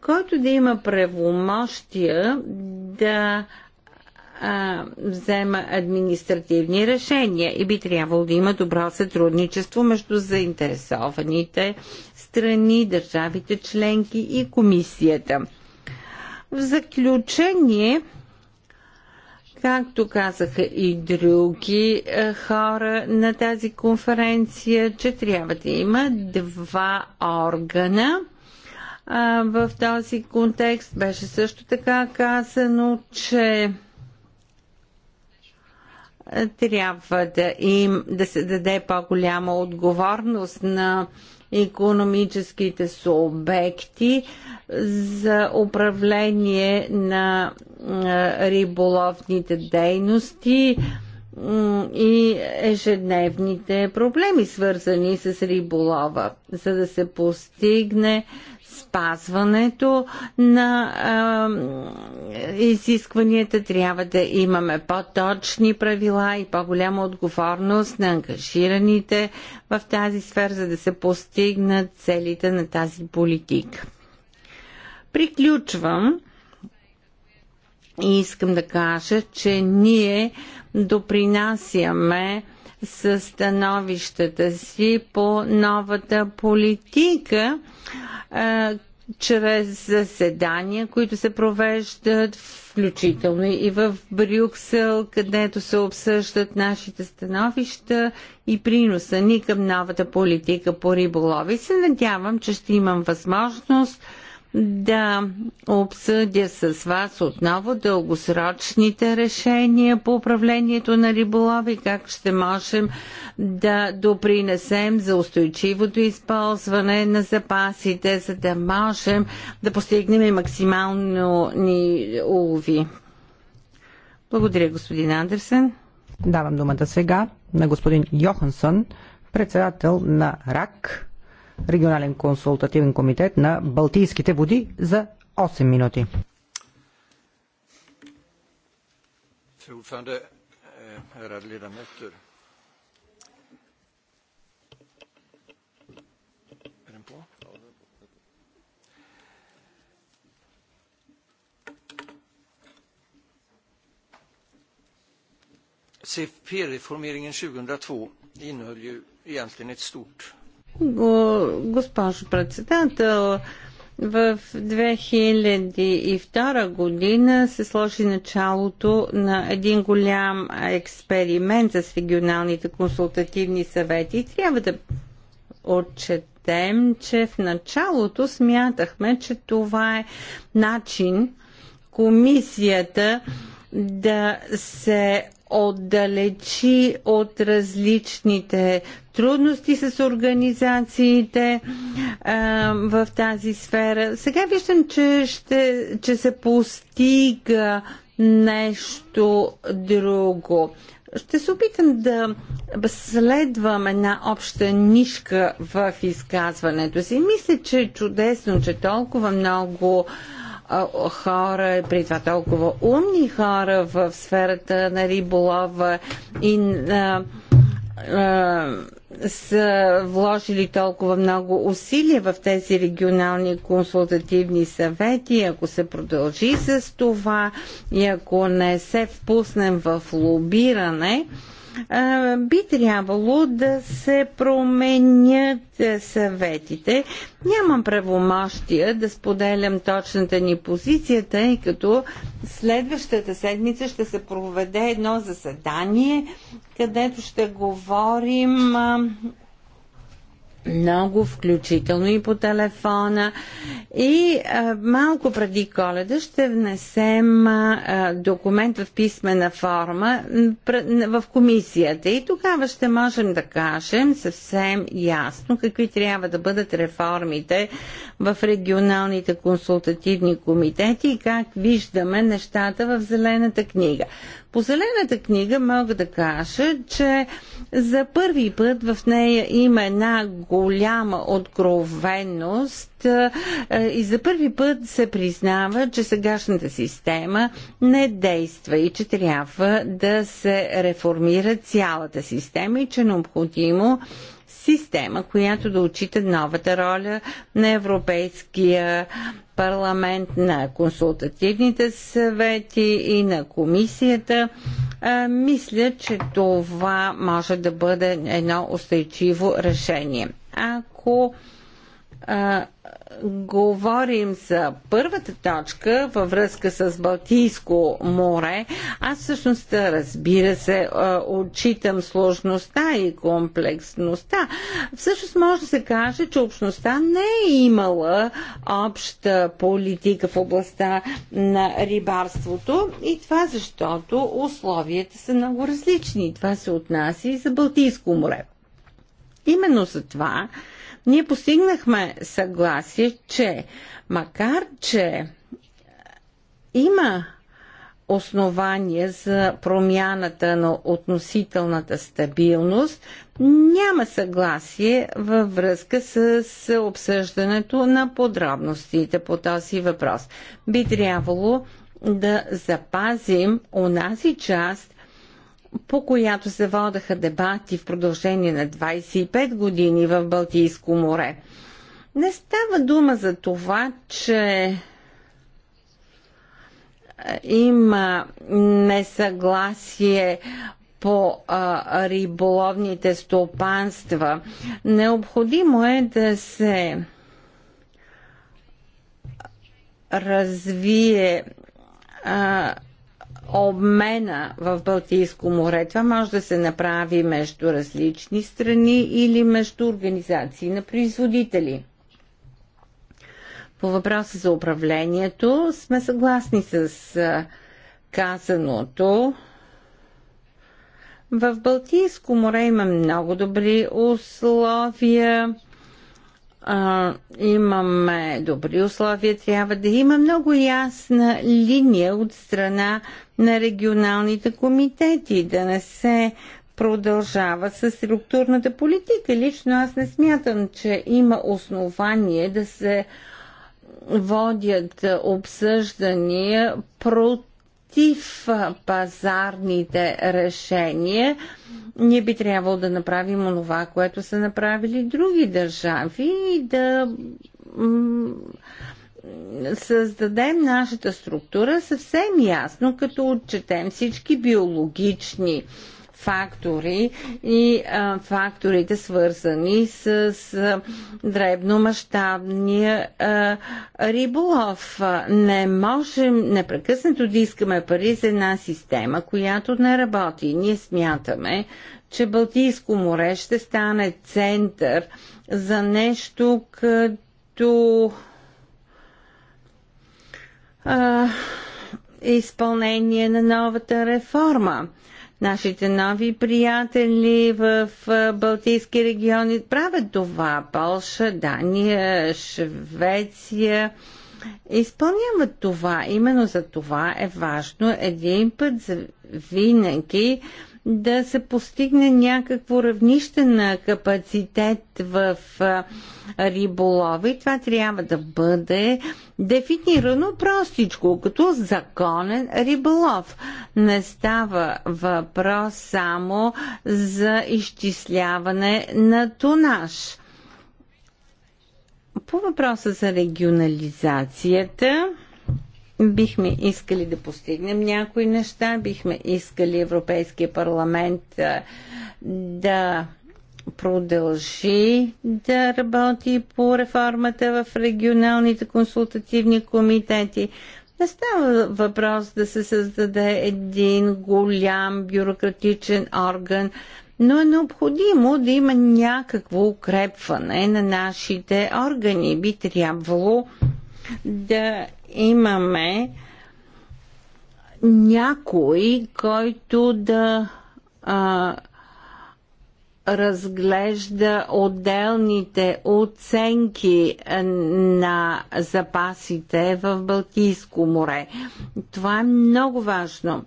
който да има правомощия да а, взема административни решения и би трябвало да има добро сътрудничество между заинтересованите страни, държавите членки и комисията. В заключение, както казаха и други е, хора на тази конференция, че трябва да има два органа. А, в този контекст беше също така казано, че е, трябва да им да се даде по-голяма отговорност на економическите субекти за управление на риболовните дейности и ежедневните проблеми, свързани с риболова, за да се постигне спазването на е, изискванията трябва да имаме по-точни правила и по-голяма отговорност на ангажираните в тази сфера, за да се постигнат целите на тази политика. Приключвам и искам да кажа, че ние допринасяме със становищата си по новата политика, е, чрез заседания, които се провеждат, включително и в Брюксел, където се обсъждат нашите становища и приноса ни към новата политика по риболови. се надявам, че ще имам възможност да обсъдя с вас отново дългосрочните решения по управлението на риболова и как ще можем да допринесем за устойчивото използване на запасите, за да можем да постигнем и максимално ни улови. Благодаря, господин Андерсен. Давам думата сега на господин Йохансън, председател на РАК, регионален консултативен комитет на Балтийските води за 8 минути. Eh, CFP-reformeringen 2002 innehöll ju egentligen ett stort Госпожо председател, в 2002 година се сложи началото на един голям експеримент с регионалните консултативни съвети. Трябва да отчетем, че в началото смятахме, че това е начин комисията да се отдалечи от различните трудности с организациите а, в тази сфера. Сега виждам, че, ще, че се постига нещо друго. Ще се опитам да следвам една обща нишка в изказването си. Мисля, че е чудесно, че толкова много хора, при това толкова умни хора в сферата на риболова и а, са вложили толкова много усилия в тези регионални консултативни съвети, ако се продължи с това и ако не се впуснем в лобиране, би трябвало да се променят е, съветите. Нямам правомощия да споделям точната ни позиция, тъй като следващата седмица ще се проведе едно заседание, където ще говорим много, включително и по телефона. И а, малко преди коледа ще внесем а, документ в писмена форма в комисията. И тогава ще можем да кажем съвсем ясно какви трябва да бъдат реформите в регионалните консултативни комитети и как виждаме нещата в Зелената книга. По зелената книга мога да кажа, че за първи път в нея има една голяма откровенност е, и за първи път се признава, че сегашната система не действа и че трябва да се реформира цялата система и че е необходимо система, която да отчита новата роля на Европейския парламент, на консултативните съвети и на комисията. Мисля, че това може да бъде едно устойчиво решение. Ако а, говорим за първата точка във връзка с Балтийско море, аз всъщност, разбира се, отчитам сложността и комплексността. Всъщност може да се каже, че общността не е имала обща политика в областта на рибарството и това защото условията са много различни. Това се отнася и за Балтийско море. Именно за това ние постигнахме съгласие, че макар, че има основания за промяната на относителната стабилност, няма съгласие във връзка с обсъждането на подробностите по този въпрос. Би трябвало да запазим онази част по която се водеха дебати в продължение на 25 години в Балтийско море. Не става дума за това, че е, има несъгласие по а, риболовните стопанства. Необходимо е да се развие а, обмена в Балтийско море. Това може да се направи между различни страни или между организации на производители. По въпроса за управлението сме съгласни с казаното. В Балтийско море има много добри условия а, имаме добри условия, трябва да има много ясна линия от страна на регионалните комитети, да не се продължава с структурната политика. Лично аз не смятам, че има основание да се водят обсъждания против против пазарните решения, ние би трябвало да направим онова, което са направили други държави и да създадем нашата структура съвсем ясно, като отчетем всички биологични фактори и а, факторите свързани с а, дребномащабния а, риболов. Не можем непрекъснато да искаме пари за една система, която не работи. Ние смятаме, че Балтийско море ще стане център за нещо като а, изпълнение на новата реформа. Нашите нови приятели в Балтийски региони правят това. Полша, Дания, Швеция изпълняват това. Именно за това е важно един път за винаги да се постигне някакво равнище на капацитет в риболова и това трябва да бъде дефинирано простичко, като законен риболов. Не става въпрос само за изчисляване на тонаж. По въпроса за регионализацията, бихме искали да постигнем някои неща, бихме искали Европейския парламент да продължи да работи по реформата в регионалните консултативни комитети. Не става въпрос да се създаде един голям бюрократичен орган, но е необходимо да има някакво укрепване на нашите органи. Би трябвало да имаме някой, който да а, разглежда отделните оценки на запасите в Балтийско море. Това е много важно.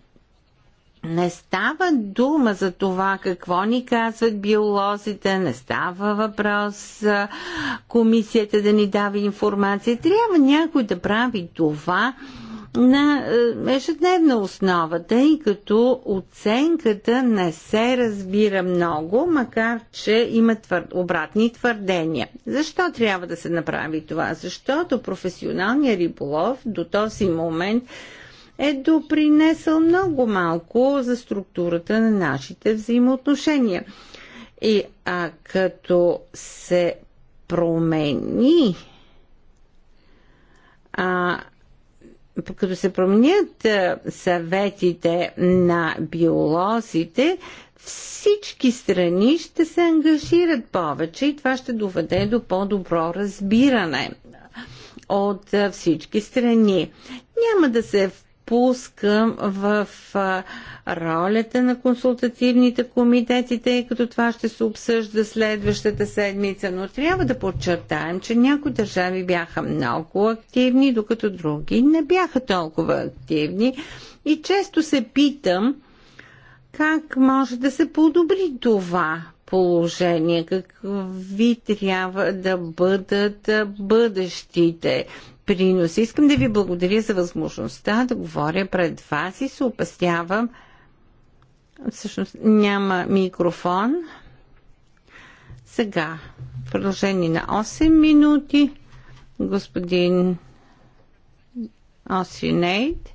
Не става дума за това какво ни казват биолозите, не става въпрос комисията да ни дава информация. Трябва някой да прави това на ежедневна основа, тъй като оценката не се разбира много, макар че има твър... обратни твърдения. Защо трябва да се направи това? Защото професионалният риболов до този момент е допринесъл много малко за структурата на нашите взаимоотношения. И а като се промени а, като се променят съветите на биолозите, всички страни ще се ангажират повече и това ще доведе до по-добро разбиране от всички страни. Няма да се Пускам в ролята на консултативните комитети, тъй като това ще се обсъжда следващата седмица. Но трябва да подчертаем, че някои държави бяха много активни, докато други не бяха толкова активни. И често се питам как може да се подобри това положение, какви трябва да бъдат бъдещите принос. Искам да ви благодаря за възможността да говоря пред вас и се опасявам. Всъщност няма микрофон. Сега, в продължение на 8 минути, господин Осинейт.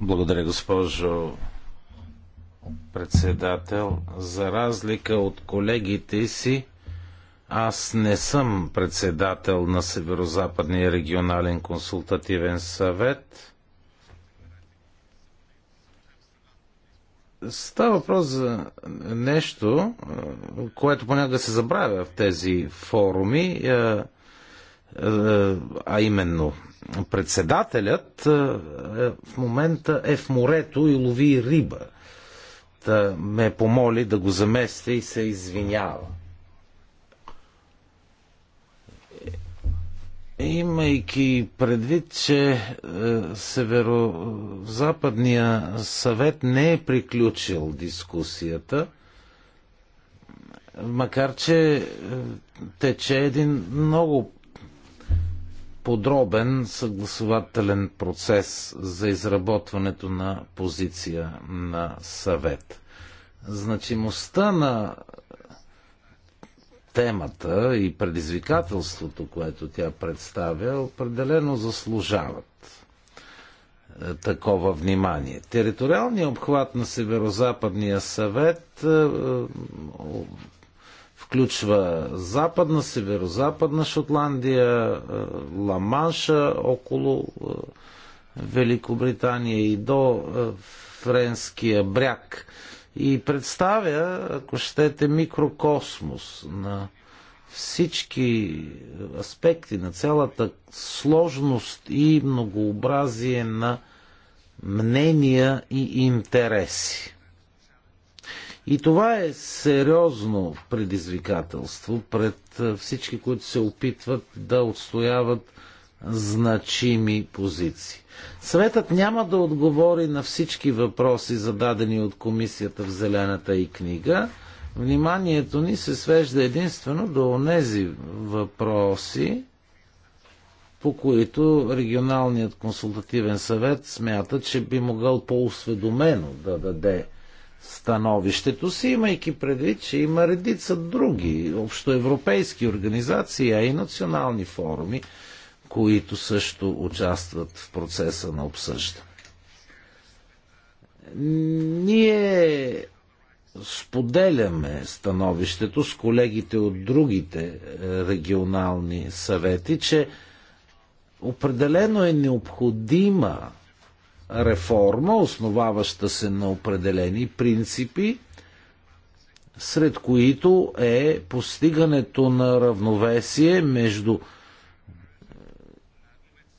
Благодаря, госпожо председател. За разлика от колегите си, аз не съм председател на Северо-Западния регионален консултативен съвет. Става въпрос за нещо, което понякога се забравя в тези форуми, е, е, а именно председателят е, в момента е в морето и лови риба. Та ме помоли да го заместя и се извинява. Имайки предвид, че е, Северо-Западния съвет не е приключил дискусията, макар че е, тече един много подробен съгласователен процес за изработването на позиция на съвет. Значимостта на темата и предизвикателството, което тя представя, определено заслужават е, такова внимание. Териториалният обхват на Северо-Западния съвет е, е, включва Западна, Северо-Западна Шотландия, Ламанша около Великобритания и до Френския бряг и представя, ако щете, микрокосмос на всички аспекти, на цялата сложност и многообразие на мнения и интереси. И това е сериозно предизвикателство пред всички, които се опитват да отстояват значими позиции. Съветът няма да отговори на всички въпроси, зададени от комисията в Зелената и книга. Вниманието ни се свежда единствено до онези въпроси, по които регионалният консултативен съвет смята, че би могъл по-осведомено да даде становището си, имайки предвид, че има редица други общоевропейски организации, а и национални форуми, които също участват в процеса на обсъждане. Ние споделяме становището с колегите от другите е, регионални съвети, че определено е необходима реформа, основаваща се на определени принципи, сред които е постигането на равновесие между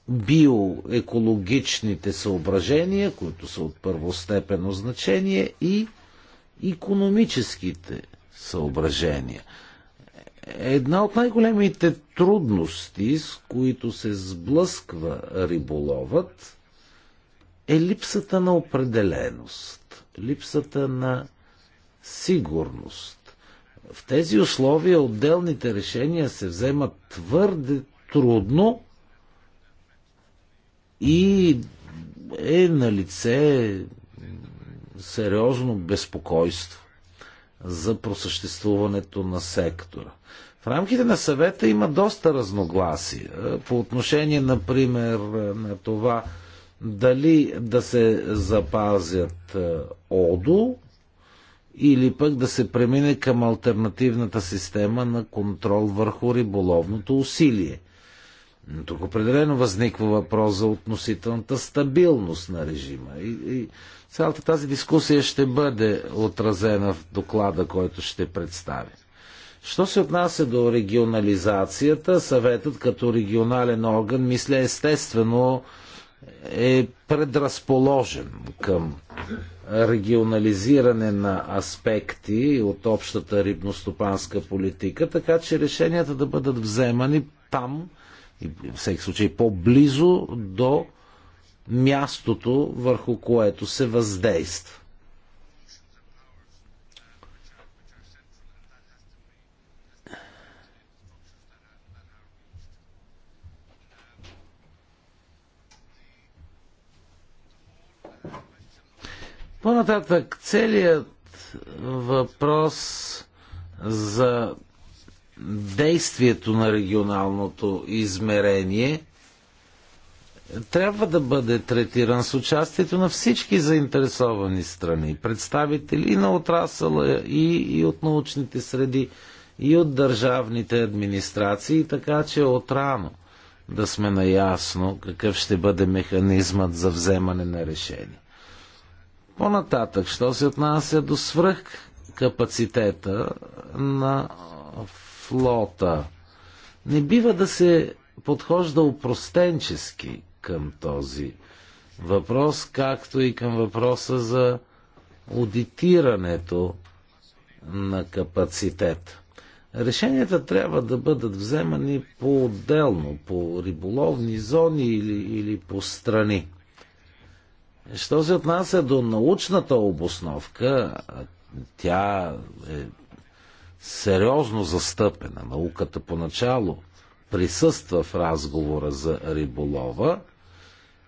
биоекологичните съображения, които са от първостепенно значение и економическите съображения. Една от най-големите трудности, с които се сблъсква риболовът, е липсата на определеност, липсата на сигурност. В тези условия отделните решения се вземат твърде трудно и е на лице сериозно безпокойство за просъществуването на сектора. В рамките на съвета има доста разногласия по отношение, например, на това дали да се запазят ОДО или пък да се премине към альтернативната система на контрол върху риболовното усилие – но тук определено възниква въпрос за относителната стабилност на режима. И, и цялата тази дискусия ще бъде отразена в доклада, който ще представя. Що се отнася до регионализацията, съветът като регионален орган, мисля, естествено е предразположен към регионализиране на аспекти от общата рибностопанска политика, така че решенията да бъдат вземани там, и всеки случай по-близо до мястото, върху което се въздейства. По-нататък целият въпрос за действието на регионалното измерение трябва да бъде третиран с участието на всички заинтересовани страни, представители и на отрасъла, и, и от научните среди, и от държавните администрации, така че отрано да сме наясно какъв ще бъде механизмът за вземане на решение. По-нататък, що се отнася до свръх капацитета на флота. Не бива да се подхожда опростенчески към този въпрос, както и към въпроса за аудитирането на капацитет. Решенията трябва да бъдат вземани по-отделно, по риболовни зони или, или по страни. Що се отнася до научната обосновка, тя е сериозно застъпена. Науката поначало присъства в разговора за риболова.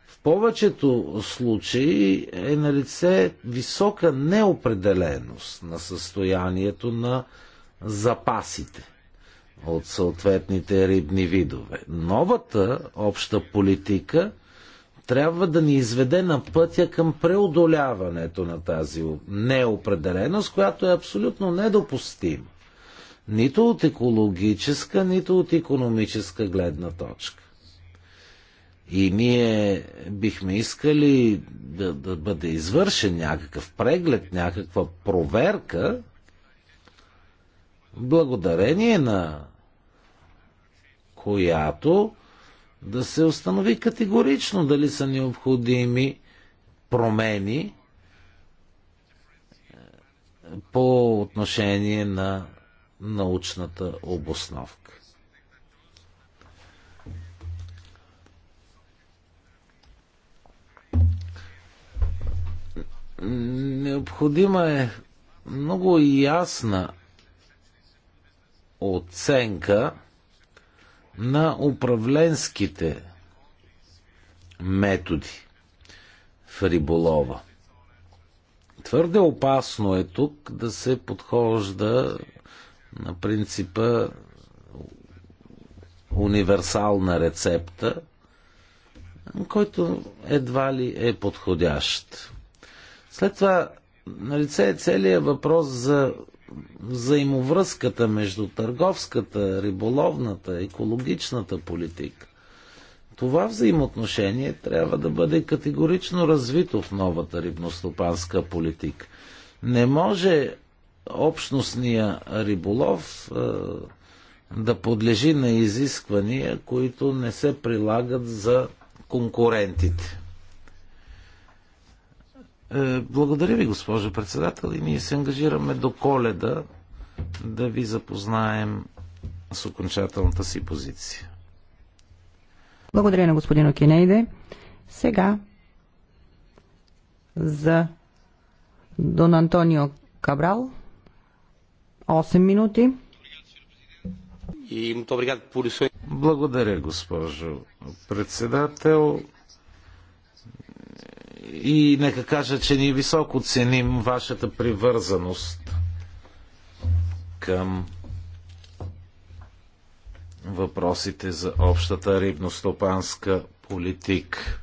В повечето случаи е на лице висока неопределеност на състоянието на запасите от съответните рибни видове. Новата обща политика трябва да ни изведе на пътя към преодоляването на тази неопределеност, която е абсолютно недопустима нито от екологическа, нито от економическа гледна точка. И ние бихме искали да, да бъде извършен някакъв преглед, някаква проверка, благодарение на която да се установи категорично дали са необходими промени е, по отношение на научната обосновка. Необходима е много ясна оценка на управленските методи в риболова. Твърде опасно е тук да се подхожда на принципа универсална рецепта, който едва ли е подходящ. След това на лице е целият въпрос за взаимовръзката между търговската, риболовната, екологичната политика. Това взаимоотношение трябва да бъде категорично развито в новата рибностопанска политика. Не може общностния риболов е, да подлежи на изисквания, които не се прилагат за конкурентите. Е, благодаря ви, госпожо председател, и ние се ангажираме до коледа да ви запознаем с окончателната си позиция. Благодаря на господин Окинейде. Сега за Дон Антонио Кабрал 8 минути. Благодаря, госпожо председател. И нека кажа, че ние високо ценим вашата привързаност към въпросите за общата рибностопанска политика.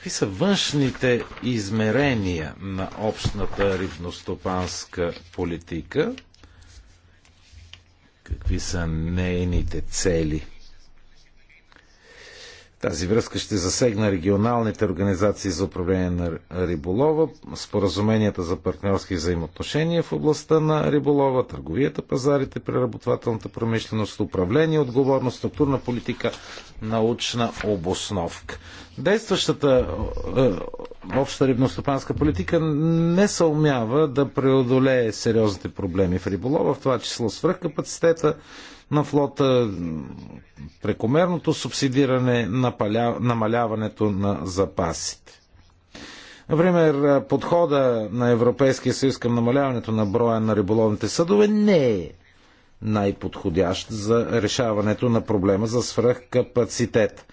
Какви са външните измерения на общната рибностопанска политика? Какви са нейните цели? тази връзка ще засегна регионалните организации за управление на риболова, споразуменията за партньорски взаимоотношения в областта на риболова, търговията, пазарите, преработвателната промишленост, управление, отговорност, структурна политика, научна обосновка. Действащата е, обща рибностопанска политика не съумява да преодолее сериозните проблеми в риболова, в това число свръхкапацитета, на флота, прекомерното субсидиране, намаляването на запасите. Например, подхода на Европейския съюз към намаляването на броя на риболовните съдове не е най-подходящ за решаването на проблема за свръхкапацитет.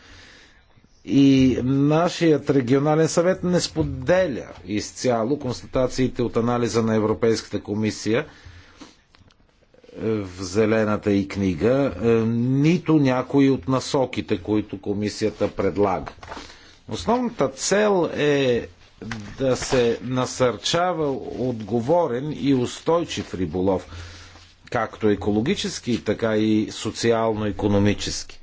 И нашият регионален съвет не споделя изцяло констатациите от анализа на Европейската комисия – в зелената и книга, е, нито някои от насоките, които комисията предлага. Основната цел е да се насърчава отговорен и устойчив риболов, както екологически, така и социално-економически.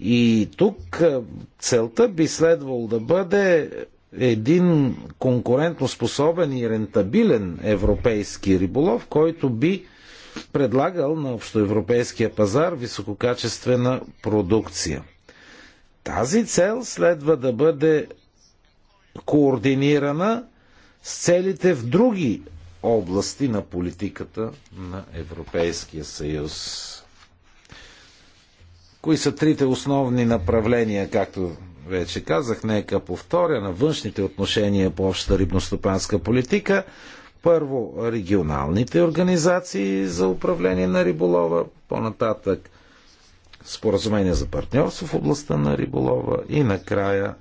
И тук е, целта би следвало да бъде един конкурентно способен и рентабилен европейски риболов, който би предлагал на общоевропейския пазар висококачествена продукция. Тази цел следва да бъде координирана с целите в други области на политиката на Европейския съюз. Кои са трите основни направления, както вече казах, нека повторя, на външните отношения по общата рибностопанска политика, първо, регионалните организации за управление на риболова, по-нататък споразумение за партньорство в областта на риболова и накрая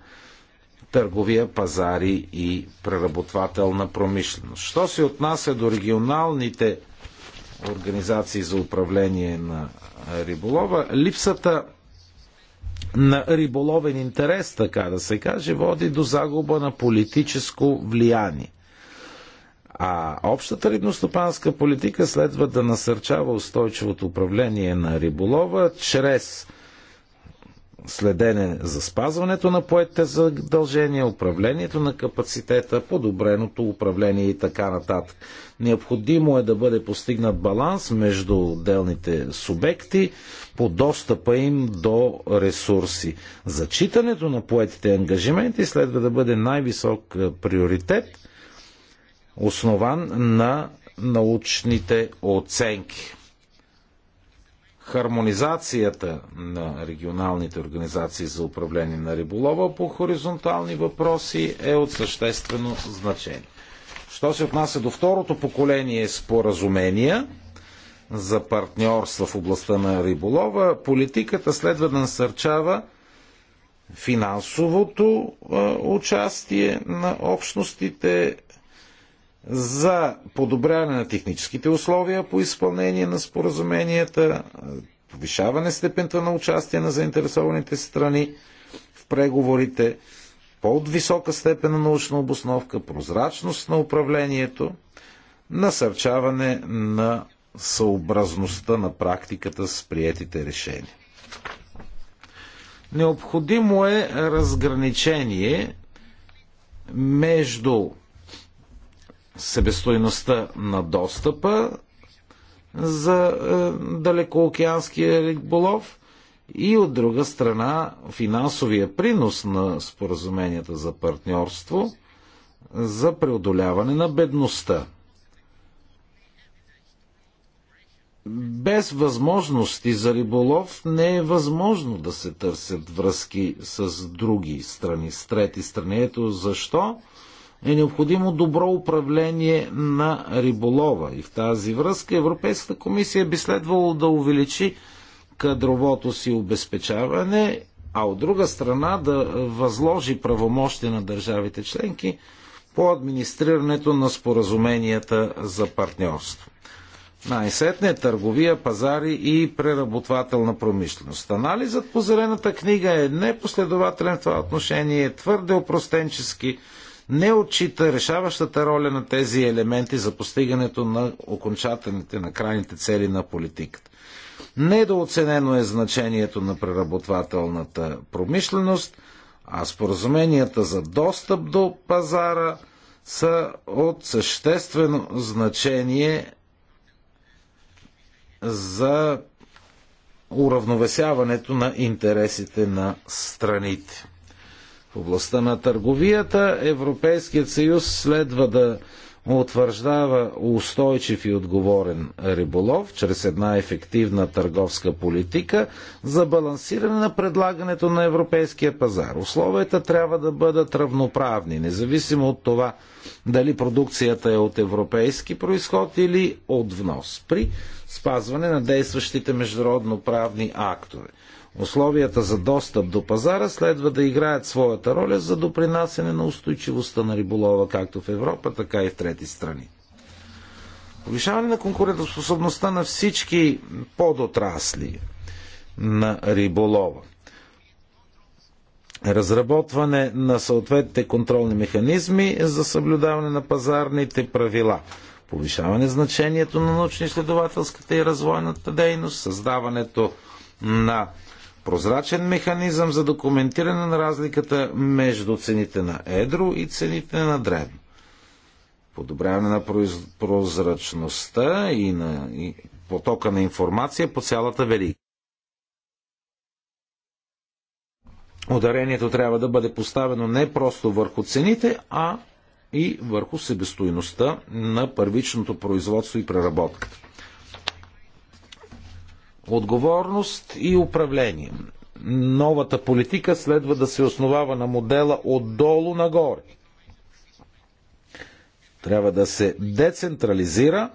търговия, пазари и преработвателна промишленост. Що се отнася до регионалните организации за управление на риболова, липсата на риболовен интерес, така да се каже, води до загуба на политическо влияние. А общата рибностопанска политика следва да насърчава устойчивото управление на риболова чрез следене за спазването на поетите задължения, управлението на капацитета, подобреното управление и така нататък. Необходимо е да бъде постигнат баланс между отделните субекти по достъпа им до ресурси. Зачитането на поетите ангажименти следва да бъде най-висок приоритет – основан на научните оценки. Хармонизацията на регионалните организации за управление на риболова по хоризонтални въпроси е от съществено значение. Що се отнася до второто поколение споразумения за партньорства в областта на риболова, политиката следва да насърчава финансовото участие на общностите за подобряване на техническите условия по изпълнение на споразуменията, повишаване степента на участие на заинтересованите страни в преговорите, по-висока степен на научна обосновка, прозрачност на управлението, насърчаване на съобразността на практиката с приетите решения. Необходимо е разграничение между себестоеността на достъпа за е, далекоокеанския риболов и от друга страна финансовия принос на споразуменията за партньорство за преодоляване на бедността. Без възможности за риболов не е възможно да се търсят връзки с други страни, с трети страни. Ето защо е необходимо добро управление на риболова. И в тази връзка Европейската комисия би следвало да увеличи кадровото си обезпечаване, а от друга страна да възложи правомощи на държавите членки по администрирането на споразуменията за партньорство. Най-сетне търговия, пазари и преработвателна промишленост. Анализът по зелената книга е непоследователен в това отношение, е твърде опростенчески, не отчита решаващата роля на тези елементи за постигането на окончателните, на крайните цели на политиката. Недооценено е значението на преработвателната промишленост, а споразуменията за достъп до пазара са от съществено значение за уравновесяването на интересите на страните. В областта на търговията Европейският съюз следва да утвърждава устойчив и отговорен риболов чрез една ефективна търговска политика за балансиране на предлагането на европейския пазар. Условията трябва да бъдат равноправни, независимо от това дали продукцията е от европейски происход или от внос, при спазване на действащите международно правни актове. Условията за достъп до пазара следва да играят своята роля за допринасяне на устойчивостта на риболова както в Европа, така и в трети страни. Повишаване на конкурентоспособността на всички подотрасли на риболова. Разработване на съответните контролни механизми за съблюдаване на пазарните правила повишаване значението на научно-изследователската и развойната дейност, създаването на прозрачен механизъм за документиране на разликата между цените на едро и цените на дребно. Подобряване на прозрачността и на и потока на информация по цялата верига. Ударението трябва да бъде поставено не просто върху цените, а и върху себестойността на първичното производство и преработката отговорност и управление. Новата политика следва да се основава на модела отдолу нагоре. Трябва да се децентрализира.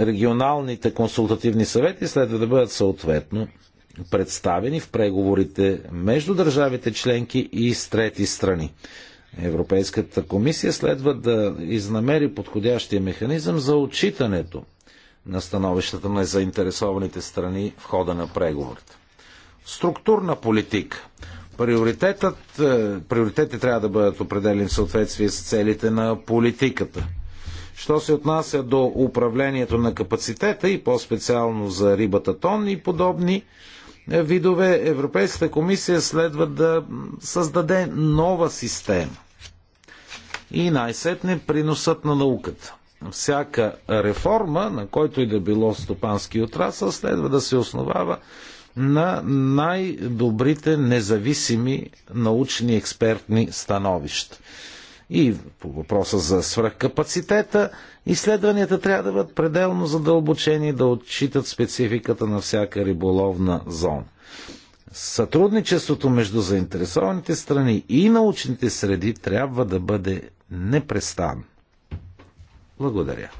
Регионалните консултативни съвети следва да бъдат съответно представени в преговорите между държавите членки и с трети страни. Европейската комисия следва да изнамери подходящия механизъм за отчитането на становищата на заинтересованите страни в хода на преговорите. Структурна политика. Приоритетът, е, приоритети трябва да бъдат определени в съответствие с целите на политиката. Що се отнася до управлението на капацитета и по-специално за рибата тон и подобни е, видове, Европейската комисия следва да създаде нова система. И най-сетне приносът на науката всяка реформа, на който и да било стопански отрасъл, следва да се основава на най-добрите независими научни експертни становища. И по въпроса за свръхкапацитета, изследванията трябва да бъдат пределно задълбочени да отчитат спецификата на всяка риболовна зона. Сътрудничеството между заинтересованите страни и научните среди трябва да бъде непрестанно. Благодаря.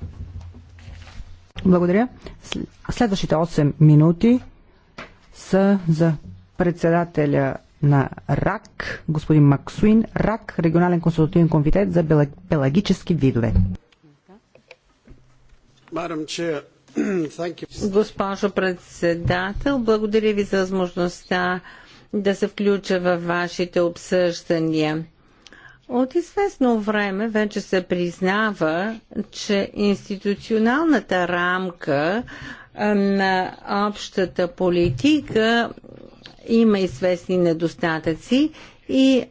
Благодаря. Следващите 8 минути са за председателя на РАК, господин Максуин РАК, регионален консултативен комитет за пелагически видове. Госпожо председател, благодаря ви за възможността да се включа във вашите обсъждания. От известно време вече се признава, че институционалната рамка на общата политика има известни недостатъци и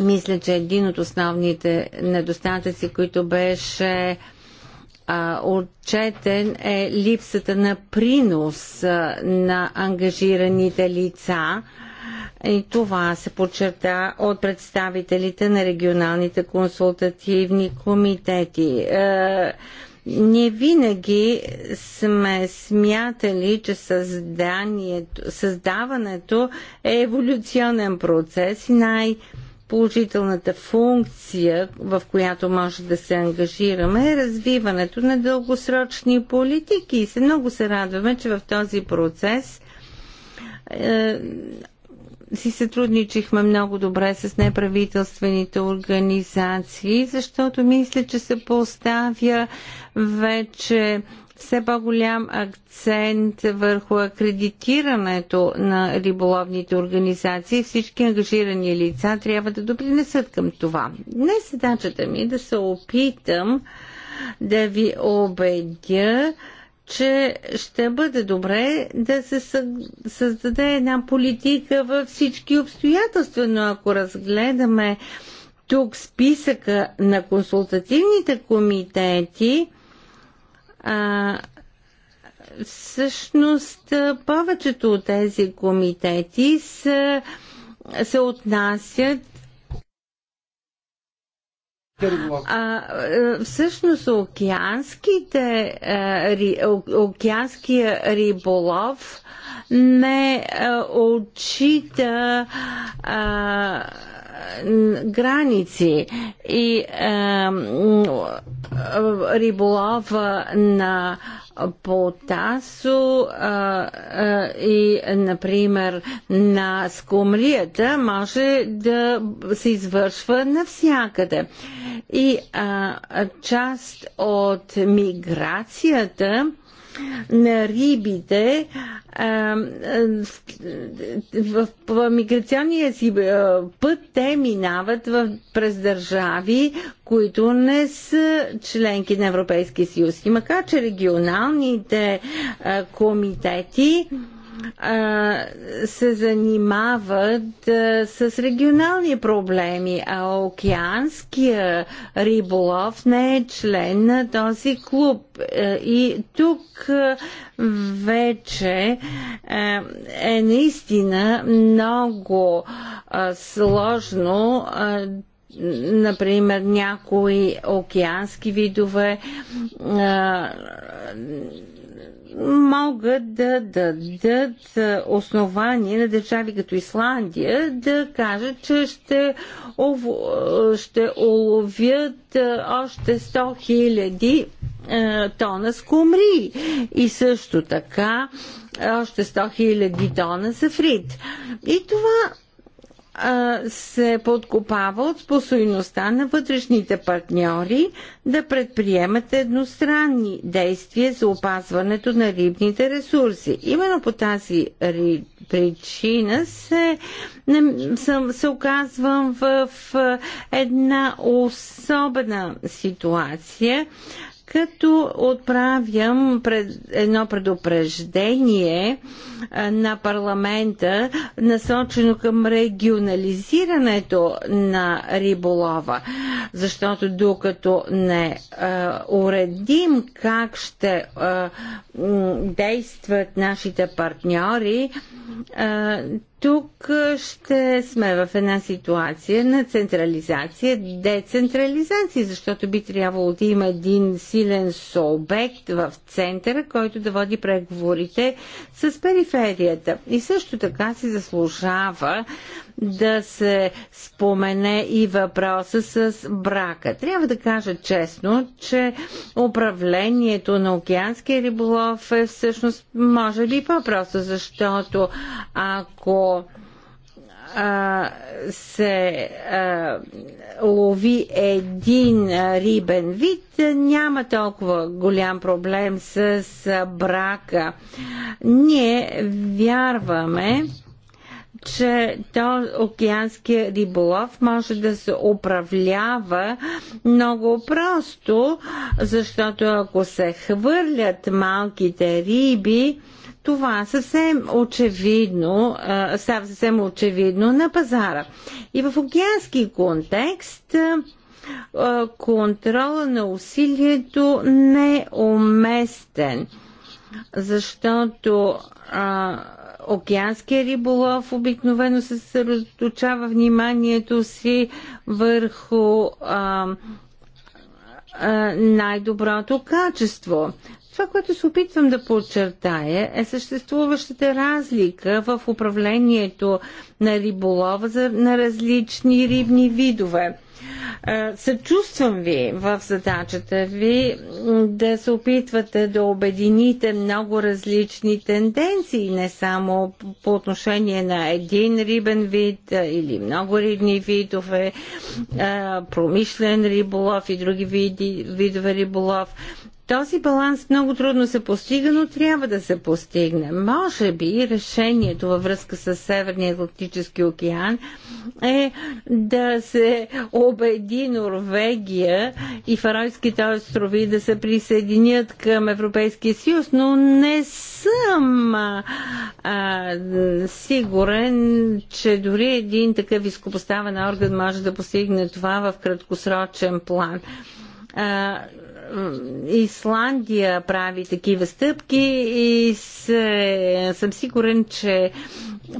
мисля, че един от основните недостатъци, които беше а, отчетен е липсата на принос а, на ангажираните лица и това се подчерта от представителите на регионалните консултативни комитети. Ние винаги сме смятали, че създаването е еволюционен процес и най- положителната функция, в която може да се ангажираме, е развиването на дългосрочни политики. И се много се радваме, че в този процес е, си сътрудничихме много добре с неправителствените организации, защото мисля, че се поставя вече все по-голям акцент върху акредитирането на риболовните организации. Всички ангажирани лица трябва да допринесат към това. Днес задачата е ми е да се опитам да ви убедя, че ще бъде добре да се създаде една политика във всички обстоятелства, но ако разгледаме тук списъка на консултативните комитети, а, всъщност повечето от тези комитети са, се отнасят а, е, всъщност океанските, е, океанския риболов не е, отчита а, граници и а, риболова на Потасо а, а, и, например, на скумрията може да се извършва навсякъде. И а, част от миграцията на рибите а, в, в миграционния си път те минават в, през държави, които не са членки на Европейския съюз. И макар, че регионалните а, комитети а, се занимават с регионални проблеми, а океанския риболов не е член на този клуб. И тук вече е наистина много сложно например, някои океански видове могат да дадат основание на държави като Исландия да кажат, че ще, ще уловят още 100 хиляди тона скумри и също така още 100 хиляди тона сафрит. И това се подкопава от способността на вътрешните партньори да предприемат едностранни действия за опазването на рибните ресурси. Именно по тази причина се, не, съм, се оказвам в, в една особена ситуация като отправям пред едно предупреждение на парламента, насочено към регионализирането на риболова. Защото докато не а, уредим как ще а, действат нашите партньори, тук ще сме в една ситуация на централизация, децентрализация, защото би трябвало да има един силен субект в центъра, който да води преговорите с периферията. И също така си заслужава да се спомене и въпроса с брака. Трябва да кажа честно, че управлението на океанския риболов е всъщност може ли по-просто, защото ако а, се а, лови един рибен вид, няма толкова голям проблем с брака. Ние вярваме, че то океанския риболов може да се управлява много просто, защото ако се хвърлят малките риби, това съвсем очевидно, става съвсем очевидно на пазара. И в океански контекст контрола на усилието не е уместен, защото а, океанския риболов обикновено се съсредоточава вниманието си върху а, а, най-доброто качество. Това, което се опитвам да подчертая, е съществуващата разлика в управлението на риболова за, на различни рибни видове. Е, съчувствам ви в задачата ви да се опитвате да обедините много различни тенденции, не само по отношение на един рибен вид е, или много рибни видове, е, промишлен риболов и други види, видове риболов. Този баланс много трудно се постига, но трябва да се постигне. Може би решението във връзка с Северния Атлантически океан е да се убеди Норвегия и Фаройските острови да се присъединят към Европейския съюз, но не съм а, сигурен, че дори един такъв изкопоставен орган може да постигне това в краткосрочен план Исландия прави такива стъпки и се, съм сигурен, че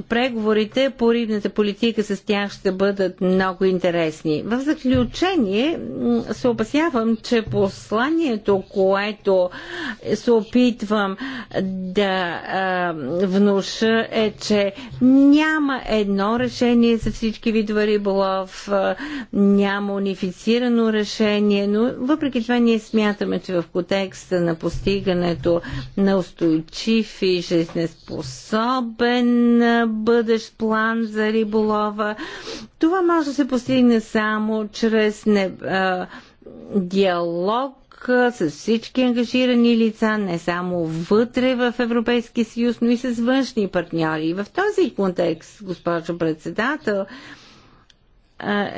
преговорите по рибната политика с тях ще бъдат много интересни. В заключение се опасявам, че посланието, което се опитвам да а, внуша е, че няма едно решение за всички видове риболов, няма унифицирано решение, но въпреки това ние смятаме, че в контекста на постигането на устойчив и жизнеспособен бъдещ план за риболова. Това може да се постигне само чрез не, а, диалог с всички ангажирани лица, не само вътре в Европейския съюз, но и с външни партньори. И в този контекст, госпожо председател,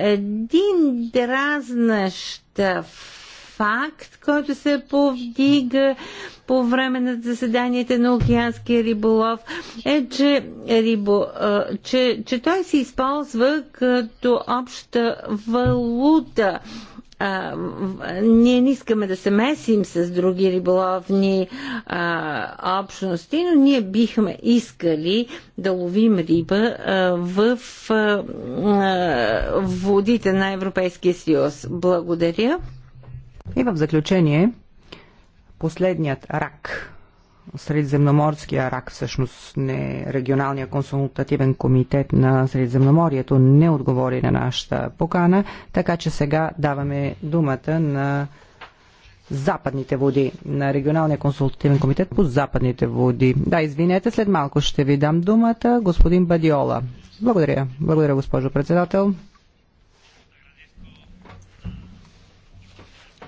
един дразнащ факт, който се повдига по време на заседанията на океанския риболов, е, че, рибо, че, че той се използва като обща валута а, ние не искаме да се месим с други риболовни а, общности, но ние бихме искали да ловим риба а, в а, водите на Европейския съюз. Благодаря. И в заключение, последният рак, Средиземноморския рак, всъщност не регионалния консултативен комитет на Средиземноморието не отговори на нашата покана, така че сега даваме думата на западните води, на регионалния консултативен комитет по западните води. Да, извинете, след малко ще ви дам думата, господин Бадиола. Благодаря. Благодаря, госпожо председател.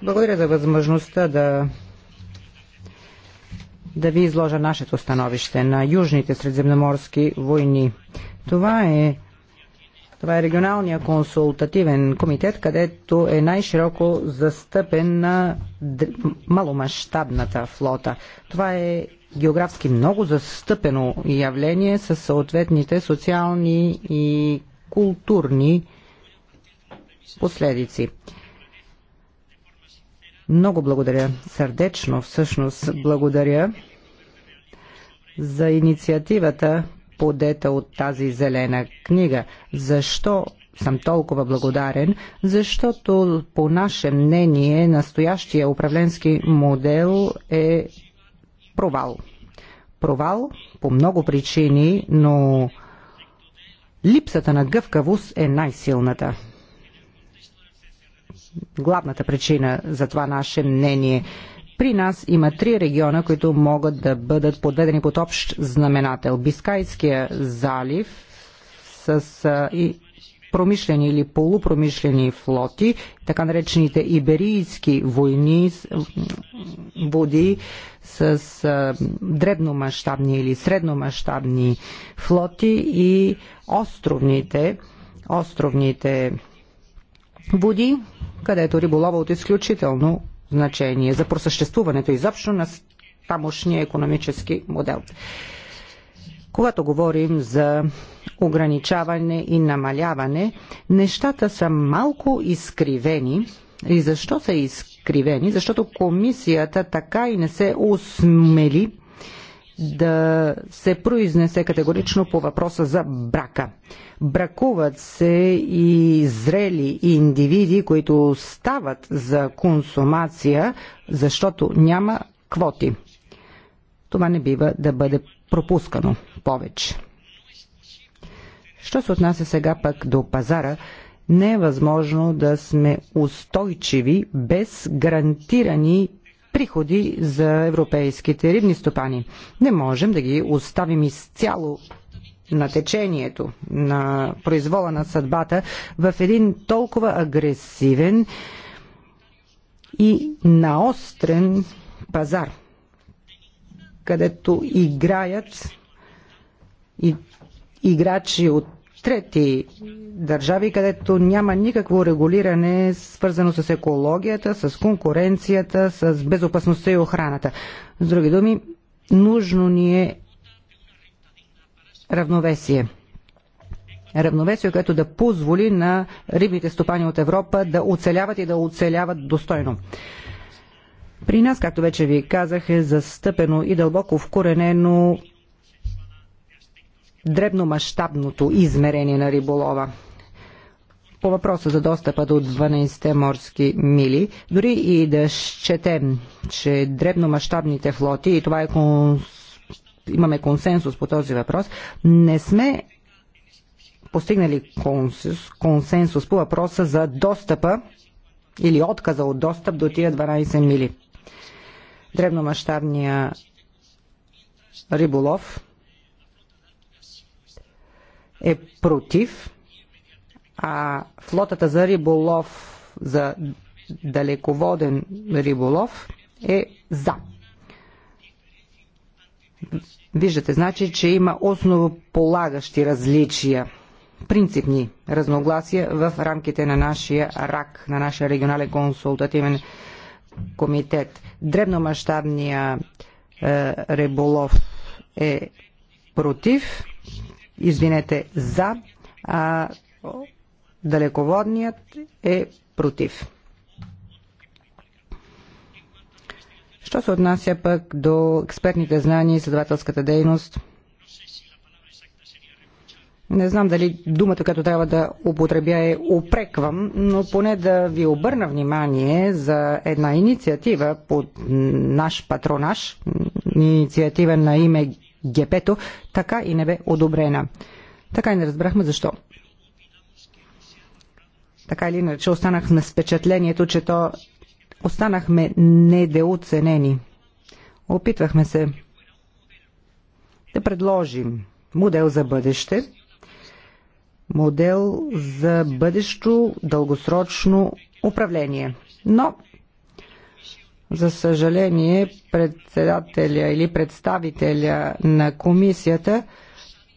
Благодаря за възможността да да ви изложа нашето становище на южните средземноморски войни. Това е това е регионалния консултативен комитет, където е най-широко застъпен на маломащабната флота. Това е географски много застъпено явление с съответните социални и културни последици. Много благодаря, сърдечно всъщност благодаря за инициативата, подета от тази зелена книга. Защо съм толкова благодарен, защото по наше мнение настоящия управленски модел е провал. Провал по много причини, но липсата на гъвкавост е най-силната главната причина за това наше мнение. При нас има три региона, които могат да бъдат подведени под общ знаменател. Бискайския залив с и промишлени или полупромишлени флоти, така наречените иберийски войни, води с а, дребномащабни или средномащабни флоти и островните, островните води, където риболова е от изключително значение за просъществуването изобщо на тамошния економически модел. Когато говорим за ограничаване и намаляване, нещата са малко изкривени. И защо са изкривени? Защото комисията така и не се осмели да се произнесе категорично по въпроса за брака. Бракуват се и зрели индивиди, които стават за консумация, защото няма квоти. Това не бива да бъде пропускано повече. Що се отнася сега пък до пазара, не е възможно да сме устойчиви без гарантирани приходи за европейските рибни стопани. Не можем да ги оставим изцяло на течението, на произвола на съдбата в един толкова агресивен и наострен пазар, където играят и играчи от трети държави, където няма никакво регулиране, свързано с екологията, с конкуренцията, с безопасността и охраната. С други думи, нужно ни е равновесие. Равновесие, което да позволи на рибните стопани от Европа да оцеляват и да оцеляват достойно. При нас, както вече ви казах, е застъпено и дълбоко вкоренено дребномащабното измерение на риболова. По въпроса за достъпа до 12 морски мили, дори и да счетем, че дребномащабните флоти, и това е конс... имаме консенсус по този въпрос, не сме постигнали консенсус, консенсус по въпроса за достъпа или отказа от достъп до тия 12 мили. Дребномащабния риболов е против, а флотата за риболов, за далеководен риболов е за. Виждате, значи, че има основополагащи различия, принципни разногласия в рамките на нашия РАК, на нашия регионален консултативен комитет. Дребномащабния е, риболов е против, извинете, за, а далеководният е против. Що се отнася пък до експертните знания и изследователската дейност – не знам дали думата, която трябва да употребя е упреквам, но поне да ви обърна внимание за една инициатива под наш патронаж, инициатива на име гепето, така и не бе одобрена. Така и не разбрахме защо. Така или иначе останахме с впечатлението, че то останахме недеоценени. Опитвахме се да предложим модел за бъдеще, модел за бъдещо дългосрочно управление. Но за съжаление, председателя или представителя на комисията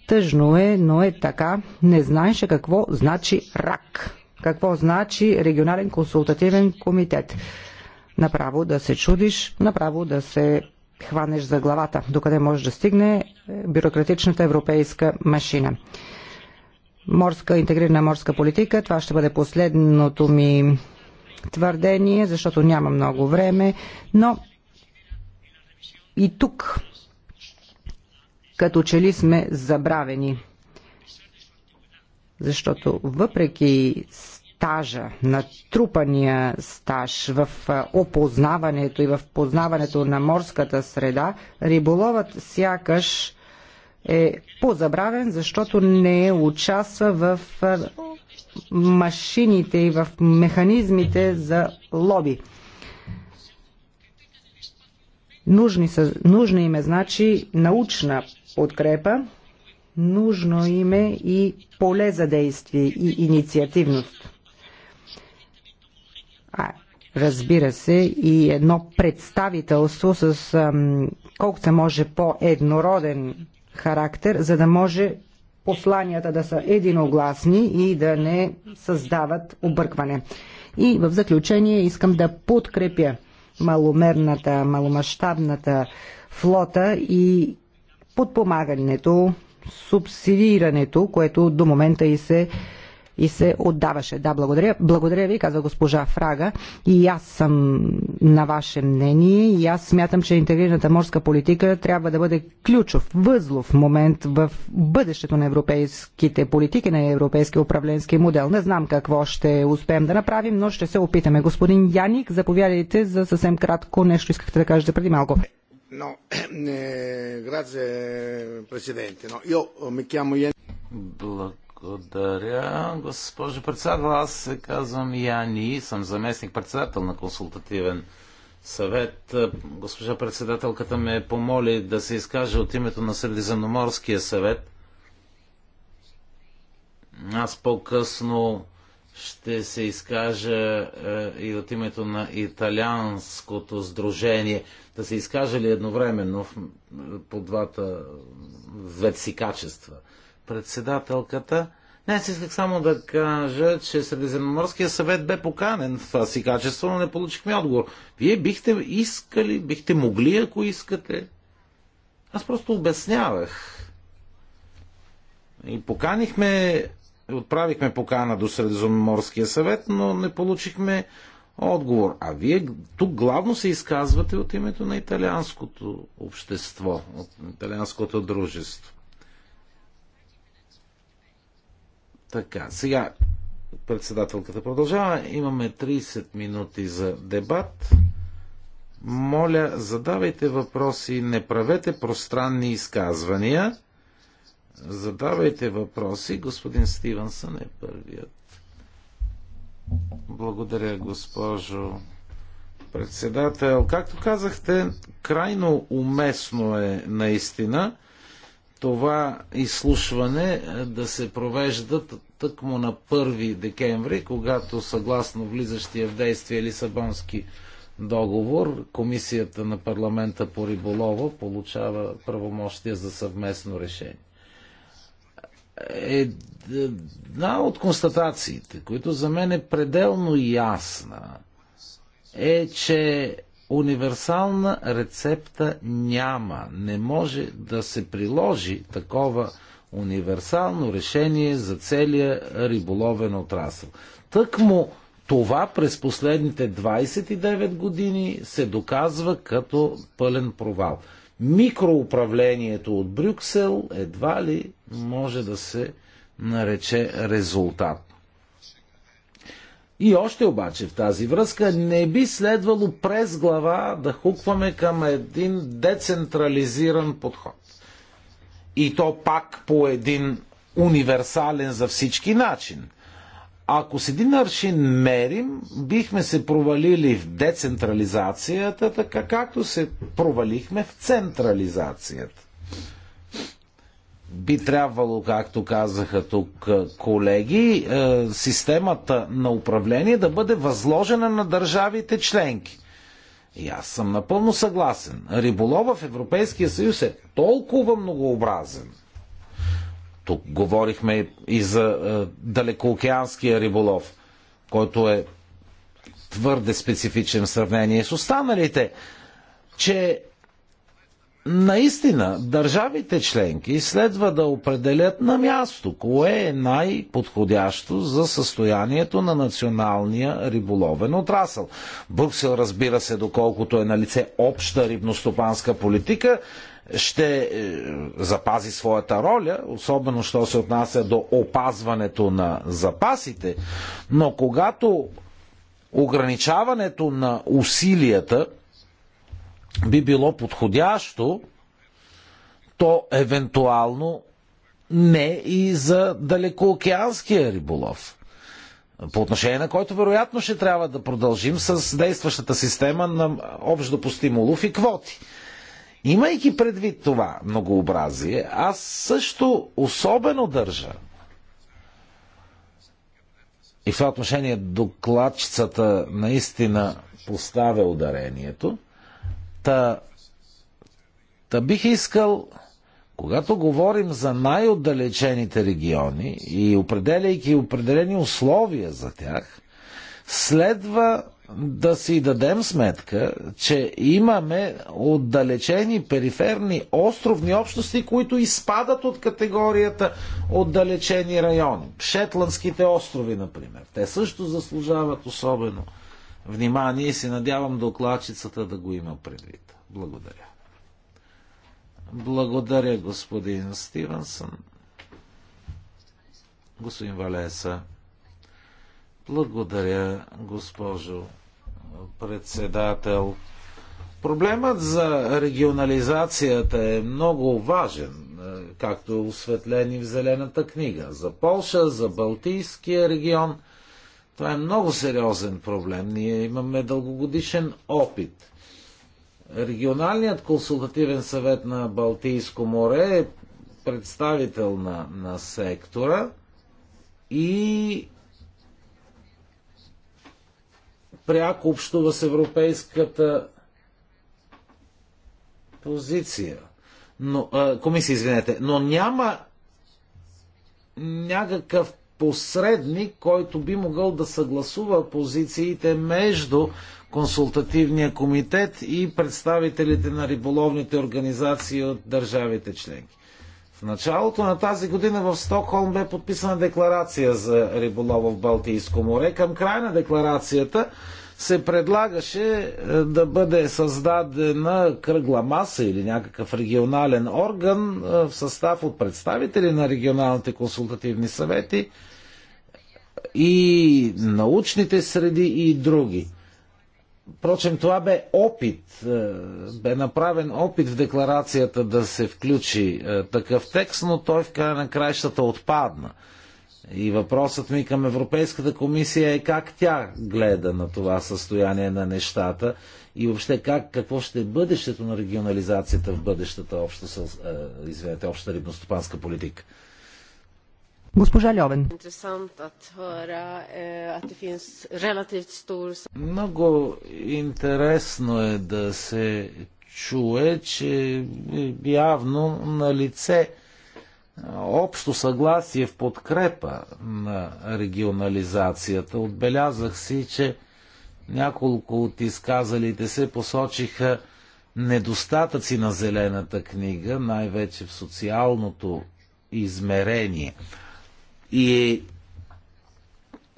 тъжно е, но е така, не знаеше какво значи рак, какво значи регионален консултативен комитет. Направо да се чудиш, направо да се хванеш за главата, докъде може да стигне бюрократичната европейска машина. Морска, интегрирана морска политика, това ще бъде последното ми твърдение, защото няма много време, но и тук като че ли сме забравени. Защото въпреки стажа, натрупания стаж в опознаването и в познаването на морската среда, риболовът сякаш е позабравен, защото не участва в машините и в механизмите за лоби. Нужни са, нужни им е, значи, научна подкрепа, нужно им е и поле за действие и инициативност. А, разбира се, и едно представителство с ам, колкото може по-еднороден характер, за да може посланията да са единогласни и да не създават объркване. И в заключение искам да подкрепя маломерната, маломащабната флота и подпомагането, субсидирането, което до момента и се и се отдаваше. Да, благодаря. Благодаря ви, каза госпожа Фрага. И аз съм на ваше мнение и аз смятам, че интегрираната морска политика трябва да бъде ключов, възлов момент в бъдещето на европейските политики, на европейския управленски модел. Не знам какво ще успеем да направим, но ще се опитаме. Господин Яник, заповядайте за съвсем кратко нещо искахте да кажете преди малко. No, *coughs* eh, grazie Presidente. No, io mi chiamo Ian... Благодаря благодаря, госпожо председател. Аз се казвам Яни, съм заместник-председател на консултативен съвет. Госпожа председателката ме помоли да се изкаже от името на Средиземноморския съвет. Аз по-късно ще се изкажа е, и от името на Италианското сдружение. Да се изкажа ли едновременно по двата двете си качества – председателката. Не, аз исках само да кажа, че Средиземноморския съвет бе поканен в това си качество, но не получихме отговор. Вие бихте искали, бихте могли, ако искате. Аз просто обяснявах. И поканихме, отправихме покана до Средиземноморския съвет, но не получихме отговор. А вие тук главно се изказвате от името на италианското общество, от италианското дружество. Така, сега председателката продължава. Имаме 30 минути за дебат. Моля, задавайте въпроси, не правете пространни изказвания. Задавайте въпроси. Господин Стивенсън е първият. Благодаря, госпожо председател. Както казахте, крайно уместно е наистина това изслушване е, да се провежда тъкмо на 1 декември, когато съгласно влизащия в действие Лисабонски договор, Комисията на парламента по риболова получава правомощия за съвместно решение. Е, една от констатациите, които за мен е пределно ясна, е, че универсална рецепта няма. Не може да се приложи такова универсално решение за целия риболовен отрасъл. Тъкмо това през последните 29 години се доказва като пълен провал. Микроуправлението от Брюксел едва ли може да се нарече резултат. И още обаче в тази връзка не би следвало през глава да хукваме към един децентрализиран подход. И то пак по един универсален за всички начин. Ако с един аршин мерим, бихме се провалили в децентрализацията, така както се провалихме в централизацията би трябвало, както казаха тук е, колеги, е, системата на управление да бъде възложена на държавите членки. И аз съм напълно съгласен. Риболова в Европейския съюз е толкова многообразен. Тук говорихме и за е, далекоокеанския риболов, който е твърде специфичен в сравнение с останалите, че наистина държавите членки следва да определят на място кое е най-подходящо за състоянието на националния риболовен отрасъл. Бруксел, разбира се, доколкото е на лице обща рибностопанска политика, ще е, запази своята роля, особено що се отнася до опазването на запасите, но когато ограничаването на усилията – би било подходящо, то евентуално не и за далекоокеанския риболов. По отношение на който вероятно ще трябва да продължим с действащата система на общ допустим улов и квоти. Имайки предвид това многообразие, аз също особено държа и в това отношение докладчицата наистина поставя ударението – Та, та бих искал, когато говорим за най-отдалечените региони и определяйки определени условия за тях, следва да си дадем сметка, че имаме отдалечени периферни островни общности, които изпадат от категорията отдалечени райони. Шетландските острови, например. Те също заслужават особено внимание и се надявам докладчицата да го има предвид. Благодаря. Благодаря, господин Стивенсън. Господин Валеса. Благодаря, госпожо председател. Проблемът за регионализацията е много важен, е, както е осветлен и в Зелената книга. За Полша, за Балтийския регион – това е много сериозен проблем. Ние имаме дългогодишен опит. Регионалният консултативен съвет на Балтийско море е представител на, на сектора и пряко общува с европейската позиция. Но, а, комисия, извинете, но няма някакъв посредник, който би могъл да съгласува позициите между консултативния комитет и представителите на риболовните организации от държавите членки. В началото на тази година в Стокхолм бе подписана декларация за риболова в Балтийско море. Към края на декларацията се предлагаше е, да бъде създадена кръгла маса или някакъв регионален орган е, в състав от представители на регионалните консултативни съвети, и научните среди и други. Впрочем, това бе опит, е, бе направен опит в декларацията да се включи е, такъв текст, но той в края на краищата отпадна. И въпросът ми към Европейската комисия е как тя гледа на това състояние на нещата и въобще как, какво ще е бъдещето на регионализацията в бъдещата обща, е, извинете, обща рибностопанска политика. Госпожа Льовен. Е, Много интересно е да се чуе, че е явно на лице е, общо съгласие в подкрепа на регионализацията. Отбелязах си, че няколко от изказалите се посочиха недостатъци на зелената книга, най-вече в социалното измерение – и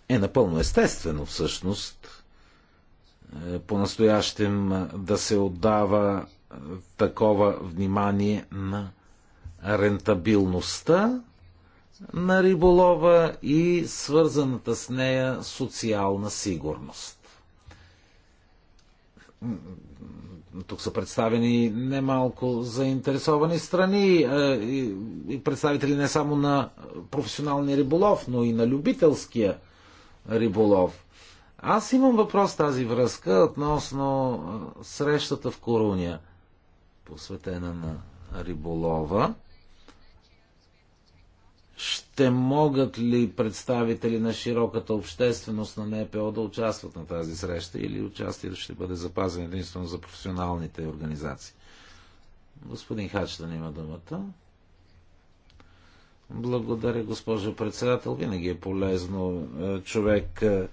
е напълно естествено всъщност е, по-настоящем е, да се отдава е, такова внимание на рентабилността на риболова и свързаната с нея социална сигурност. Тук са представени немалко заинтересовани страни е, и представители не само на професионалния риболов, но и на любителския риболов. Аз имам въпрос тази връзка относно е, срещата в Коруния, посветена на риболова. Ще могат ли представители на широката общественост на НПО да участват на тази среща или участието ще бъде запазено единствено за професионалните организации? Господин Хачтан има думата. Благодаря, госпожо председател. Винаги е полезно е, човек е,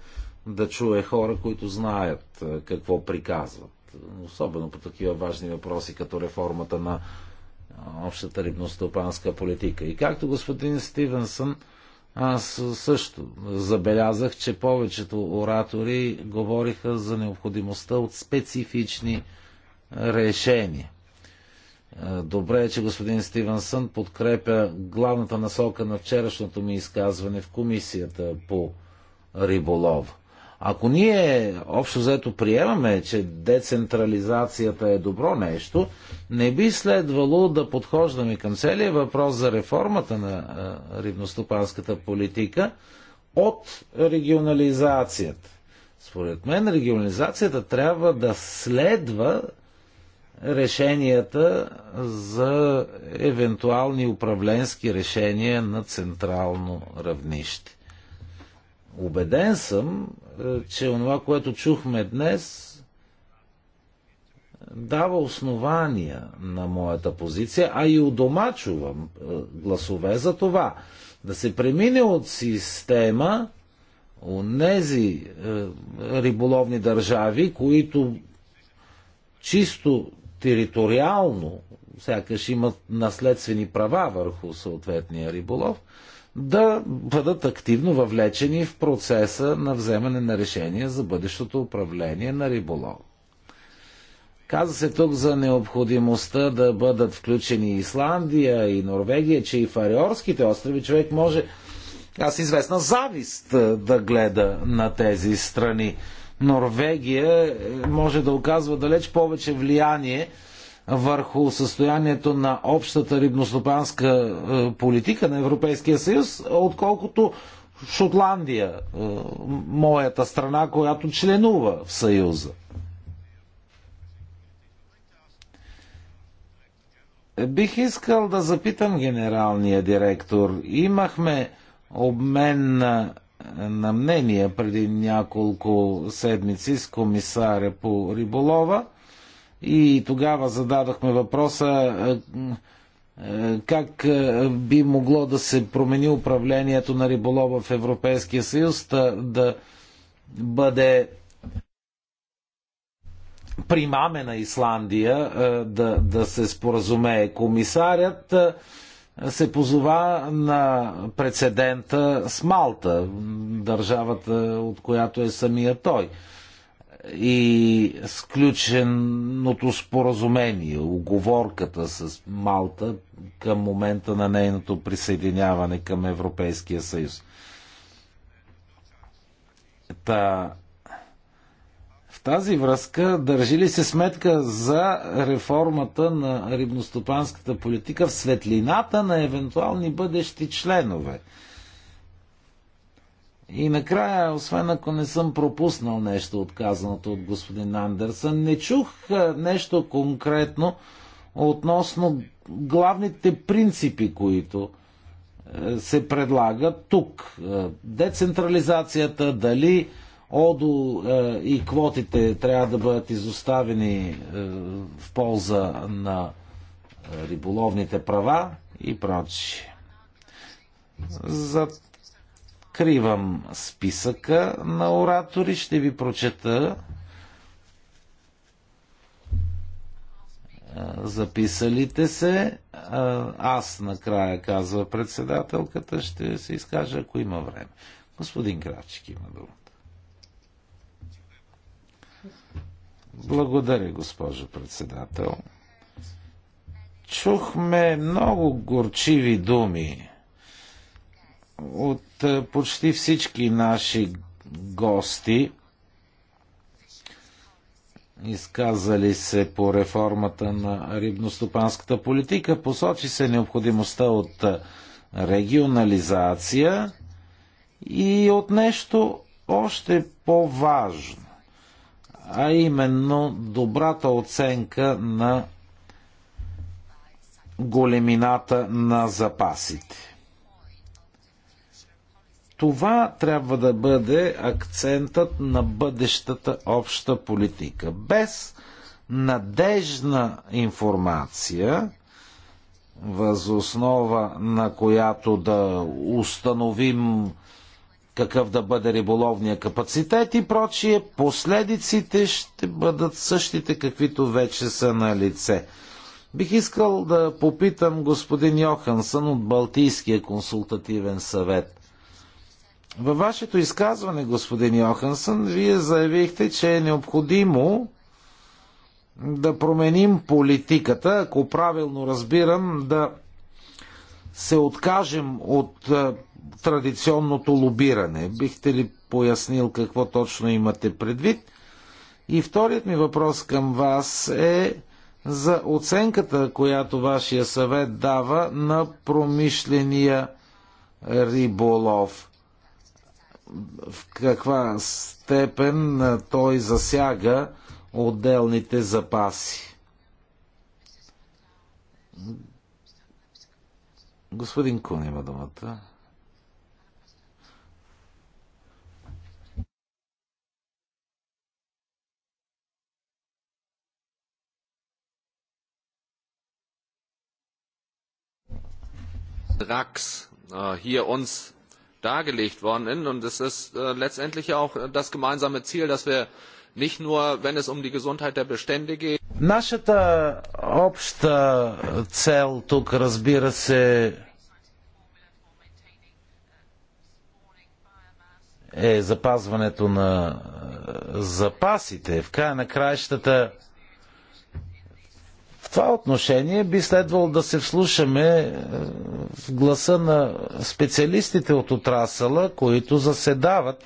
да чуе хора, които знаят е, какво приказват. Особено по такива важни въпроси, като реформата на общата рибностопанска политика. И както господин Стивенсън, аз също забелязах, че повечето оратори говориха за необходимостта от специфични решения. Добре е, че господин Стивенсън подкрепя главната насока на вчерашното ми изказване в комисията по риболов. Ако ние общо взето приемаме, че децентрализацията е добро нещо, не би следвало да подхождаме към целия въпрос за реформата на рибностопанската политика от регионализацията. Според мен регионализацията трябва да следва решенията за евентуални управленски решения на централно равнище. Убеден съм, е, че онова, което чухме днес, дава основания на моята позиция, а и удомачувам е, гласове за това. Да се премине от система онези е, риболовни държави, които чисто териториално сякаш имат наследствени права върху съответния риболов, да бъдат активно въвлечени в процеса на вземане на решения за бъдещото управление на риболов. Каза се тук за необходимостта да бъдат включени Исландия и Норвегия, че и Фариорските острови човек може аз известна завист е, да гледа на тези страни. Норвегия е, може да оказва далеч повече влияние върху състоянието на общата рибностопанска е, политика на Европейския съюз, отколкото Шотландия, е, моята страна, която членува в Съюза. Бих искал да запитам генералния директор. Имахме обмен на, на мнения преди няколко седмици с комисаря по риболова и тогава зададохме въпроса е, е, как е, би могло да се промени управлението на риболова в Европейския съюз, да, да бъде на Исландия да, да се споразумее. Комисарят се позова на прецедента с Малта, държавата, от която е самия той и сключеното споразумение, оговорката с Малта към момента на нейното присъединяване към Европейския съюз. Та, в тази връзка държи ли се сметка за реформата на рибностопанската политика в светлината на евентуални бъдещи членове? И накрая, освен ако не съм пропуснал нещо отказаното от господин Андерсън, не чух нещо конкретно относно главните принципи, които е, се предлагат тук. Е, децентрализацията, дали ОДО е, и квотите трябва да бъдат изоставени в полза на риболовните права и прочие. За Откривам списъка на оратори, ще ви прочета записалите се. Аз накрая, казва председателката, ще се изкажа, ако има време. Господин Кравчик, има думата. Благодаря, госпожо председател. Чухме много горчиви думи от е, почти всички наши гости, изказали се по реформата на рибностопанската политика, посочи се необходимостта от е, регионализация и от нещо още по-важно, а именно добрата оценка на големината на запасите. Това трябва да бъде акцентът на бъдещата обща политика. Без надежна информация, възоснова на която да установим какъв да бъде риболовния капацитет и прочие, последиците ще бъдат същите, каквито вече са на лице. Бих искал да попитам господин Йохансън от Балтийския консултативен съвет. Във вашето изказване, господин Йохансън, вие заявихте, че е необходимо да променим политиката, ако правилно разбирам, да се откажем от е, традиционното лобиране. Бихте ли пояснил какво точно имате предвид? И вторият ми въпрос към вас е за оценката, която вашия съвет дава на промишления риболов в каква степен той засяга отделните запаси. Господин Кун има думата. DRAX hier uns dargelegt worden sind. Und es ist letztendlich auch das gemeinsame Ziel, dass wir nicht nur, wenn es um die Gesundheit der Bestände geht. Нашата обща цел тук, разбира се, е запазването на запасите. В края на краищата това отношение би следвало да се вслушаме е, в гласа на специалистите от отрасъла, които заседават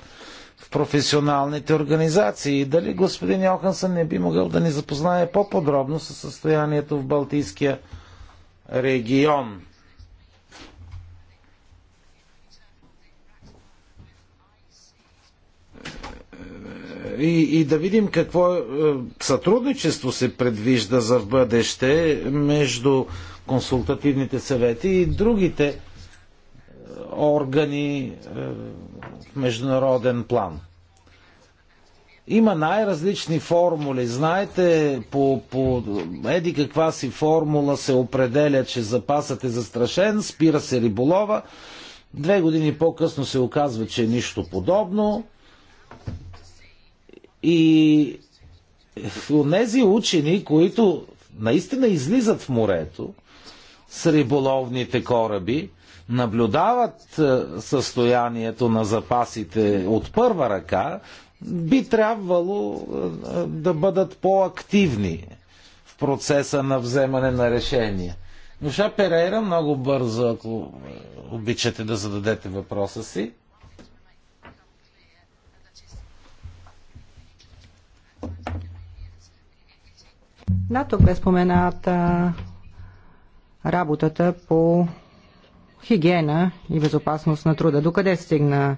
в професионалните организации. И дали господин Йохансън не би могъл да ни запознае по-подробно със състоянието в Балтийския регион? и, и да видим какво е, сътрудничество се предвижда за в бъдеще между консултативните съвети и другите е, органи е, в международен план. Има най-различни формули. Знаете, по, по еди каква си формула се определя, че запасът е застрашен, спира се риболова. Две години по-късно се оказва, че е нищо подобно и онези учени, които наистина излизат в морето с риболовните кораби, наблюдават е, състоянието на запасите от първа ръка, би трябвало е, е, да бъдат по-активни в процеса на вземане на решения. Нуша Перейра, много бързо, ако обичате да зададете въпроса си. Да, тук бе спомената работата по хигиена и безопасност на труда. Докъде стигна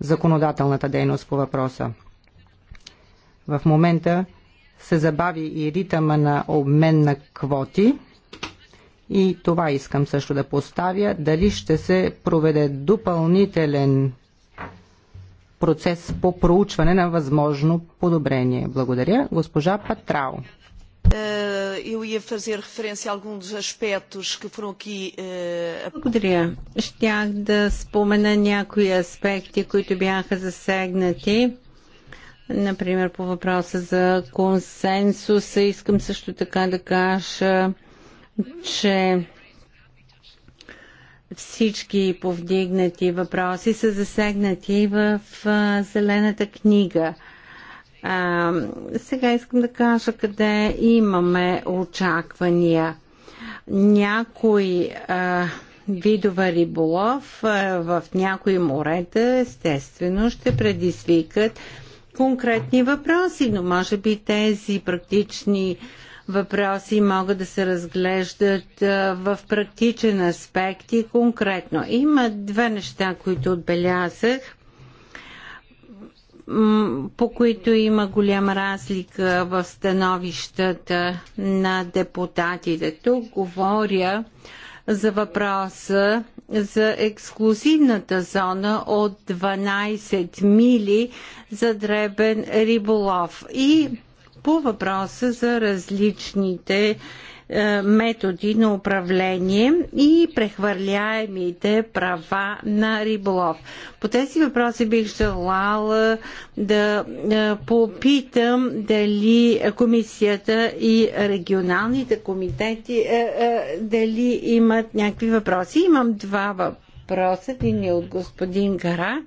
законодателната дейност по въпроса? В момента се забави и ритъма на обмен на квоти и това искам също да поставя. Дали ще се проведе допълнителен процес по проучване на възможно подобрение. Благодаря, госпожа Патрао. Благодаря. Щях да спомена някои аспекти, които бяха засегнати. Например, по въпроса за консенсуса, искам също така да кажа, че всички повдигнати въпроси са засегнати в Зелената книга – а, сега искам да кажа къде имаме очаквания. Някой а, видова риболов а, в някои морета естествено ще предизвикат конкретни въпроси, но може би тези практични въпроси могат да се разглеждат в практичен аспект и конкретно. Има две неща, които отбелязах по които има голяма разлика в становищата на депутатите. Тук говоря за въпроса за ексклюзивната зона от 12 мили за дребен риболов и по въпроса за различните е, методи на управление и прехвърляемите права на риболов. По тези въпроси бих желала да е, попитам дали комисията и регионалните комитети е, дали имат някакви въпроси. Имам два въпроса. Един е от господин Гара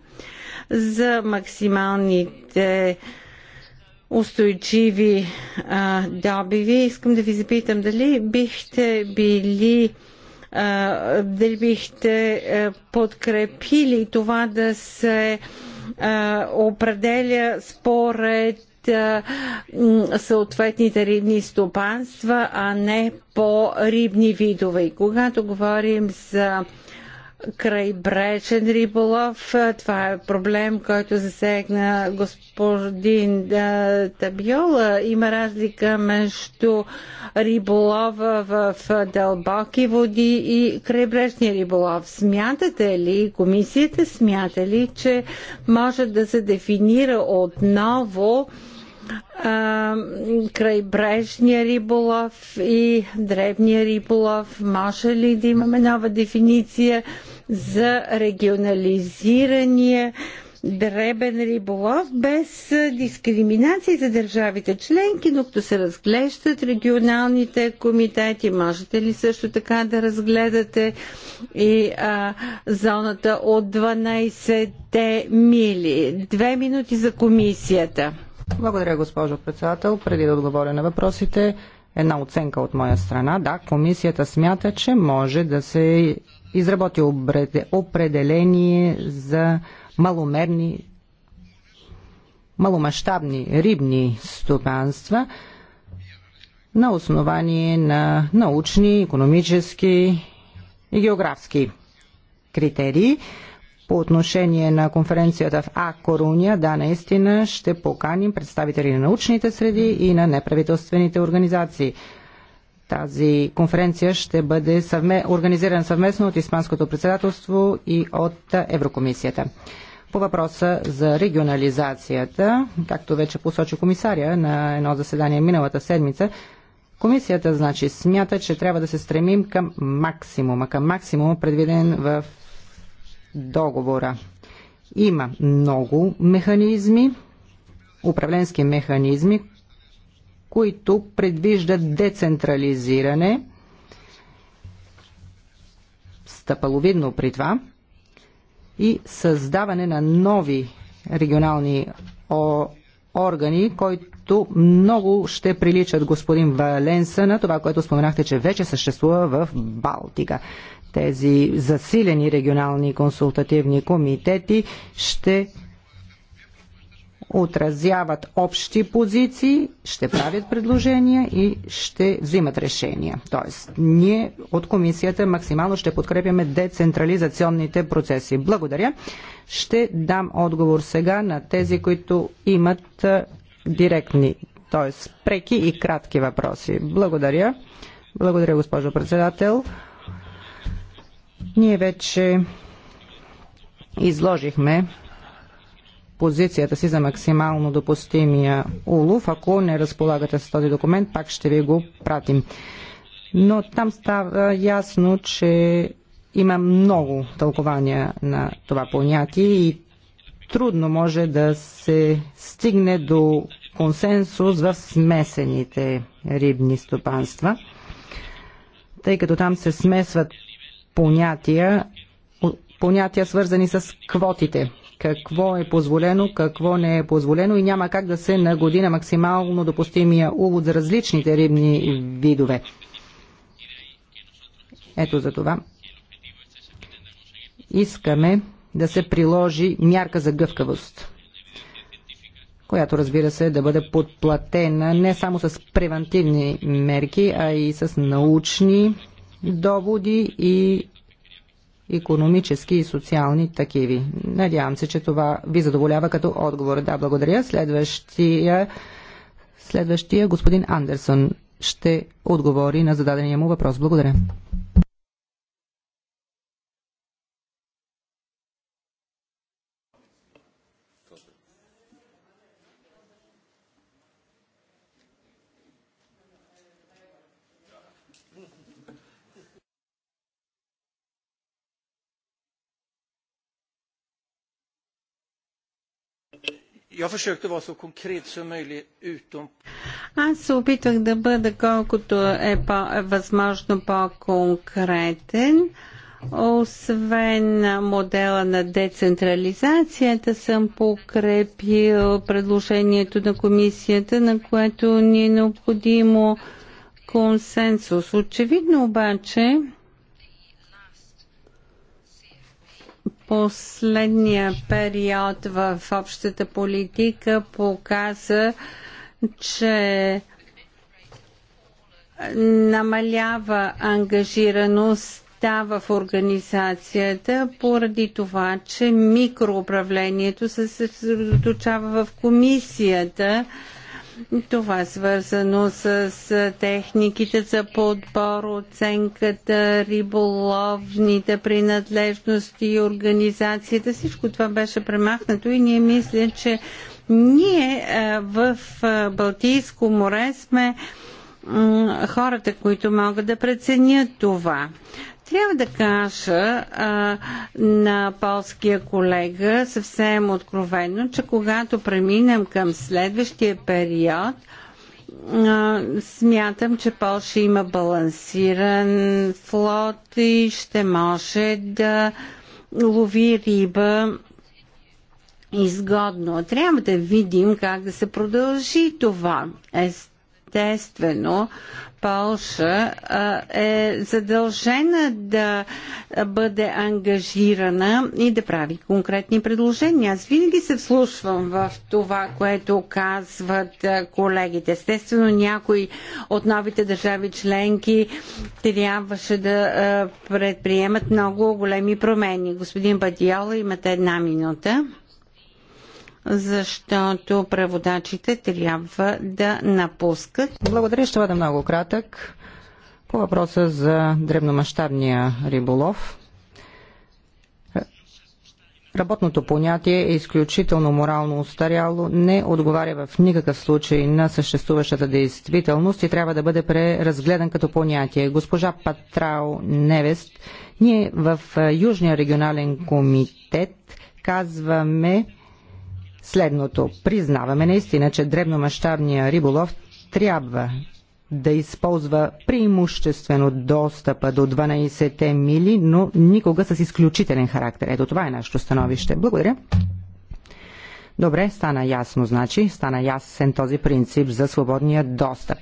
за максималните устойчиви а, добиви. Искам да ви запитам дали бихте били а, дали бихте а, подкрепили това да се а, определя според съответните рибни стопанства, а не по рибни видове. И когато говорим за крайбрежен риболов. Е, това е проблем, който засегна господин е, Табиола. Има разлика между риболова в дълбоки води и крайбрежния риболов. Смятате ли, комисията смята ли, че може да се дефинира отново крайбрежния риболов и древния риболов? Може ли да имаме нова дефиниция за регионализирания дребен риболов без дискриминации за държавите членки, като се разглеждат регионалните комитети. Можете ли също така да разгледате и а, зоната от 12 мили? Две минути за комисията. Благодаря, госпожо председател. Преди да отговоря на въпросите, една оценка от моя страна. Да, комисията смята, че може да се изработи определение за маломерни, маломащабни рибни стопанства на основание на научни, економически и географски критерии по отношение на конференцията в А Коруния, да, наистина ще поканим представители на научните среди и на неправителствените организации. Тази конференция ще бъде съвме... организирана съвместно от Испанското председателство и от Еврокомисията. По въпроса за регионализацията, както вече посочи комисаря на едно заседание миналата седмица, комисията значи смята, че трябва да се стремим към максимума, към максимума предвиден в договора. Има много механизми, управленски механизми, които предвиждат децентрализиране, стъпаловидно при това, и създаване на нови регионални органи, които много ще приличат господин Валенса на това, което споменахте, че вече съществува в Балтика тези засилени регионални консултативни комитети ще отразяват общи позиции, ще правят предложения и ще взимат решения. Тоест, ние от комисията максимално ще подкрепяме децентрализационните процеси. Благодаря. Ще дам отговор сега на тези, които имат директни, т.е. преки и кратки въпроси. Благодаря. Благодаря, госпожо председател. Ние вече изложихме позицията си за максимално допустимия улов. Ако не разполагате с този документ, пак ще ви го пратим. Но там става ясно, че има много тълкования на това понятие и трудно може да се стигне до консенсус в смесените рибни стопанства, тъй като там се смесват понятия, понятия свързани с квотите. Какво е позволено, какво не е позволено и няма как да се нагоди на максимално допустимия увод за различните рибни видове. Ето за това искаме да се приложи мярка за гъвкавост, която разбира се да бъде подплатена не само с превентивни мерки, а и с научни доводи и економически и социални такиви. Надявам се, че това ви задоволява като отговор. Да, благодаря. Следващия, следващия господин Андерсон ще отговори на зададения му въпрос. Благодаря. Jag försökte vara så konkret som möjligt utom... Аз се опитвах да бъда колкото е по- възможно по-конкретен. Освен модела на децентрализацията, съм покрепил предложението на комисията, на което ни е необходимо консенсус. Очевидно обаче, Последния период в общата политика показа, че намалява ангажираността в организацията поради това, че микроуправлението се съсредоточава в комисията това е свързано с техниките за подбор, оценката, риболовните принадлежности, организацията. Всичко това беше премахнато и ние мисля, че ние в Балтийско море сме хората, които могат да преценят това. Трябва да кажа а, на полския колега съвсем откровенно, че когато преминем към следващия период, а, смятам, че Полша има балансиран флот и ще може да лови риба изгодно. Трябва да видим как да се продължи това. Естествено, Полша е задължена да бъде ангажирана и да прави конкретни предложения. Аз винаги се вслушвам в това, което казват колегите. Естествено, някои от новите държави членки трябваше да предприемат много големи промени. Господин Бадиола, имате една минута защото преводачите трябва да напускат. Благодаря, ще бъда много кратък. По въпроса за дребномащабния риболов, Работното понятие е изключително морално устаряло, не отговаря в никакъв случай на съществуващата действителност и трябва да бъде преразгледан като понятие. Госпожа Патрао Невест, ние в е, Южния регионален комитет казваме, следното. Признаваме наистина, че дребномащабния риболов трябва да използва преимуществено достъпа до 12 мили, но никога с изключителен характер. Ето това е нашето становище. Благодаря. Добре, стана ясно, значи, стана ясен този принцип за свободния достъп.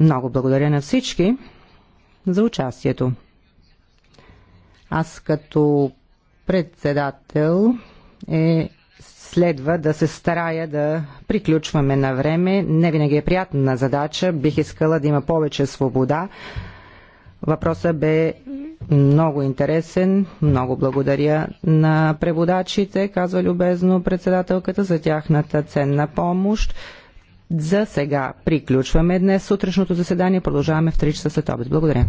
Много благодаря на всички за участието. Аз като председател е следва да се старая да приключваме на време. Не винаги е приятна задача. Бих искала да има повече свобода. Въпросът бе много интересен. Много благодаря на преводачите, казва любезно председателката, за тяхната ценна помощ. За сега приключваме днес сутрешното заседание. Продължаваме в 3 часа след обед. Благодаря.